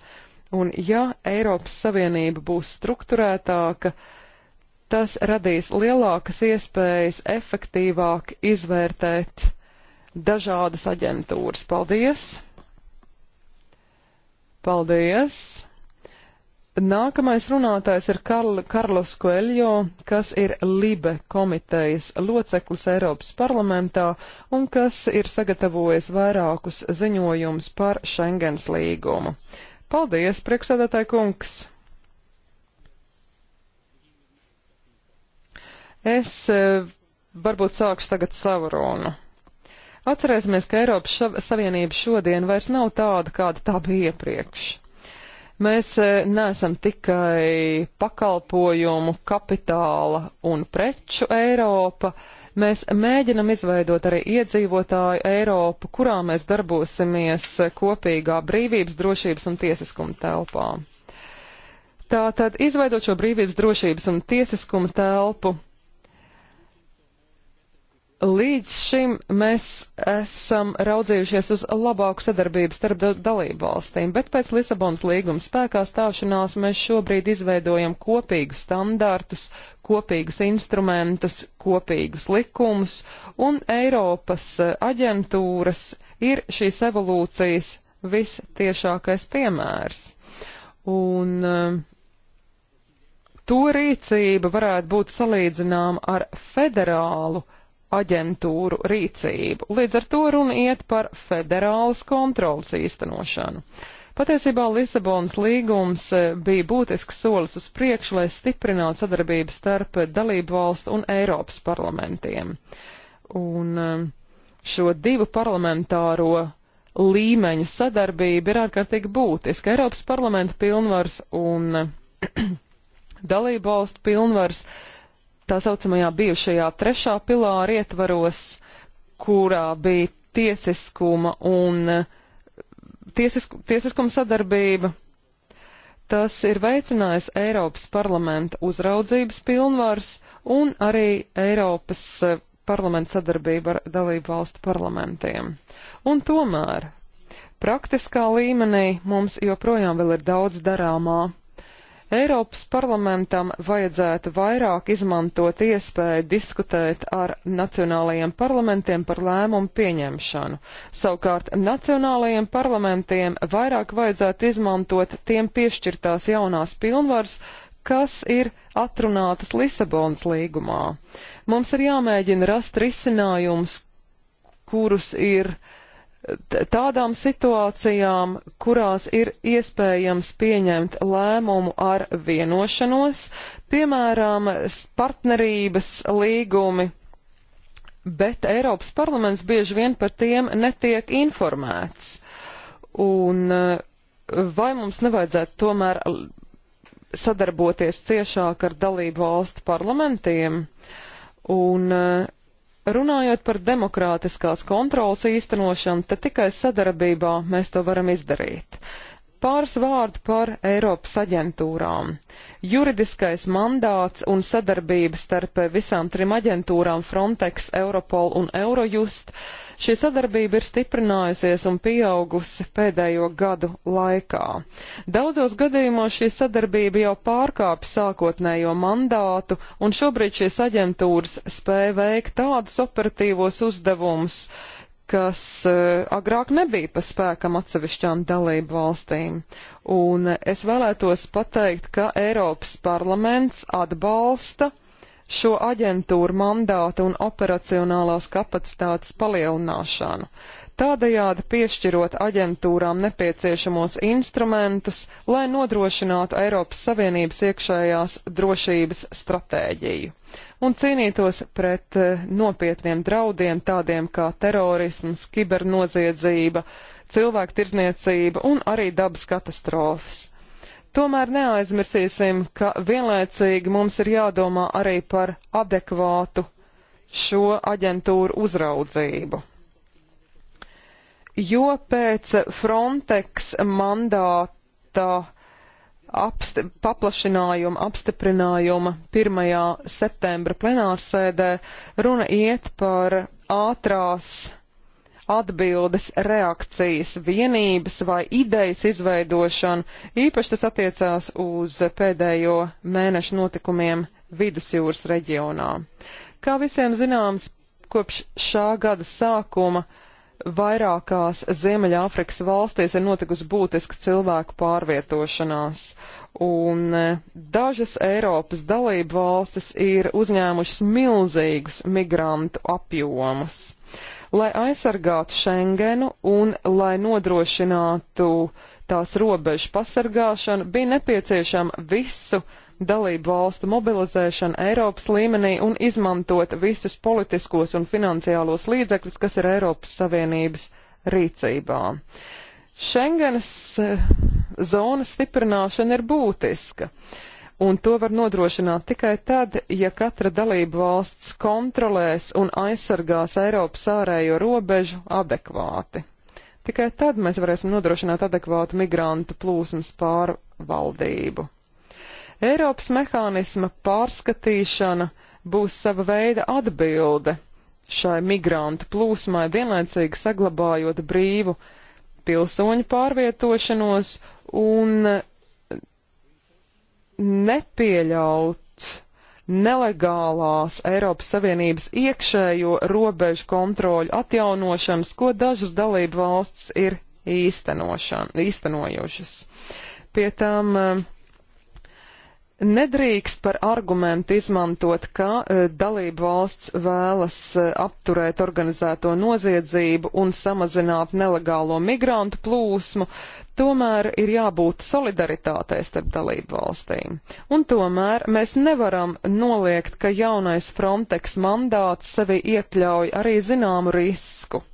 Un ja Eiropas Savienība būs strukturētāka, tas radīs lielākas iespējas efektīvāk izvērtēt dažādas aģentūras. Paldies! Paldies! Nākamais runātājs ir Karl, Karlos Koeļo, kas ir Libe komitejas loceklis Eiropas parlamentā un kas ir sagatavojis vairākus ziņojumus par Schengens līgumu. Paldies, priekšsēdētāji kungs! Es eh, varbūt sākšu tagad savu runu. Atcerēsimies, ka Eiropas Savienība šodien vairs nav tāda, kāda tā bija iepriekš. Mēs e, neesam tikai pakalpojumu, kapitāla un preču Eiropa, mēs mēģinam izveidot arī iedzīvotāju Eiropu, kurā mēs darbosimies kopīgā brīvības, drošības un tiesiskuma telpā. Tātad, izveidot šo brīvības, drošības un tiesiskuma telpu, Līdz šim mēs esam raudzījušies uz labāku sadarbību starp dalību valstīm, bet pēc Lisabonas līguma spēkā stāšanās mēs šobrīd izveidojam kopīgus standartus, kopīgus instrumentus, kopīgus likumus, un Eiropas eh, aģentūras ir šīs evolūcijas vistiešākais piemērs. Un, uh, to rīcība varētu būt salīdzināma ar federālu aģentūru rīcību. Līdz ar to runa iet par federālas kontrolas īstenošanu. Patiesībā Lisabonas līgums eh, bija būtisks solis uz priekšu, lai stiprinātu sadarbību starp dalību valstu un Eiropas parlamentiem. Un eh, šo divu parlamentāro līmeņu sadarbība ir ārkārtīgi būtiska. Eiropas parlamenta pilnvars un dalību valstu pilnvars uh, tā saucamajā bijušajā trešā pilāra ietvaros, kurā bija tiesiskuma un eh, tiesisku, tiesiskuma sadarbība. Tas ir veicinājis Eiropas parlamenta uzraudzības pilnvars un arī Eiropas eh, parlamenta sadarbību ar dalību valstu parlamentiem. Un tomēr praktiskā līmenī mums joprojām vēl ir daudz darāmā. Eiropas parlamentam vajadzētu vairāk izmantot iespēju diskutēt ar nacionālajiem parlamentiem par lēmumu pieņemšanu. Savukārt nacionālajiem parlamentiem vairāk vajadzētu izmantot tiem piešķirtās jaunās pilnvaras, kas ir atrunātas Lisabonas līgumā. Mums ir jāmēģina rast risinājums, kurus ir uh, tādām situācijām, kurās ir iespējams pieņemt lēmumu ar vienošanos, piemēram, partnerības līgumi, bet Eiropas parlaments bieži vien par tiem netiek informēts. Un eh, vai mums nevajadzētu tomēr sadarboties ciešāk ar dalību valstu parlamentiem? Un uh, Runājot par demokrātiskās kontrolas īstenošanu, te tikai sadarbībā mēs to varam izdarīt. Uh, Pāris vārdu par Eiropas aģentūrām. Juridiskais mandāts un sadarbība starp visām trim aģentūrām Frontex, Europol un Eurojust. Šī sadarbība ir stiprinājusies un pieaugusi pēdējo gadu laikā. Daudzos gadījumos šī sadarbība jau pārkāp sākotnējo mandātu, un šobrīd šīs aģentūras spēja veikt tādus operatīvos uzdevumus, kas e, agrāk nebija pa spēkam atsevišķām dalību valstīm. Un es vēlētos pateikt, ka Eiropas parlaments atbalsta šo aģentūru mandātu un operacionālās kapacitātes palielināšanu, tādējādi piešķirot aģentūrām nepieciešamos instrumentus, lai nodrošinātu Eiropas Savienības iekšējās drošības stratēģiju un cīnītos pret eh, nopietniem draudiem tādiem kā terorisms, kibernoziedzība, cilvēktirzniecība un arī dabas katastrofas. Tomēr neaizmirsīsim, ka vienlaicīgi mums ir jādomā arī par adekvātu šo aģentūru uzraudzību. Jo pēc Frontex mandāta apsti paplašinājuma, apstiprinājuma 1. septembra plenārsēdē runa iet par ātrās atbildes reakcijas vienības vai idejas izveidošanu, īpaši tas attiecās uz pēdējo mēnešu notikumiem vidusjūras reģionā. Kā visiem zināms, kopš šā gada sākuma vairākās Ziemeļāfrikas valstīs ir notikusi būtiska cilvēku pārvietošanās, un e, dažas Eiropas dalību valstis ir uzņēmušas milzīgus migrantu apjomus. Lai aizsargātu Schengenu un lai nodrošinātu tās robežu pasargāšanu, bija nepieciešama visu dalību valstu mobilizēšanu Eiropas līmenī un izmantot visus politiskos un finansiālos līdzekļus, kas ir Eiropas Savienības rīcībā. Šengenas eh, zonas stiprināšana ir būtiska un to var nodrošināt tikai tad, ja katra dalība valsts kontrolēs un aizsargās Eiropas ārējo robežu adekvāti. Tikai tad mēs varēsim nodrošināt adekvātu migrantu plūsmas pārvaldību. Eiropas mehānisma pārskatīšana būs sava veida atbilde šai migrantu plūsmai, vienlaicīgi saglabājot brīvu pilsoņu pārvietošanos un nepieļaut nelegālās Eiropas Savienības iekšējo robežu kontroļu atjaunošanas, ko dažas dalību valsts ir īstenojušas. Pie tam uh, Nedrīkst par argumentu izmantot, ka e, dalību valsts vēlas e, apturēt organizēto noziedzību un samazināt nelegālo migrantu plūsmu, tomēr ir jābūt solidaritātei starp dalību valstīm. Un tomēr mēs nevaram noliegt, ka jaunais Frontex mandāts sevi iekļauj arī zināmu risku.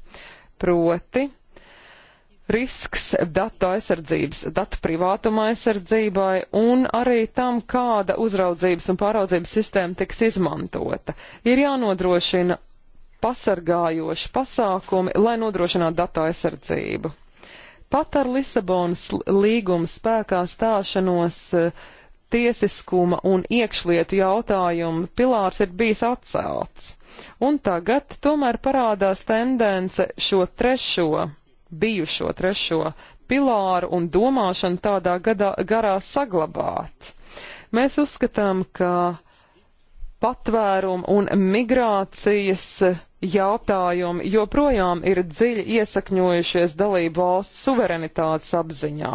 Proti, risks datu aizsardzības, datu privātuma aizsardzībai un arī tam, kāda uzraudzības un pāraudzības sistēma tiks izmantota. Ir jānodrošina pasargājoši pasākumi, lai nodrošinātu datu aizsardzību. Pat ar Lisabonas līguma spēkā stāšanos eh, tiesiskuma un iekšlietu jautājumu pilārs ir bijis atcelts. Un tagad tomēr parādās tendence šo trešo bijušo trešo pilāru un domāšanu tādā gadā, garā saglabāt. Mēs uzskatām, ka patvērumu un migrācijas jautājumi joprojām ir dziļi iesakņojušies dalību valsts suverenitātes apziņā.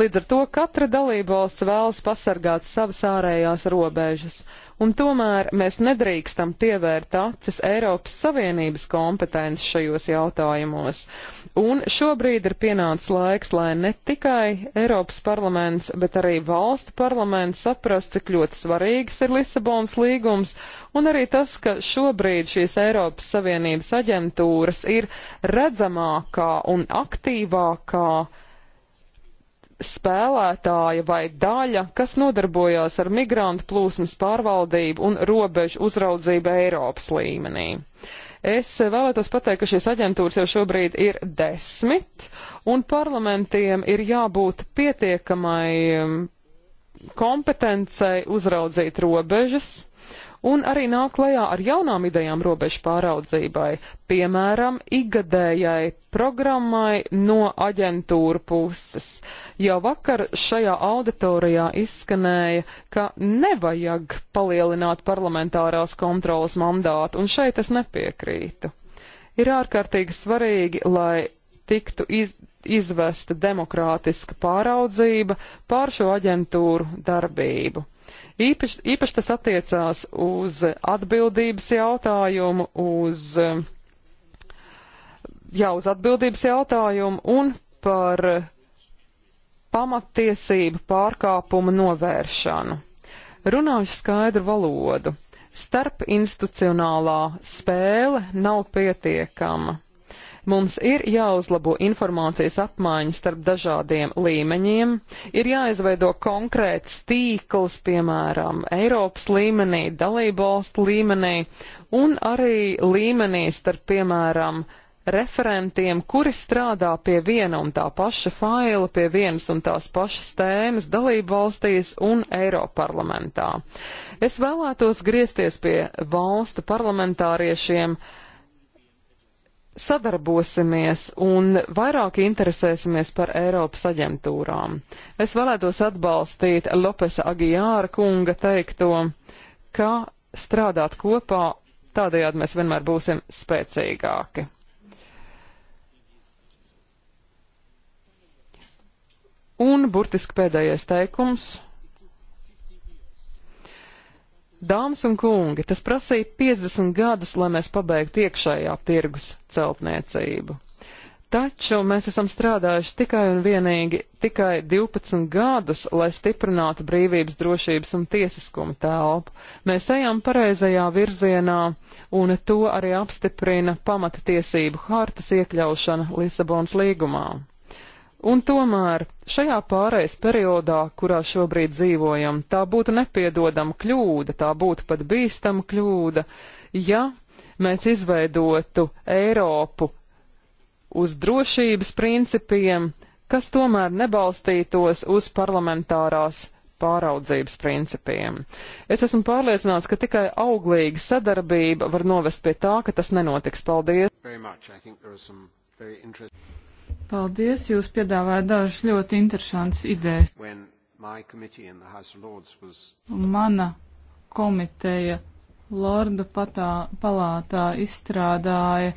Līdz ar to katra dalību valsts vēlas pasargāt savas ārējās robežas, un tomēr mēs nedrīkstam pievērt acis Eiropas Savienības kompetenci šajos jautājumos. Uh, Un šobrīd ir pienācis laiks, lai ne tikai Eiropas parlaments, bet arī valstu parlaments saprast, cik ļoti svarīgs ir Lisabonas līgums, un arī tas, ka šobrīd šīs Eiropas Savienības aģentūras ir redzamākā un aktīvākā spēlētāja vai daļa, kas nodarbojās ar migrantu plūsmas pārvaldību un robežu uzraudzību Eiropas līmenī. Es vēlētos pateikt, ka šīs aģentūras jau šobrīd ir desmit, un parlamentiem ir jābūt pietiekamai mm, kompetencei uzraudzīt robežas, un arī nāk klajā ar jaunām idejām robežu pāraudzībai, piemēram, igadējai programmai no aģentūra puses. Jau vakar šajā auditorijā izskanēja, ka nevajag palielināt parlamentārās kontrolas mandātu, un šeit es nepiekrītu. Ir ārkārtīgi svarīgi, lai tiktu iz, izvesta demokrātiska pāraudzība pār šo aģentūru darbību. Īpaši, īpaši tas attiecās uz atbildības jautājumu, uz, jā, uz atbildības jautājumu un par pamattiesību pārkāpumu novēršanu. Runāšu skaidru valodu. Starp institucionālā spēle nav pietiekama. Mums ir jāuzlabo informācijas apmaiņa starp dažādiem līmeņiem, ir jāizveido konkrēts tīkls, piemēram, Eiropas līmenī, dalībvalstu līmenī un arī līmenī starp, piemēram, referentiem, kuri strādā pie viena un tā paša faila, pie vienas un tās pašas tēmas dalību valstīs un Eiroparlamentā. Es vēlētos griezties pie valstu parlamentāriešiem, uh, sadarbosimies un vairāk interesēsimies par Eiropas aģentūrām. Es vēlētos atbalstīt Lopesa Agijāra kunga teikto, ka strādāt kopā, tādējādi mēs vienmēr būsim spēcīgāki. Un burtiski pēdējais teikums Dāmas un kungi, tas prasīja 50 gadus, lai mēs pabeigtu iekšējā tirgus celtniecību. Taču mēs esam strādājuši tikai un vienīgi tikai 12 gadus, lai stiprinātu brīvības, drošības un tiesiskuma telpu. Mēs ejam pareizajā virzienā, un to arī apstiprina pamata tiesību hartas iekļaušana Lisabonas līgumā. Un tomēr šajā pārejas periodā, kurā šobrīd dzīvojam, tā būtu nepiedodama kļūda, tā būtu pat bīstama kļūda, ja mēs izveidotu Eiropu uz drošības principiem, kas tomēr nebalstītos uz parlamentārās pāraudzības principiem. Es esmu pārliecināts, ka tikai auglīga sadarbība var novest pie tā, ka tas nenotiks. Paldies! Paldies, jūs piedāvājat dažas ļoti interesantas idejas. Mana komiteja Lorda patā, palātā izstrādāja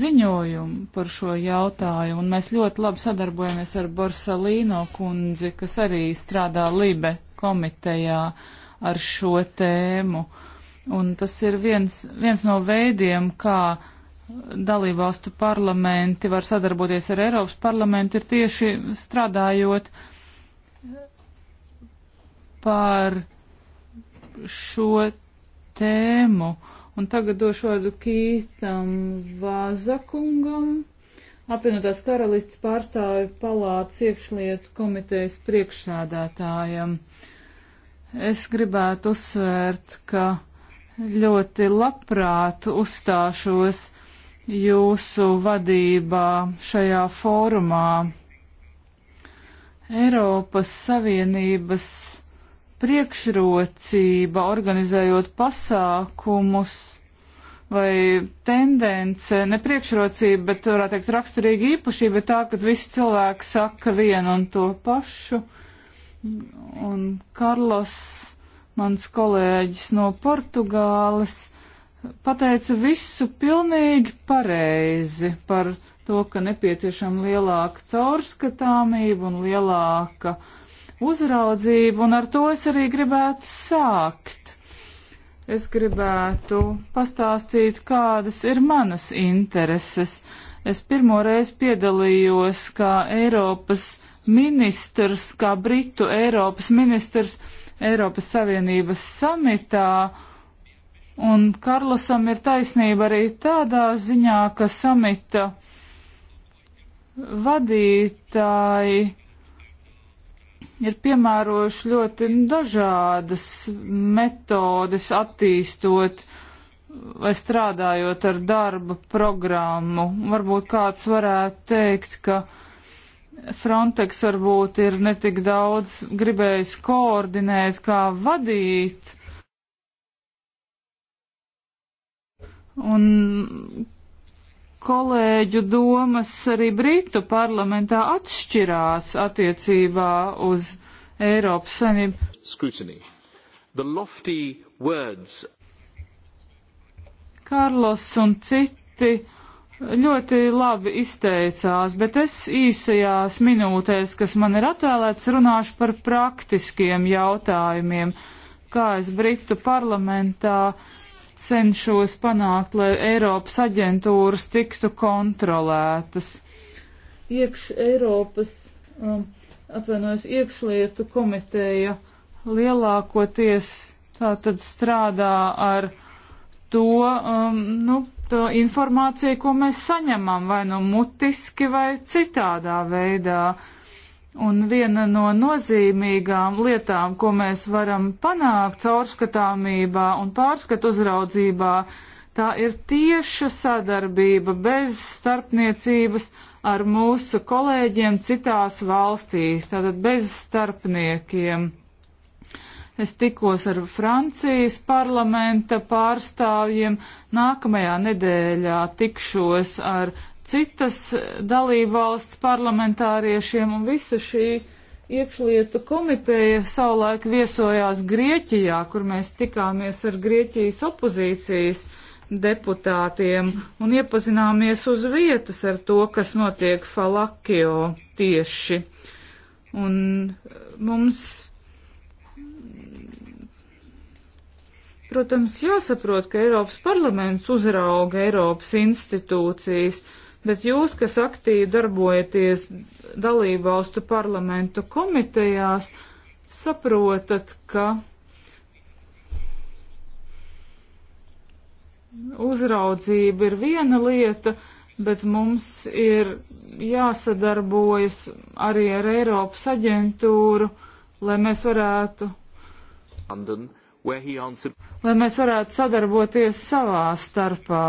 ziņojumu par šo jautājumu, un mēs ļoti labi sadarbojamies ar Borsalīno kundzi, kas arī strādā Libe komitejā ar šo tēmu. Un tas ir viens, viens no veidiem, kā dalībvalstu parlamenti var sadarboties ar Eiropas parlamentu, ir tieši strādājot par šo tēmu. Un tagad došu vārdu Kītam Vāzakungam, apvienotās karalists pārstāvi palāts iekšlietu komitejas priekšsādātājam. Es gribētu uzsvērt, ka ļoti labprāt uzstāšos jūsu vadībā šajā fórumā. Eiropas Savienības priekšrocība organizējot pasākumus vai tendence, ne priekšrocība, bet varētu teikt raksturīga īpašība tā, ka visi cilvēki saka vienu un to pašu. Un Karlos, mans kolēģis no Portugāles, pateica visu pilnīgi pareizi par to, ka nepieciešama lielāka caurskatāmība un lielāka uzraudzība, un ar to es arī gribētu sākt. Es gribētu pastāstīt, kādas ir manas intereses. Es pirmoreiz piedalījos kā Eiropas ministrs, kā Britu Eiropas ministrs Eiropas Savienības samitā, Un Karlosam ir taisnība arī tādā ziņā, ka samita vadītāji ir piemērojuši ļoti dažādas metodes attīstot vai strādājot ar darba programmu. Varbūt kāds varētu teikt, ka Frontex varbūt ir netik daudz gribējis koordinēt, kā vadīt Un kolēģu domas arī Britu parlamentā atšķirās attiecībā uz Eiropas saimnību. Scrutiny. The lofty words. Karlos un citi ļoti labi izteicās, bet es īsajās minūtēs, kas man ir atvēlēts, runāšu par praktiskiem jautājumiem, kā es Britu parlamentā cenšos panākt, lai Eiropas aģentūras tiktu kontrolētas. Iekš Eiropas, um, atvainojos, iekšlietu komiteja lielākoties tātad strādā ar to, um, nu, to informāciju, ko mēs saņemam, vai nu mutiski, vai citādā veidā. Uh, Un viena no nozīmīgām lietām, ko mēs varam panākt caurskatāmībā un pārskatu uzraudzībā, tā ir tieša sadarbība bez starpniecības ar mūsu kolēģiem citās valstīs, tātad bez starpniekiem. Es tikos ar Francijas parlamenta pārstāvjiem, nākamajā nedēļā tikšos ar citas dalībvalsts parlamentāriešiem un visa šī iekšlietu komiteja savulaik viesojās Grieķijā, kur mēs tikāmies ar Grieķijas opozīcijas deputātiem un iepazināmies uz vietas ar to, kas notiek Falakio tieši. Un mums, protams, jāsaprot, ka Eiropas parlaments uzrauga Eiropas institūcijas bet jūs, kas aktīvi darbojaties dalībvalstu parlamentu komitejās, saprotat, ka uzraudzība ir viena lieta, bet mums ir jāsadarbojas arī ar Eiropas aģentūru, lai mēs varētu. London, lai mēs varētu sadarboties savā starpā.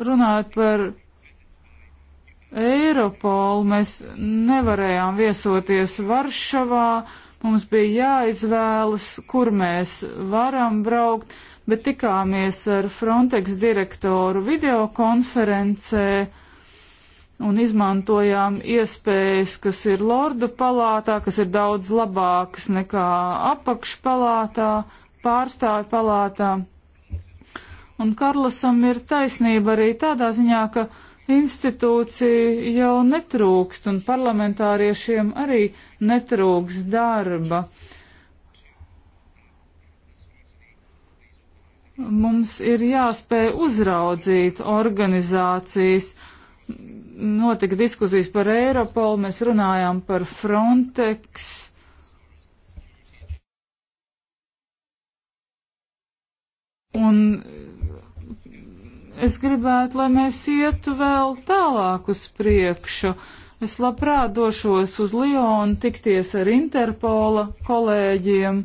runāt par Eiropolu, mēs nevarējām viesoties Varšavā, mums bija jāizvēlas, kur mēs varam braukt, bet tikāmies ar Frontex direktoru videokonferencē un izmantojām iespējas, kas ir Lordu palātā, kas ir daudz labākas nekā apakšpalātā, pārstāvju palātā. Un Karlasam ir taisnība arī tādā ziņā, ka institūciju jau netrūkst un parlamentāriešiem arī netrūks darba. Mums ir jāspēj uzraudzīt organizācijas, notika diskusijas par Eiropolu, mēs runājām par Frontex. Un es gribētu, lai mēs ietu vēl tālāk uz priekšu. Es labprāt došos uz Lionu tikties ar Interpola kolēģiem,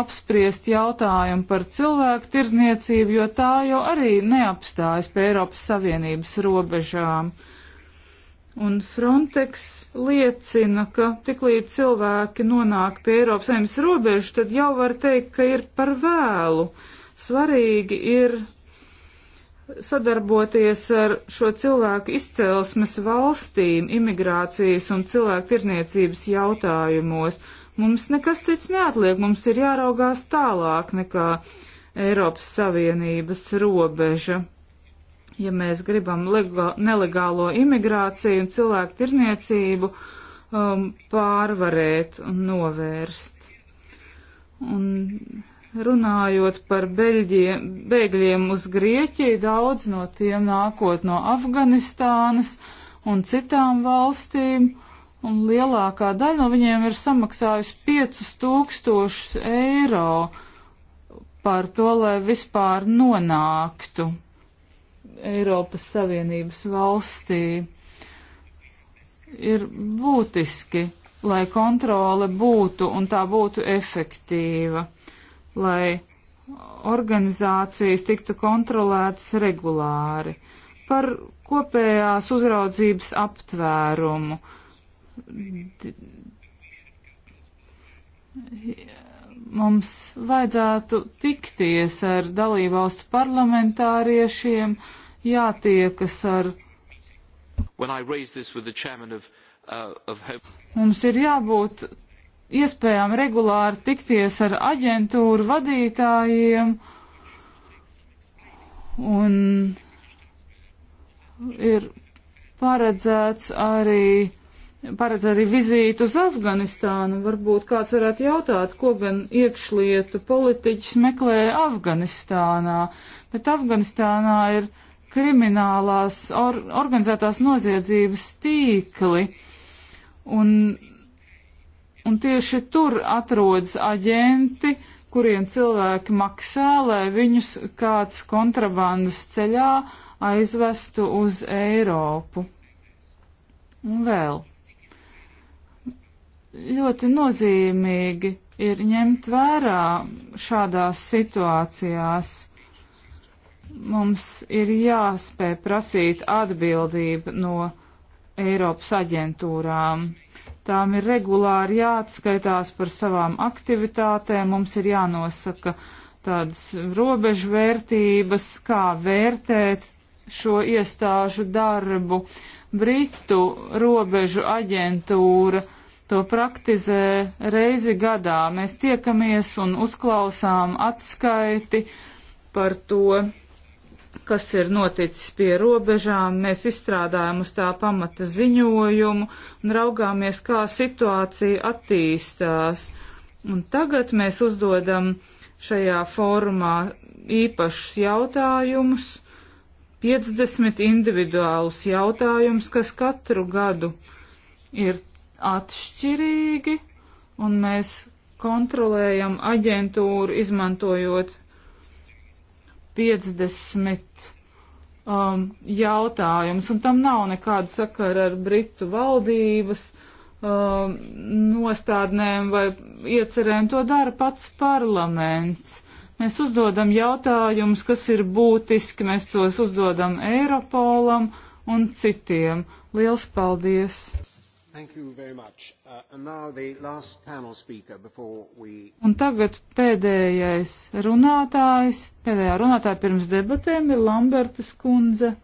apspriest jautājumu par cilvēku tirzniecību, jo tā jau arī neapstājas pie Eiropas Savienības robežām. Un Frontex liecina, ka tiklīdz cilvēki nonāk pie Eiropas Savienības robežu, tad jau var teikt, ka ir par vēlu. Svarīgi ir sadarboties ar šo cilvēku izcelsmes valstīm imigrācijas un cilvēku tirniecības jautājumos. Mums nekas cits neatliek, mums ir jāraugās tālāk nekā Eiropas Savienības robeža. Ja mēs gribam legal, nelegālo imigrāciju un cilvēku tirniecību um, pārvarēt un novērst. Un runājot par beļģie, bēgļiem uz Grieķiju, daudz no tiem nākot no Afganistānas un citām valstīm, un lielākā daļa no viņiem ir samaksājusi 5000 eiro par to, lai vispār nonāktu Eiropas Savienības valstī. Ir būtiski, lai kontrole būtu un tā būtu efektīva lai organizācijas tiktu kontrolētas regulāri. Par kopējās uzraudzības aptvērumu. Mums vajadzētu tikties ar dalībvalstu parlamentāriešiem, jātiekas ar. Of, uh, of... Mums ir jābūt iespējām regulāri tikties ar aģentūru vadītājiem un ir paredzēts arī, paredz arī vizītu uz Afganistānu. Varbūt kāds varētu jautāt, ko gan iekšlietu politiķis meklē Afganistānā, bet Afganistānā ir kriminālās or, organizētās noziedzības tīkli. Un Un tieši tur atrodas aģenti, kuriem cilvēki maksā, lai viņus kāds kontrabandas ceļā aizvestu uz Eiropu. Un vēl. Ļoti nozīmīgi ir ņemt vērā šādās situācijās. Mums ir jāspēj prasīt atbildību no Eiropas aģentūrām tām ir regulāri jāatskaitās par savām aktivitātēm, mums ir jānosaka tādas robežvērtības, kā vērtēt šo iestāžu darbu. Britu robežu aģentūra to praktizē reizi gadā. Mēs tiekamies un uzklausām atskaiti par to, kas ir noticis pie robežām. Mēs izstrādājam uz tā pamata ziņojumu un raugāmies, kā situācija attīstās. Un tagad mēs uzdodam šajā formā īpašus jautājumus, 50 individuālus jautājumus, kas katru gadu ir atšķirīgi, un mēs kontrolējam aģentūru, izmantojot 50 um, jautājumus, un tam nav nekāda sakara ar Britu valdības um, nostādnēm vai iecerēm. To dara pats parlaments. Mēs uzdodam jautājumus, kas ir būtiski, mēs tos uzdodam Eiropolam un citiem. Liels paldies! Thank you very much. Uh, and now the last panel speaker before we... Un tagad pēdējais runātājs, pēdējā runātāja pirms debatēm ir Lambertas kundze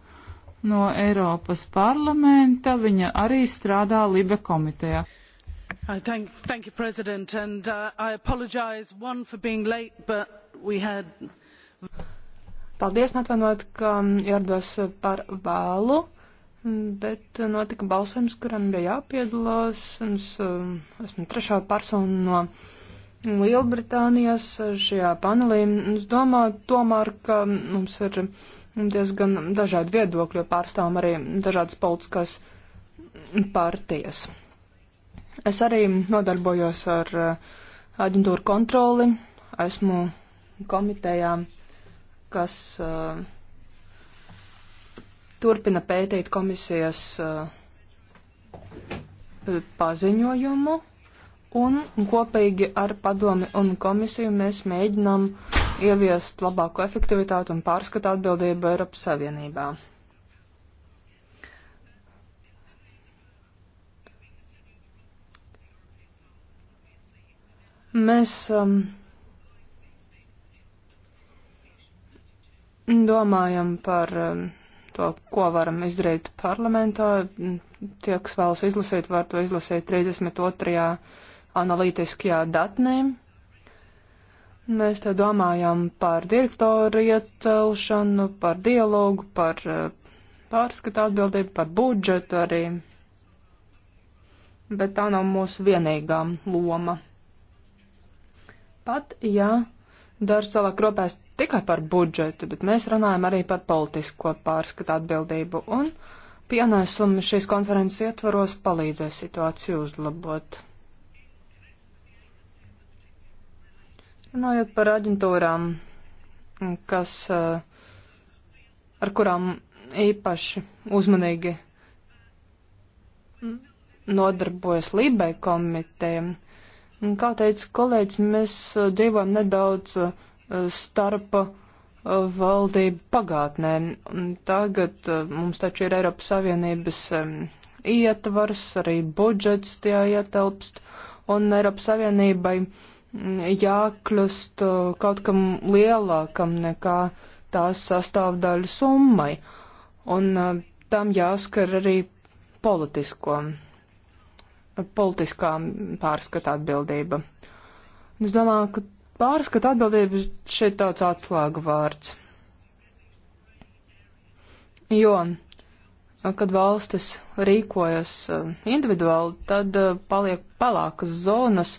no Eiropas parlamenta. Viņa arī strādā Libe komitejā. Uh, thank, thank you, President, and uh, I apologize, one, for being late, but we had... Paldies, atvainojiet, ka um, ierados par vēlu. Bet notika balsojums, kuram bija jāpiedalās. Es, um, esmu trešā persona no Lielbritānijas šajā panelī. Es domāju, tomēr, ka mums ir diezgan dažādi viedokļi, jo pārstāvam arī dažādas politiskās partijas. Es arī nodarbojos ar uh, aģentūru kontroli. Esmu komitejā, kas. Uh, turpina pētīt komisijas uh, paziņojumu, un kopīgi ar padomi un komisiju mēs mēģinām ieviest labāku efektivitātu un pārskatu atbildību Eiropas Savienībā. Mēs um, domājam par um, to, ko varam izdarīt parlamentā. Tie, kas vēlas izlasīt, var to izlasīt 32. analītiskajā datnē. Mēs te domājam par direktoru iecelšanu, par dialogu, par eh, pārskatu atbildību, par budžetu arī. Bet tā nav mūsu vienīgā loma. Pat, ja Dārzs Salakropēs tikai par budžetu, bet mēs runājam arī par politisko pārskatu atbildību, un pienesumi šīs konferences ietvaros palīdzēs situāciju uzlabot. Runājot par aģentūrām, kas, eh, ar kurām īpaši uzmanīgi nodarbojas Lībai komitejiem, kā teica kolēģis, mēs eh, dzīvojam nedaudz uh, starp uh, valdību pagātnē. Tagad uh, mums taču ir Eiropas Savienības um, ietvars, arī budžets tajā ietelpst, un Eiropas Savienībai mm, jākļūst uh, kaut kam lielākam nekā tās sastāvdaļu summai, un tam jāskar arī politisko, politiskā pārskata atbildība. Es domāju, ka Pārskata atbildība šeit tāds atslēga vārds. Jo, kad valstis rīkojas eh, individuāli, tad eh, paliek pelākas zonas,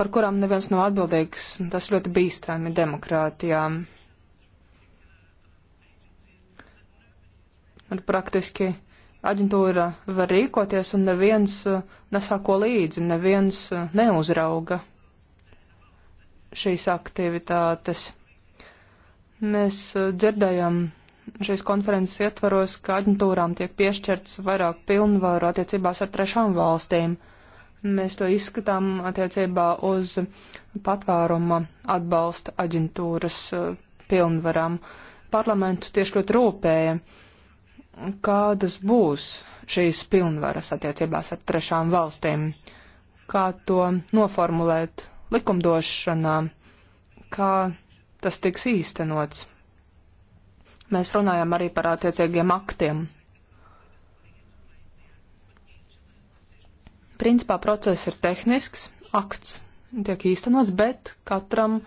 par kurām neviens nav atbildīgs. Tas ļoti bīstami demokrātijām. Un praktiski aģentūra var rīkoties, un neviens eh, nesako līdzi, neviens neuzrauga šīs aktivitātes. Mēs uh, dzirdējam šīs konferences ietvaros, ka aģentūrām tiek piešķirts vairāk pilnvaru attiecībās ar trešām valstīm. Mēs to izskatām attiecībā uz patvēruma atbalsta aģentūras uh, pilnvarām. Parlamentu tieši ļoti rūpēja, kādas būs šīs pilnvaras attiecībās ar trešām valstīm, kā to noformulēt likumdošanā, kā tas tiks īstenots. Mēs runājam arī par attiecīgiem aktiem. Principā process ir tehnisks, akts tiek īstenots, bet katram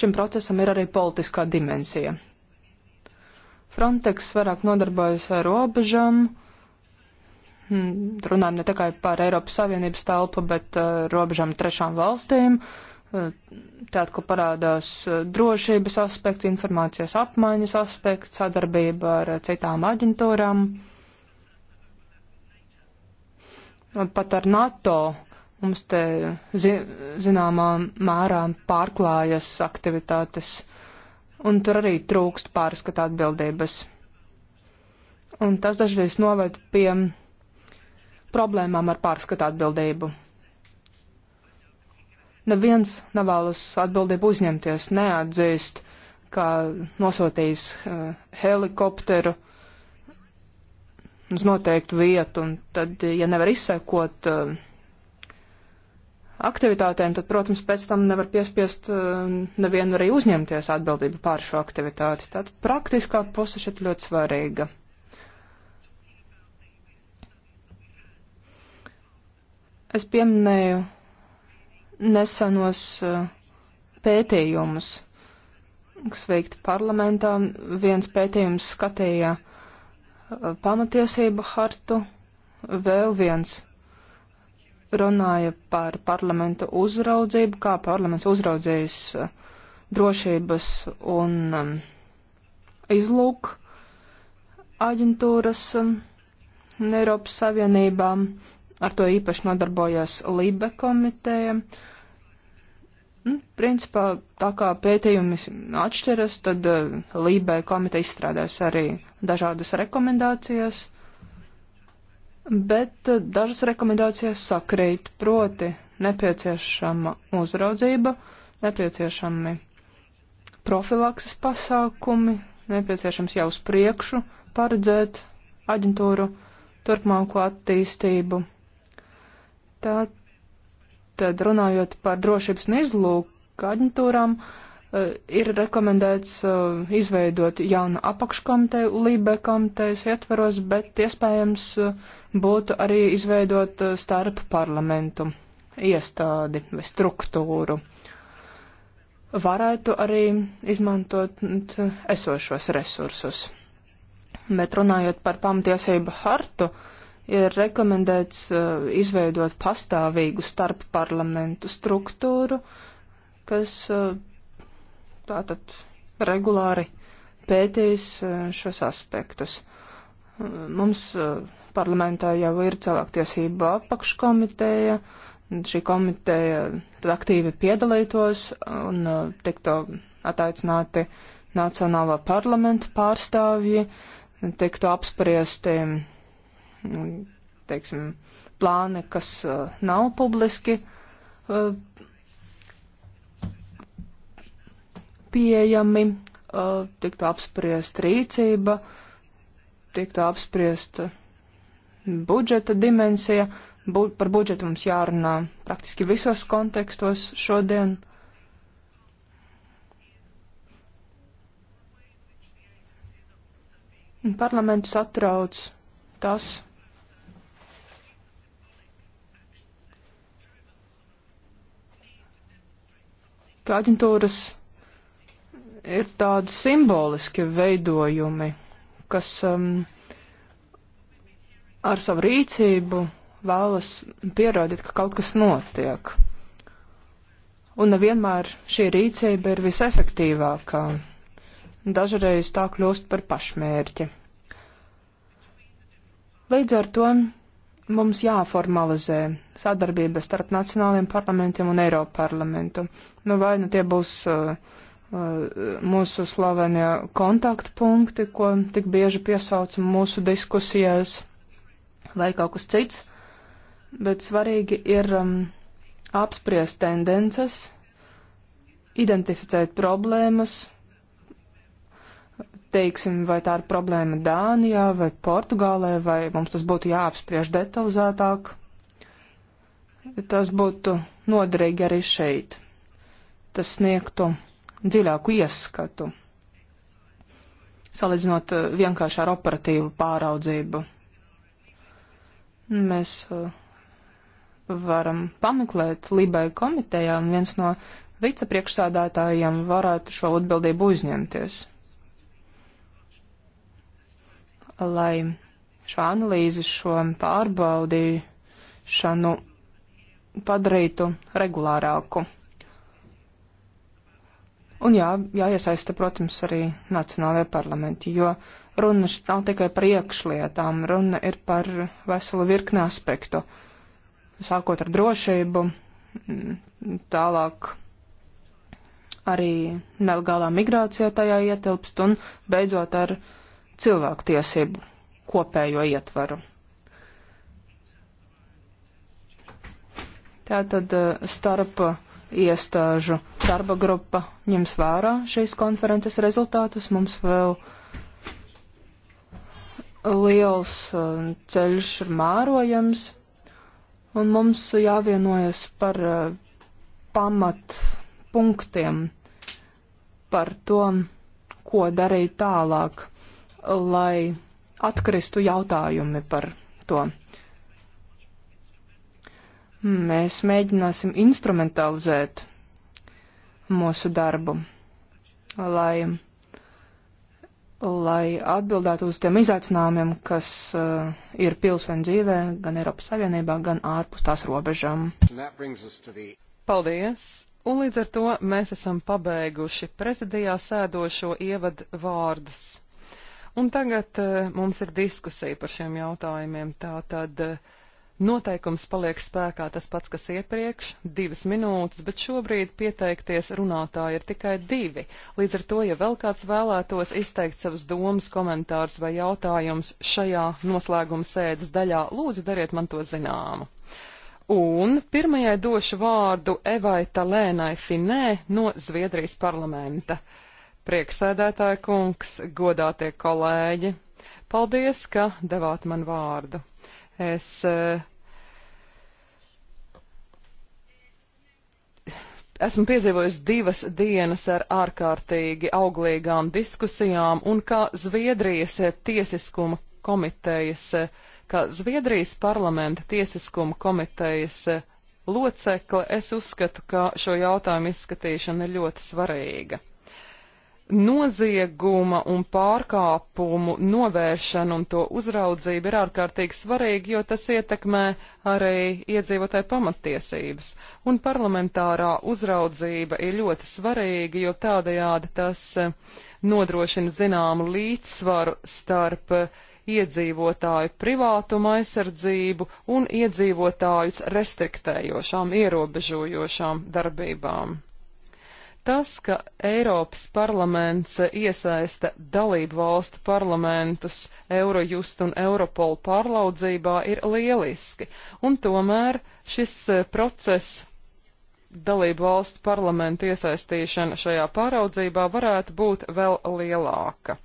šim procesam ir arī politiskā dimensija. Frontex vairāk nodarbojas ar robežām Hmm, runājam ne tikai par Eiropas Savienības telpu, bet uh, robežām trešām valstīm. Uh, Te atkal parādās uh, drošības aspekts, informācijas apmaiņas aspekts, sadarbība ar uh, citām aģentūrām. Uh, pat ar NATO mums te zi zināmā mērā pārklājas aktivitātes, un tur arī trūkst pārskata atbildības. Un tas dažreiz noved pie problēmām ar pārskatu atbildību. Neviens nevēlas atbildību uzņemties, neatzīst, ka nosūtījis uh, eh, helikopteru uz noteiktu vietu, un tad, ja nevar izsekot uh, aktivitātēm, tad, protams, pēc tam nevar piespiest uh, nevienu arī uzņemties atbildību pār šo aktivitāti. Tātad praktiskā puse šeit ļoti svarīga. Es pieminēju nesenos eh, pētījumus, kas veikti parlamentā. Viens pētījums skatīja eh, pamatiesību hartu, vēl viens runāja par parlamenta uzraudzību, kā parlaments uzraudzījis eh, drošības un um, izlūk aģentūras um, Eiropas Savienībām. Ar to īpaši nodarbojās Libe komiteja. Nu, principā, tā kā pētījumi atšķiras, tad eh, Lībē komiteja izstrādās arī dažādas rekomendācijas, bet eh, dažas rekomendācijas sakrīt, proti nepieciešama uzraudzība, nepieciešami profilakses pasākumi, nepieciešams jau uz priekšu paredzēt aģentūru turpmāko attīstību. Tā tad runājot par drošības un izlūku aģentūrām, eh, ir rekomendēts eh, izveidot jaunu apakškomiteju, lībe komitejas ietveros, bet iespējams eh, būtu arī izveidot starp parlamentu iestādi vai struktūru varētu arī izmantot esošos resursus. Bet runājot par pamatiesību hartu, ir rekomendēts uh, izveidot pastāvīgu starpparlamentu struktūru, kas uh, tātad regulāri pētīs uh, šos aspektus. Uh, mums uh, parlamentā jau ir cilvēktiesība apakškomiteja, šī komiteja tad aktīvi piedalītos un uh, tikto attaicināti Nacionālā parlamenta pārstāvji, tikto apspriesti teiksim, plāni, kas uh, nav publiski uh, pieejami, uh, tiktu apspriest rīcība, tiktu apspriest budžeta dimensija. Bu par budžetu mums jārunā praktiski visos kontekstos šodien. Parlamentus atrauc tas, ka aģentūras ir tādi simboliski veidojumi, kas um, ar savu rīcību vēlas pierādīt, ka kaut kas notiek. Un nevienmēr šī rīcība ir visefektīvākā. Dažreiz tā kļūst par pašmērķi. Līdz ar to mums jāformalizē sadarbība starp nacionāliem parlamentiem un Eiropa parlamentu. Nu, vai nu tie būs uh, uh, mūsu slavenie kontaktpunkti, ko tik bieži piesaucam mūsu diskusijās, vai kaut kas cits, bet svarīgi ir um, apspriest tendences, identificēt problēmas, teiksim, vai tā ir problēma Dānijā vai Portugālē, vai mums tas būtu jāapspriež detalizētāk. Tas būtu noderīgi arī šeit. Tas sniegtu dziļāku ieskatu, salīdzinot eh, vienkārši ar operatīvu pāraudzību. Mēs eh, varam pameklēt Lībai komitejām, viens no vicepriekšsādātājiem varētu šo atbildību uzņemties lai šo analīzi, šo pārbaudīšanu padarītu regulārāku. Un jā, jāiesaista, protams, arī nacionālajie parlamenti, jo runa šeit nav tikai par iekšlietām, runa ir par veselu virkni aspektu. Sākot ar drošību, tālāk arī nelegālā migrācija tajā ietilpst un beidzot ar uh, cilvēktiesību kopējo ietvaru. Tātad uh, starp iestāžu darba grupa ņems vērā šīs konferences rezultātus. Mums vēl liels uh, ceļš ir mērojams, un mums jāvienojas par uh, pamat punktiem, par to, ko darīt tālāk lai atkristu jautājumi par to. Mēs mēģināsim instrumentalizēt mūsu darbu, lai, lai atbildētu uz tiem izaicinājumiem, kas uh, ir pilsēņu dzīvē, gan Eiropas Savienībā, gan ārpus tās robežām. Paldies! Un līdz ar to mēs esam pabeiguši prezidijā sēdošo ievadu vārdus. Un tagad eh, mums ir diskusija par šiem jautājumiem. Tātad eh, noteikums paliek spēkā tas pats, kas iepriekš - divas minūtes, bet šobrīd pieteikties runātāji ir tikai divi. Līdz ar to, ja vēl kāds vēlētos izteikt savus domas, komentārus vai jautājumus šajā noslēguma sēdes daļā, lūdzu dariet man to zināmu. Un pirmajai došu vārdu Evai Talēnai Finē no Zviedrijas parlamenta. Uh, Prieksēdētāja kungs, godātie kolēģi, paldies, ka devāt man vārdu. Es eh, esmu piedzīvojis divas dienas ar ārkārtīgi auglīgām diskusijām un kā Zviedrijas tiesiskuma komitejas, kā Zviedrijas parlamenta tiesiskuma komitejas locekle, es uzskatu, ka šo jautājumu izskatīšana ir ļoti svarīga nozieguma un pārkāpumu novēršana un to uzraudzība ir ārkārtīgi svarīga, jo tas ietekmē arī iedzīvotāju pamatiesības. Un parlamentārā uzraudzība ir ļoti svarīga, jo tādējādi tas eh, nodrošina zināmu līdzsvaru starp eh, iedzīvotāju privātuma aizsardzību un iedzīvotājus restriktējošām, ierobežojošām darbībām. Tas, ka Eiropas parlaments iesaista dalību valstu parlamentus Eurojust un Europolu pārlaudzībā, ir lieliski, un tomēr šis eh, process dalību valstu parlamentu iesaistīšana šajā pāraudzībā varētu būt vēl lielāka.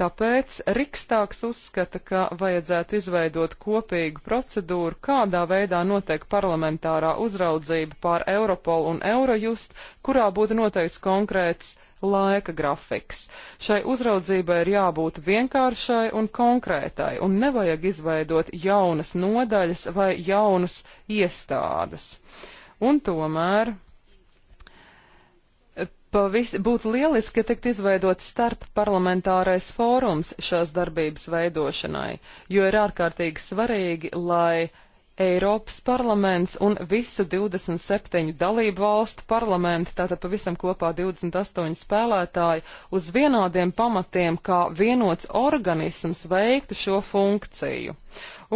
Tāpēc Rikstāks uzskata, ka vajadzētu izveidot kopīgu procedūru, kādā veidā notiek parlamentārā uzraudzība pār Europol un Eurojust, kurā būtu noteikts konkrēts laika grafiks. Šai uzraudzībai ir jābūt vienkāršai un konkrētai, un nevajag izveidot jaunas nodaļas vai jaunas iestādes. Un tomēr pavis, būtu lieliski, ja tiktu izveidot starp parlamentārais fórums šās darbības veidošanai, jo ir ārkārtīgi svarīgi, lai Eiropas parlaments un visu 27 dalību valstu parlamenti, tātad pavisam kopā 28 spēlētāji, uz vienādiem pamatiem kā vienots organisms veiktu šo funkciju.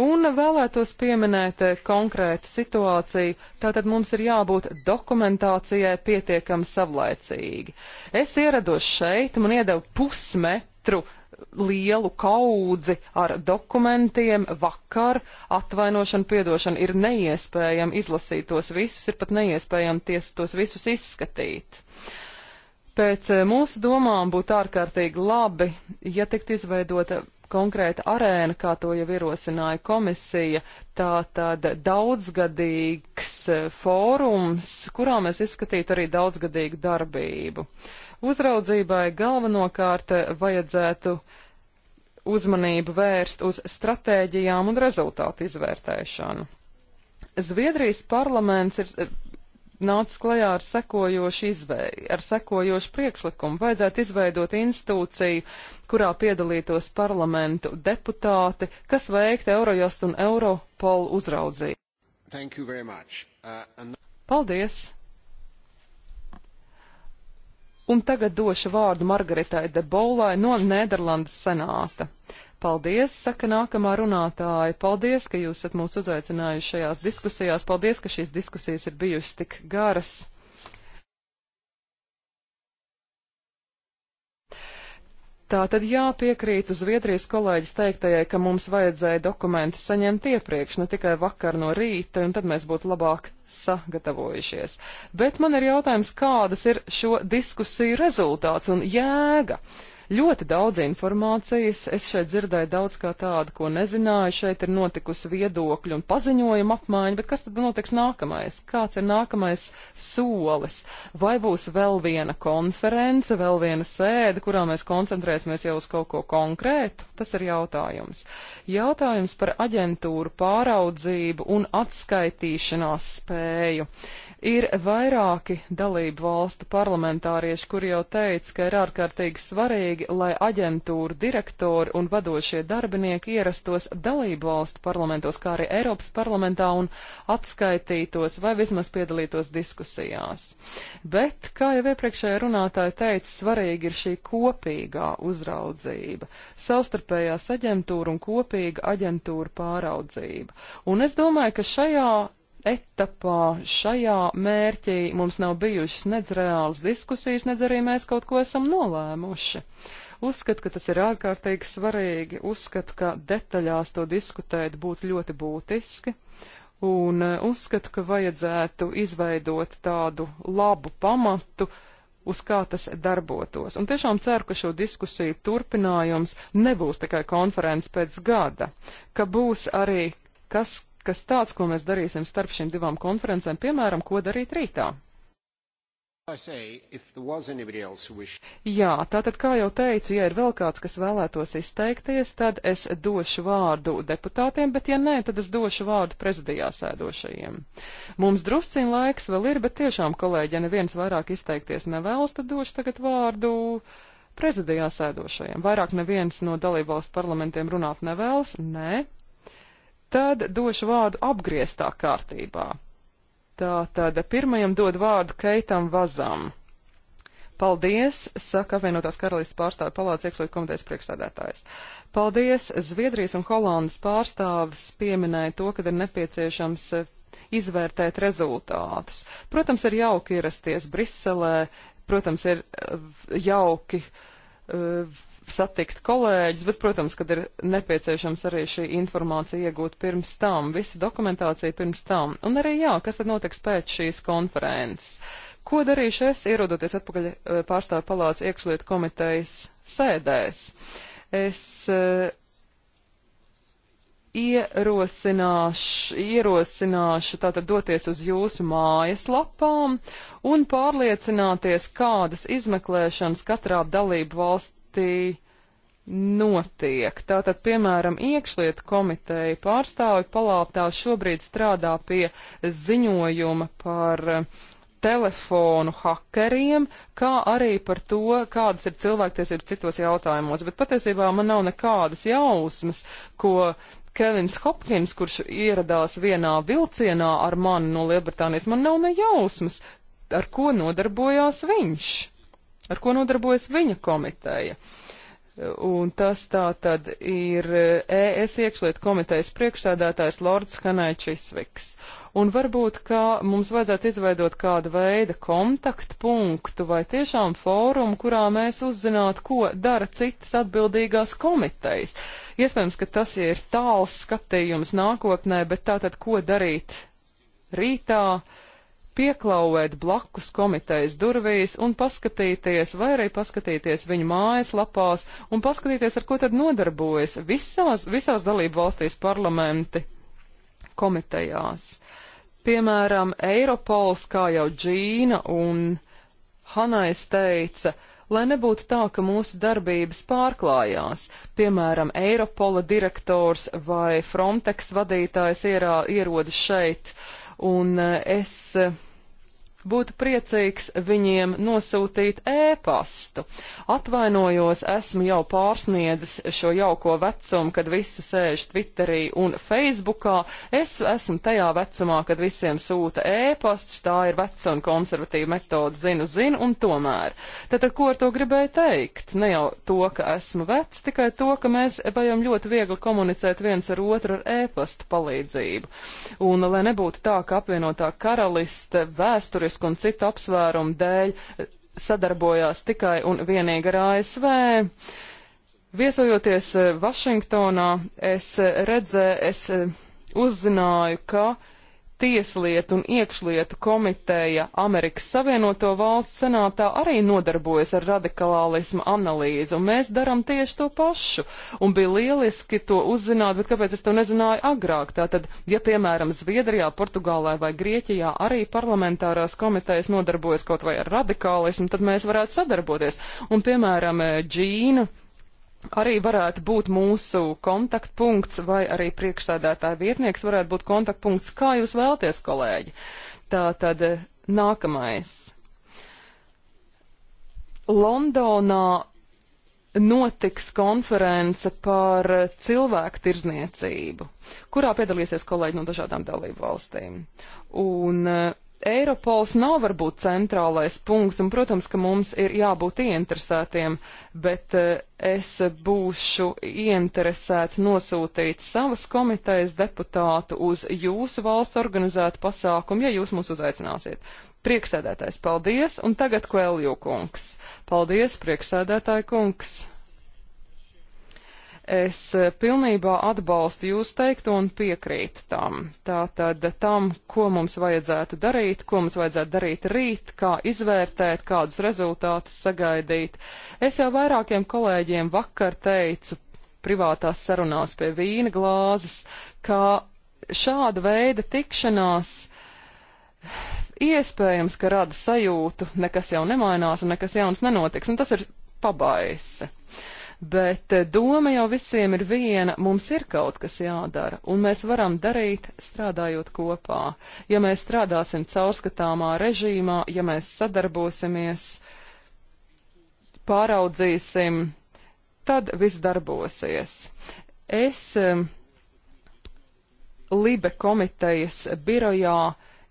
Un vēlētos pieminēt eh, konkrētu situāciju, tātad mums ir jābūt dokumentācijai pietiekami savlaicīgi. Es ierados šeit, man iedeva pusmetru lielu kaudzi ar dokumentiem vakar. Atvainošana, piedošana ir neiespējama izlasīt tos visus, ir pat neiespējama ties, tos visus izskatīt. Pēc eh, mūsu domām būtu ārkārtīgi labi, ja tikt izveidota konkrēta arēna, kā to jau ierosināja komisija, tā tad daudzgadīgs eh, fórums, kurā mēs izskatītu arī daudzgadīgu darbību. Uh, Uzraudzībai galvenokārt vajadzētu uzmanību vērst uz stratēģijām un rezultātu izvērtēšanu. Zviedrijas parlaments ir eh, nācis klajā ar sekojošu, izvēju, ar sekojošu priekšlikumu. Vajadzētu izveidot institūciju, kurā piedalītos parlamentu deputāti, kas veiktu Eurojust un Europol uzraudzību. Uh, and... Paldies! Un tagad došu vārdu Margaritai de Boulai no Nēderlandes senāta. Paldies, saka nākamā runātāja. Paldies, ka jūs esat mūs uzaicinājuši šajās diskusijās. Paldies, ka šīs diskusijas ir bijušas tik garas. Tā tad jāpiekrīt Zviedrijas kolēģis teiktajai, ka mums vajadzēja dokumentus saņemt iepriekš, ne tikai vakar no rīta, un tad mēs būtu labāk sagatavojušies. Bet man ir jautājums, kādas ir šo diskusiju rezultāts un jēga? Uh, ļoti daudz informācijas. Es šeit dzirdēju daudz kā tādu, ko nezināju. Šeit ir notikusi viedokļu un paziņojumu apmaiņa, bet kas tad notiks nākamais? Kāds ir nākamais solis? Vai būs vēl viena konference, vēl viena sēde, kurā mēs koncentrēsimies jau uz kaut ko konkrētu? Tas ir jautājums. Jautājums par aģentūru pāraudzību un atskaitīšanās spēju. Ir vairāki dalību valstu parlamentārieši, kuri jau teica, ka ir ārkārtīgi svarīgi, lai aģentūra direktori un vadošie darbinieki ierastos dalību valstu parlamentos, kā arī Eiropas parlamentā un atskaitītos vai vismaz piedalītos diskusijās. Bet, kā jau iepriekšējā runātāja teica, svarīgi ir šī kopīgā uzraudzība, savstarpējās aģentūra un kopīga aģentūra pāraudzība. Un es domāju, ka šajā etapā šajā mērķī mums nav bijušas nedz reāls diskusijas, nedz arī mēs kaut ko esam nolēmuši. Uzskatu, ka tas ir ārkārtīgi svarīgi, uzskatu, ka detaļās to diskutēt būtu ļoti būtiski, un eh, uzskatu, ka vajadzētu izveidot tādu labu pamatu, uz kā tas darbotos. Un tiešām ceru, ka šo diskusiju turpinājums nebūs tikai konferences pēc gada, ka būs arī kas, kas tāds, ko mēs darīsim starp šīm divām konferencēm, piemēram, ko darīt rītā. Jā, tātad, kā jau teicu, ja ir vēl kāds, kas vēlētos izteikties, tad es došu vārdu deputātiem, bet ja nē, tad es došu vārdu prezidijā sēdošajiem. Mums drusciņ laiks vēl ir, bet tiešām, kolēģi, ja neviens vairāk izteikties nevēlas, tad došu tagad vārdu prezidijā sēdošajiem. Vairāk neviens no dalībvalstu parlamentiem runāt nevēlas? Nē, Tad došu vārdu apgrieztā kārtībā. Tā tad pirmajam dod vārdu Keitam Vazam. Paldies, saka apvienotās karalīs pārstāvja palāca iekšlietu komitejas priekšsēdētājs. Paldies, Zviedrijas un Holandas pārstāvis pieminēja to, kad ir nepieciešams eh, izvērtēt rezultātus. Protams, ir jauki ierasties Briselē, protams, ir eh, jauki uh, satikt kolēģis, bet, protams, kad ir nepieciešams arī šī informācija iegūt pirms tam, visa dokumentācija pirms tam. Un arī jā, kas tad notiks pēc šīs konferences? Ko darīšu es, ierodoties atpakaļ eh, pārstāvu palāca iekšlietu komitejas sēdēs? Es uh, eh, ierosināšu, ierosināšu tātad doties uz jūsu mājaslapām un pārliecināties, kādas izmeklēšanas katrā dalību valsts pretī notiek. Tātad, piemēram, iekšlietu komiteja pārstāvi palātā šobrīd strādā pie ziņojuma par eh, telefonu hakeriem, kā arī par to, kādas ir cilvēktiesības citos jautājumos. Bet patiesībā man nav nekādas jausmas, ko Kevins Hopkins, kurš ieradās vienā vilcienā ar mani no Lielbritānijas, man nav nejausmas, ar ko nodarbojās viņš ar ko nodarbojas viņa komiteja. Un tas tā tad ir ES iekšlietu komitejas priekšsēdētājs Lords Kanēčisviks. Un varbūt, ka mums vajadzētu izveidot kādu veidu kontaktpunktu vai tiešām fórumu, kurā mēs uzzinātu, ko dara citas atbildīgās komitejas. Iespējams, ka tas ir tāls skatījums nākotnē, bet tātad, ko darīt rītā, uh, pieklauvēt blakus komitejas durvīs un paskatīties, vai arī paskatīties viņu mājaslapās un paskatīties, ar ko tad nodarbojas visās, visās dalību valstīs parlamenti komitejās. Piemēram, Eiropols, kā jau Džīna un Hanais teica, lai nebūtu tā, ka mūsu darbības pārklājās. Piemēram, Eiropola direktors vai Frontex vadītājs ierodas šeit, un eh, es būtu priecīgs viņiem nosūtīt ēpastu. Atvainojos, esmu jau pārsniedzis šo jauko vecumu, kad visi sēž Twitterī un Facebookā. Es esmu tajā vecumā, kad visiem sūta ēpastus, tā ir veca un konservatīva metode, zinu, zinu, un tomēr. Tātad, ko ar to gribēju teikt? Ne jau to, ka esmu vecs, tikai to, ka mēs vajam ļoti viegli komunicēt viens ar otru ar ēpastu palīdzību. Un, lai nebūtu tā, ka apvienotā karaliste vēsturiski politisku un citu apsvērumu dēļ eh, sadarbojās tikai un vienīgi ar ASV. Viesojoties eh, Vašingtonā, es eh, redzēju, es uzzināju, ka Tieslietu un iekšlietu komiteja Amerikas Savienoto Valstu senātā arī nodarbojas ar radikālismu analīzi, un mēs darām tieši to pašu. Un bija lieliski to uzzināt, bet kāpēc es to nezināju agrāk? Tātad, ja piemēram Zviedrijā, Portugālē vai Grieķijā arī parlamentārās komitejas nodarbojas kaut vai ar radikālismu, tad mēs varētu sadarboties. Un piemēram, Džīna eh, arī varētu būt mūsu kontaktpunkts, vai arī priekšsēdētāja vietnieks varētu būt kontaktpunkts, kā jūs vēlties, kolēģi. Tā tad eh, nākamais. Londonā notiks konference par cilvēku tirzniecību, kurā piedalīsies kolēģi no dažādām dalību valstīm. Un eh, Eiropols nav varbūt centrālais punkts, un, protams, ka mums ir jābūt ieinteresētiem, bet eh, es būšu ieinteresēts nosūtīt savas komitejas deputātu uz jūsu valsts organizētu pasākumu, ja jūs mūs uzaicināsiet. Prieksēdētājs, paldies, un tagad Kvēlju kungs. Paldies, prieksēdētāja kungs. Es eh, pilnībā atbalstu jūs teikto un piekrītu tam. Tātad tam, ko mums vajadzētu darīt, ko mums vajadzētu darīt rīt, kā izvērtēt, kādus rezultātus sagaidīt. Es jau vairākiem kolēģiem vakar teicu privātās sarunās pie vīna glāzes, ka šāda veida tikšanās iespējams, ka rada sajūtu, nekas jau nemainās un nekas jauns nenotiks, un tas ir pabaisa bet eh, doma jau visiem ir viena, mums ir kaut kas jādara, un mēs varam darīt strādājot kopā. Ja mēs strādāsim caurskatāmā režīmā, ja mēs sadarbosimies, pāraudzīsim, tad viss darbosies. Es eh, Libe komitejas birojā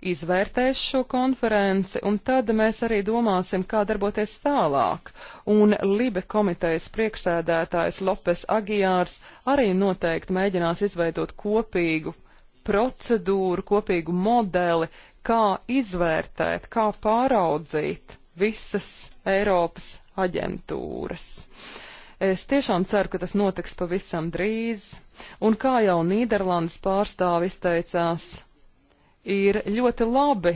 izvērtēs šo konferenci, un tad mēs arī domāsim, kā darboties tālāk. Un Libe komitejas priekšsēdētājs Lopes Agijārs arī noteikti mēģinās izveidot kopīgu procedūru, kopīgu modeli, kā izvērtēt, kā pāraudzīt visas Eiropas aģentūras. Es tiešām ceru, ka tas notiks pavisam drīz, un kā jau Nīderlandes pārstāvis teicās, ir ļoti labi,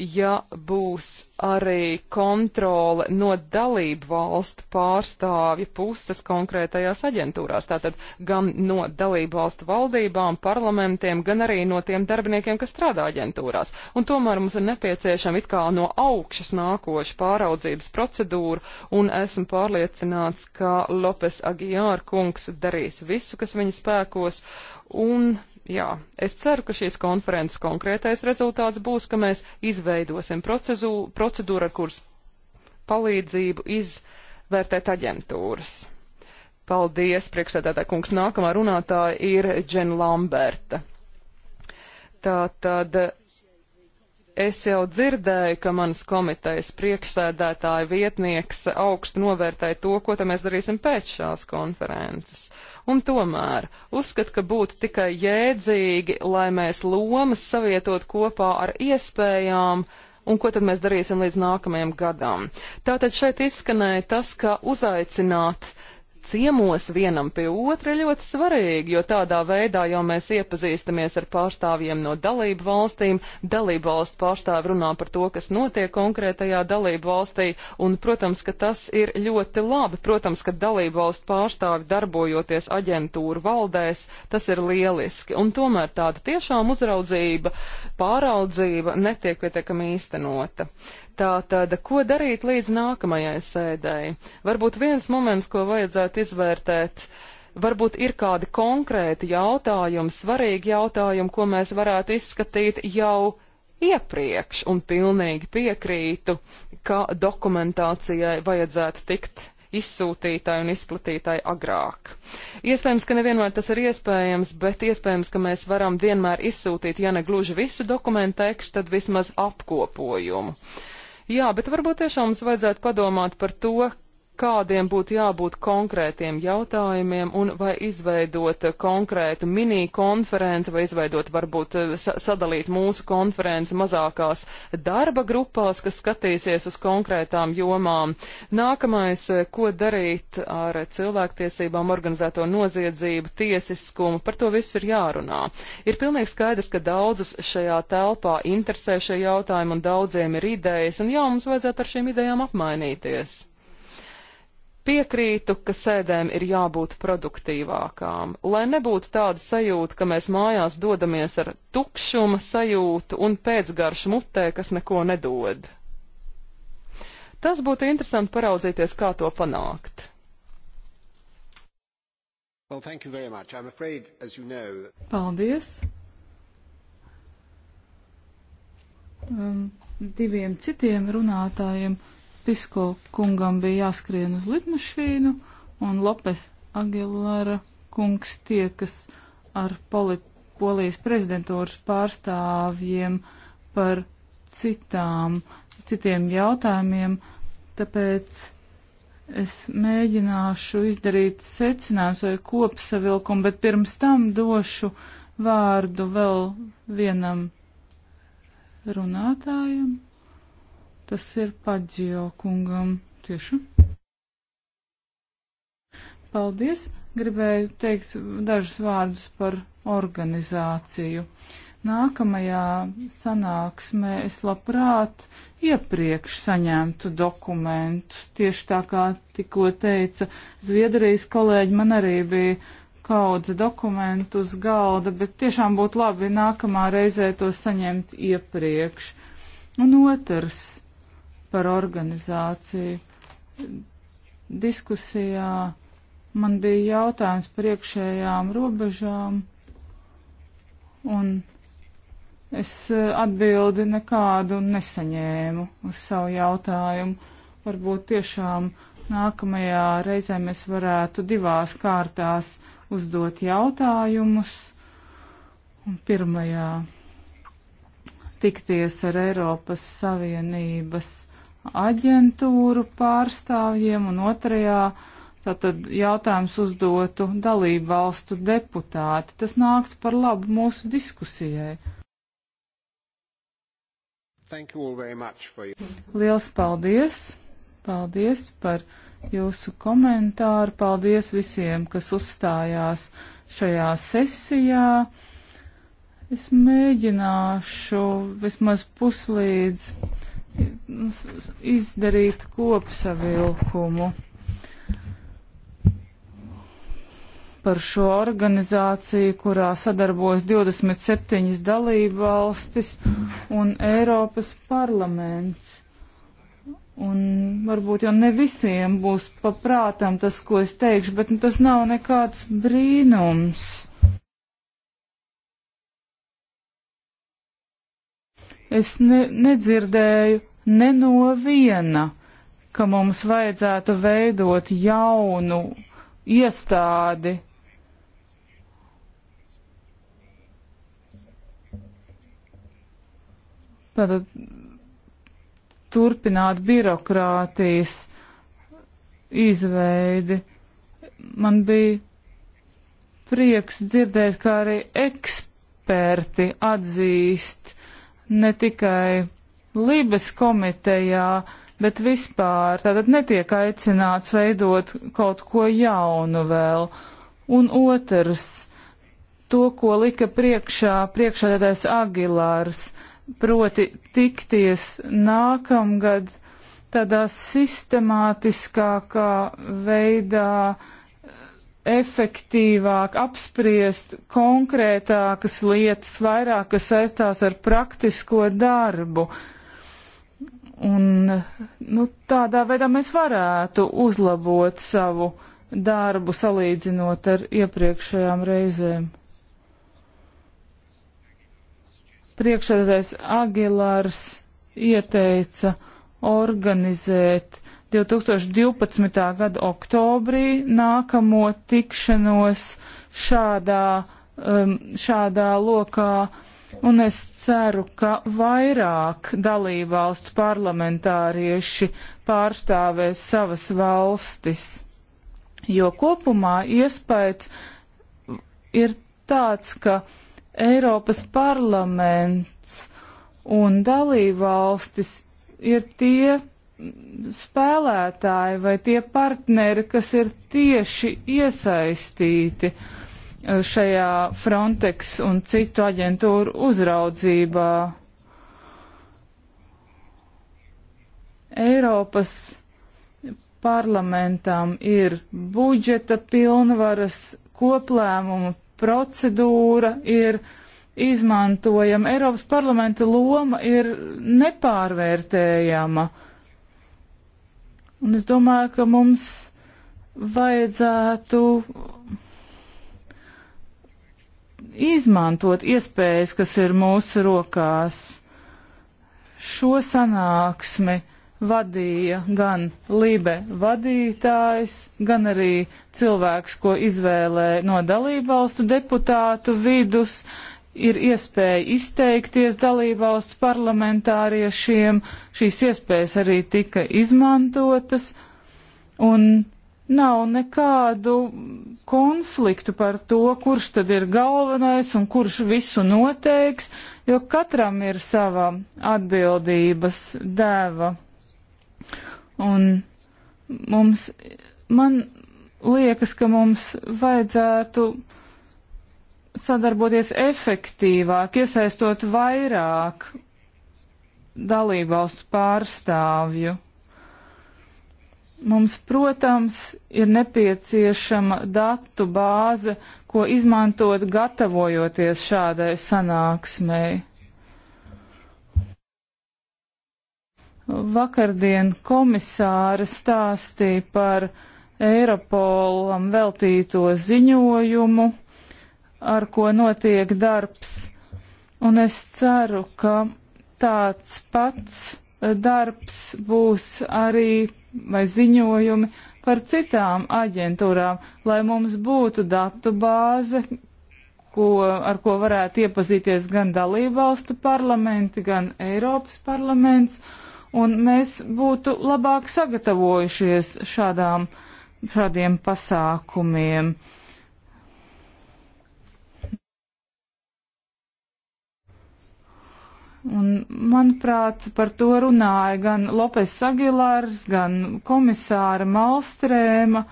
ja būs arī kontrole no dalību valstu pārstāvja puses konkrētajās aģentūrās. Tātad gan no dalību valstu valdībām, parlamentiem, gan arī no tiem darbiniekiem, kas strādā aģentūrās. Un tomēr mums ir nepieciešama it kā no augšas nākoša pāraudzības procedūra, un esmu pārliecināts, ka Lopes Agijār kungs darīs visu, kas viņa spēkos, un Jā, es ceru, ka šīs konferences konkrētais rezultāts būs, ka mēs izveidosim procedūru, ar kuras palīdzību izvērtēt aģentūras. Paldies, priekšsēdētāja kungs. Nākamā runātāja ir Džena Lamberta. Tā tad Es jau dzirdēju, ka manas komitejas priekšsēdētāja vietnieks augstu novērtēja to, ko tam mēs darīsim pēc šās konferences. Un tomēr uzskat, ka būtu tikai jēdzīgi, lai mēs lomas savietot kopā ar iespējām, un ko tad mēs darīsim līdz nākamajam gadam. Tātad šeit izskanēja tas, ka uzaicināt ciemos vienam pie otra ļoti svarīgi, jo tādā veidā jau mēs iepazīstamies ar pārstāvjiem no dalību valstīm, dalību valstu pārstāvi runā par to, kas notiek konkrētajā dalību valstī, un, protams, ka tas ir ļoti labi. Protams, ka dalību valstu pārstāvi darbojoties aģentūru valdēs, tas ir lieliski, un tomēr tāda tiešām uzraudzība, pāraudzība netiek pietiekami īstenota. Tātad, ko darīt līdz nākamajai sēdēji? Varbūt viens moments, ko vajadzētu izvērtēt, varbūt ir kādi konkrēti jautājumi, svarīgi jautājumi, ko mēs varētu izskatīt jau iepriekš, un pilnīgi piekrītu, ka dokumentācijai vajadzētu tikt izsūtītāji un izplatītāji agrāk. Iespējams, ka nevienmēr tas ir iespējams, bet iespējams, ka mēs varam vienmēr izsūtīt, ja ne gluži visu dokumentu tekstu, tad vismaz apkopojumu. Uh, Jā, bet varbūt tiešām mums vajadzētu padomāt par to, kādiem būtu jābūt konkrētiem jautājumiem un vai izveidot konkrētu mini konferenci vai izveidot varbūt eh, sa sadalīt mūsu konferenci mazākās darba grupās, kas skatīsies uz konkrētām jomām. Nākamais, eh, ko darīt ar cilvēktiesībām, organizēto noziedzību, tiesiskumu, par to viss ir jārunā. Ir pilnīgi skaidrs, ka daudzus šajā telpā interesē šie jautājumi un daudziem ir idejas, un jā, mums vajadzētu ar šīm idejām apmainīties. Piekrītu, ka sēdēm ir jābūt produktīvākām, lai nebūtu tāda sajūta, ka mēs mājās dodamies ar tukšuma sajūtu un pēcgaršu mutē, kas neko nedod. Tas būtu interesanti paraudzīties, kā to panākt. Well, afraid, you know, that... Paldies! Um, diviem citiem runātājiem Pisko kungam bija jāskrien uz lidmašīnu, un Lopes Agilāra kungs tiekas ar polit, polijas prezidentūras pārstāvjiem par citām, citiem jautājumiem, tāpēc es mēģināšu izdarīt secinājumus vai kopsavilkumu, bet pirms tam došu vārdu vēl vienam runātājam. Tas ir Paģio kungam tieši. Paldies! Gribēju teikt dažus vārdus par organizāciju. Nākamajā sanāksmē es labprāt iepriekš saņemtu dokumentus. Tieši tā kā tikko teica Zviedrijas kolēģi, man arī bija kaudze dokumentu uz galda, bet tiešām būtu labi nākamā reizē to saņemt iepriekš. Un otrs, par organizāciju. Diskusijā man bija jautājums par iekšējām robežām, un es eh, atbildi nekādu nesaņēmu uz savu jautājumu. Varbūt tiešām nākamajā reizē mēs varētu divās kārtās uzdot jautājumus. Un pirmajā tikties ar Eiropas Savienības aģentūru pārstāvjiem un otrajā tātad jautājums uzdotu dalību valstu deputāti. Tas nāktu par labu mūsu diskusijai. Liels paldies! Paldies par jūsu komentāru. Paldies visiem, kas uzstājās šajā sesijā. Es mēģināšu vismaz puslīdz izdarīt kopsavilkumu par šo organizāciju, kurā sadarbojas 27 dalību valstis un Eiropas parlaments. Un varbūt jau ne visiem būs paprātām tas, ko es teikšu, bet nu, tas nav nekāds brīnums. es ne, nedzirdēju nenoviena, ka mums vajadzētu veidot jaunu iestādi. Tātad turpināt birokrātijas izveidi. Man bija prieks dzirdēt, kā arī eksperti atzīst, ne tikai Libes komitejā, bet vispār. Tātad netiek aicināts veidot kaut ko jaunu vēl. Un otrs, to, ko lika priekšā priekšādātais Agilārs, proti tikties nākamgad tādā sistemātiskākā veidā, uh, efektīvāk apspriest konkrētākas lietas, vairāk, kas saistās ar praktisko darbu. Un, nu, tādā veidā mēs varētu uzlabot savu darbu, salīdzinot ar iepriekšējām reizēm. Priekšsēdētājs Agilārs ieteica organizēt 2012. gada oktobrī nākamo tikšanos šādā, um, šādā lokā, un es ceru, ka vairāk dalībvalstu parlamentārieši pārstāvēs savas valstis, jo kopumā iespējas ir tāds, ka Eiropas parlaments un dalībvalstis ir tie, spēlētāji vai tie partneri, kas ir tieši iesaistīti e, šajā Frontex un citu aģentūru uzraudzībā. Eiropas parlamentam ir budžeta pilnvaras, koplēmuma procedūra ir izmantojama. Eiropas parlamenta loma ir nepārvērtējama. Uh, Un es domāju, ka mums vajadzētu izmantot iespējas, kas ir mūsu rokās. Šo sanāksmi vadīja gan Lībe vadītājs, gan arī cilvēks, ko izvēlēja no dalībvalstu deputātu vidus ir iespēja izteikties dalībvalstu parlamentāriešiem, šīs iespējas arī tika izmantotas, un nav nekādu konfliktu par to, kurš tad ir galvenais un kurš visu noteiks, jo katram ir sava atbildības dēva. Un mums, man liekas, ka mums vajadzētu sadarboties efektīvāk, iesaistot vairāk dalībvalstu pārstāvju. Mums, protams, ir nepieciešama datu bāze, ko izmantot gatavojoties šādai sanāksmei. Vakardien komisāra stāstīja par Eiropolam veltīto ziņojumu ar ko notiek darbs. Un es ceru, ka tāds pats darbs būs arī vai ziņojumi par citām aģentūrām, lai mums būtu datu bāze, ko, ar ko varētu iepazīties gan dalībvalstu parlamenti, gan Eiropas parlaments, un mēs būtu labāk sagatavojušies šādām, šādiem pasākumiem. Un, manuprāt, par to runāja gan Lopes Agilārs, gan komisāra Malstrēma.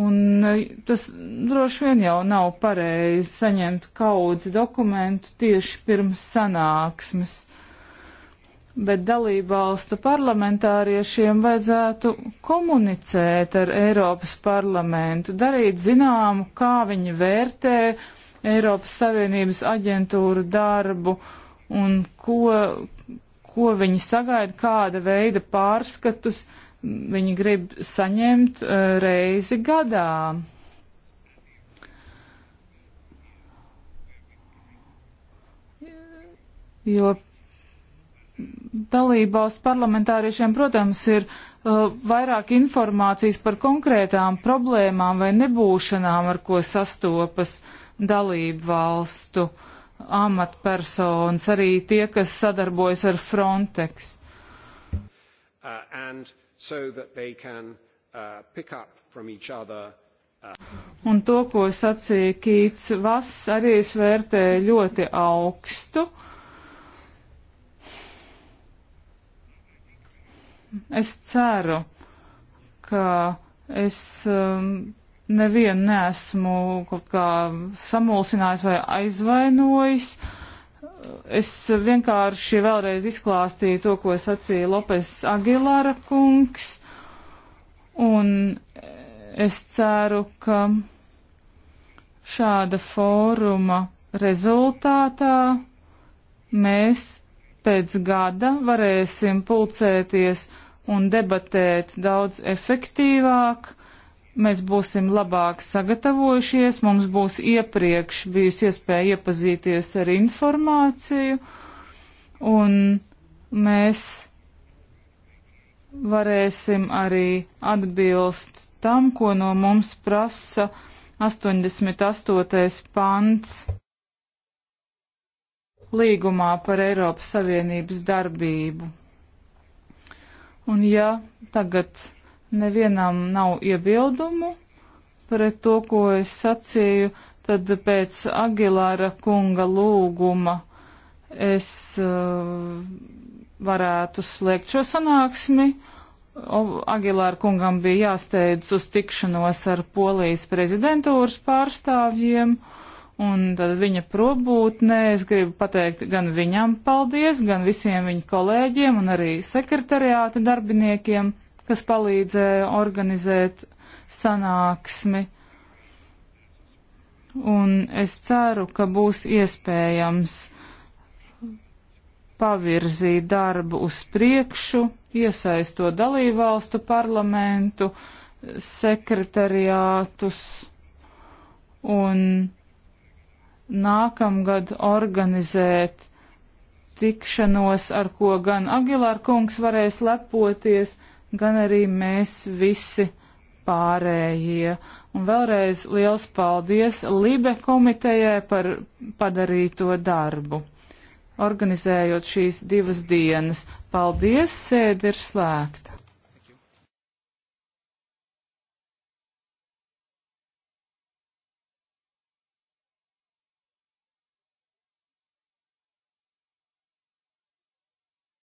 Un e, tas droši vien jau nav pareizi saņemt kaudzi dokumentu tieši pirms sanāksmes. Bet dalībvalstu parlamentāriešiem vajadzētu komunicēt ar Eiropas parlamentu, darīt zināmu, kā viņi vērtē uh, Eiropas Savienības aģentūru darbu un ko, ko viņi sagaida, kāda veida pārskatus viņi grib saņemt uh, reizi gadā. Jo dalībvalsts parlamentāriešiem, protams, ir uh, vairāk informācijas par konkrētām problēmām vai nebūšanām, ar ko sastopas uh, dalību valstu amatpersonas, arī tie, kas sadarbojas ar Frontex. Uh, so can, uh, uh, Un to, ko sacīja Kīts Vass, arī es vērtēju ļoti augstu. Es ceru, ka es um, nevienu neesmu kaut kā samulsinājis vai aizvainojis. Es vienkārši vēlreiz izklāstīju to, ko sacīja Lopes Agilara kungs, un es ceru, ka šāda fóruma rezultātā mēs pēc gada varēsim pulcēties un debatēt daudz efektīvāk mēs būsim labāk sagatavojušies, mums būs iepriekš bijusi iespēja iepazīties ar informāciju, un mēs varēsim arī atbilst tam, ko no mums prasa 88. pants līgumā par Eiropas Savienības darbību. Un ja tagad nevienam nav iebildumu pret to, ko es sacīju, tad pēc Agilāra kunga lūguma es uh, varētu slēgt šo sanāksmi. Agilāra kungam bija jāsteidz uz tikšanos ar polijas prezidentūras pārstāvjiem, un tad viņa probūtnē es gribu pateikt gan viņam paldies, gan visiem viņa kolēģiem un arī sekretariāta darbiniekiem kas palīdzēja organizēt sanāksmi. Un es ceru, ka būs iespējams pavirzīt darbu uz priekšu, iesaistot dalībvalstu parlamentu, sekretariātus un nākamgad organizēt tikšanos, ar ko gan Agilār kungs varēs lepoties, gan arī mēs visi pārējie. Un vēlreiz liels paldies Libe komitejai par padarīto darbu, organizējot šīs divas dienas. Paldies, sēde ir slēgta.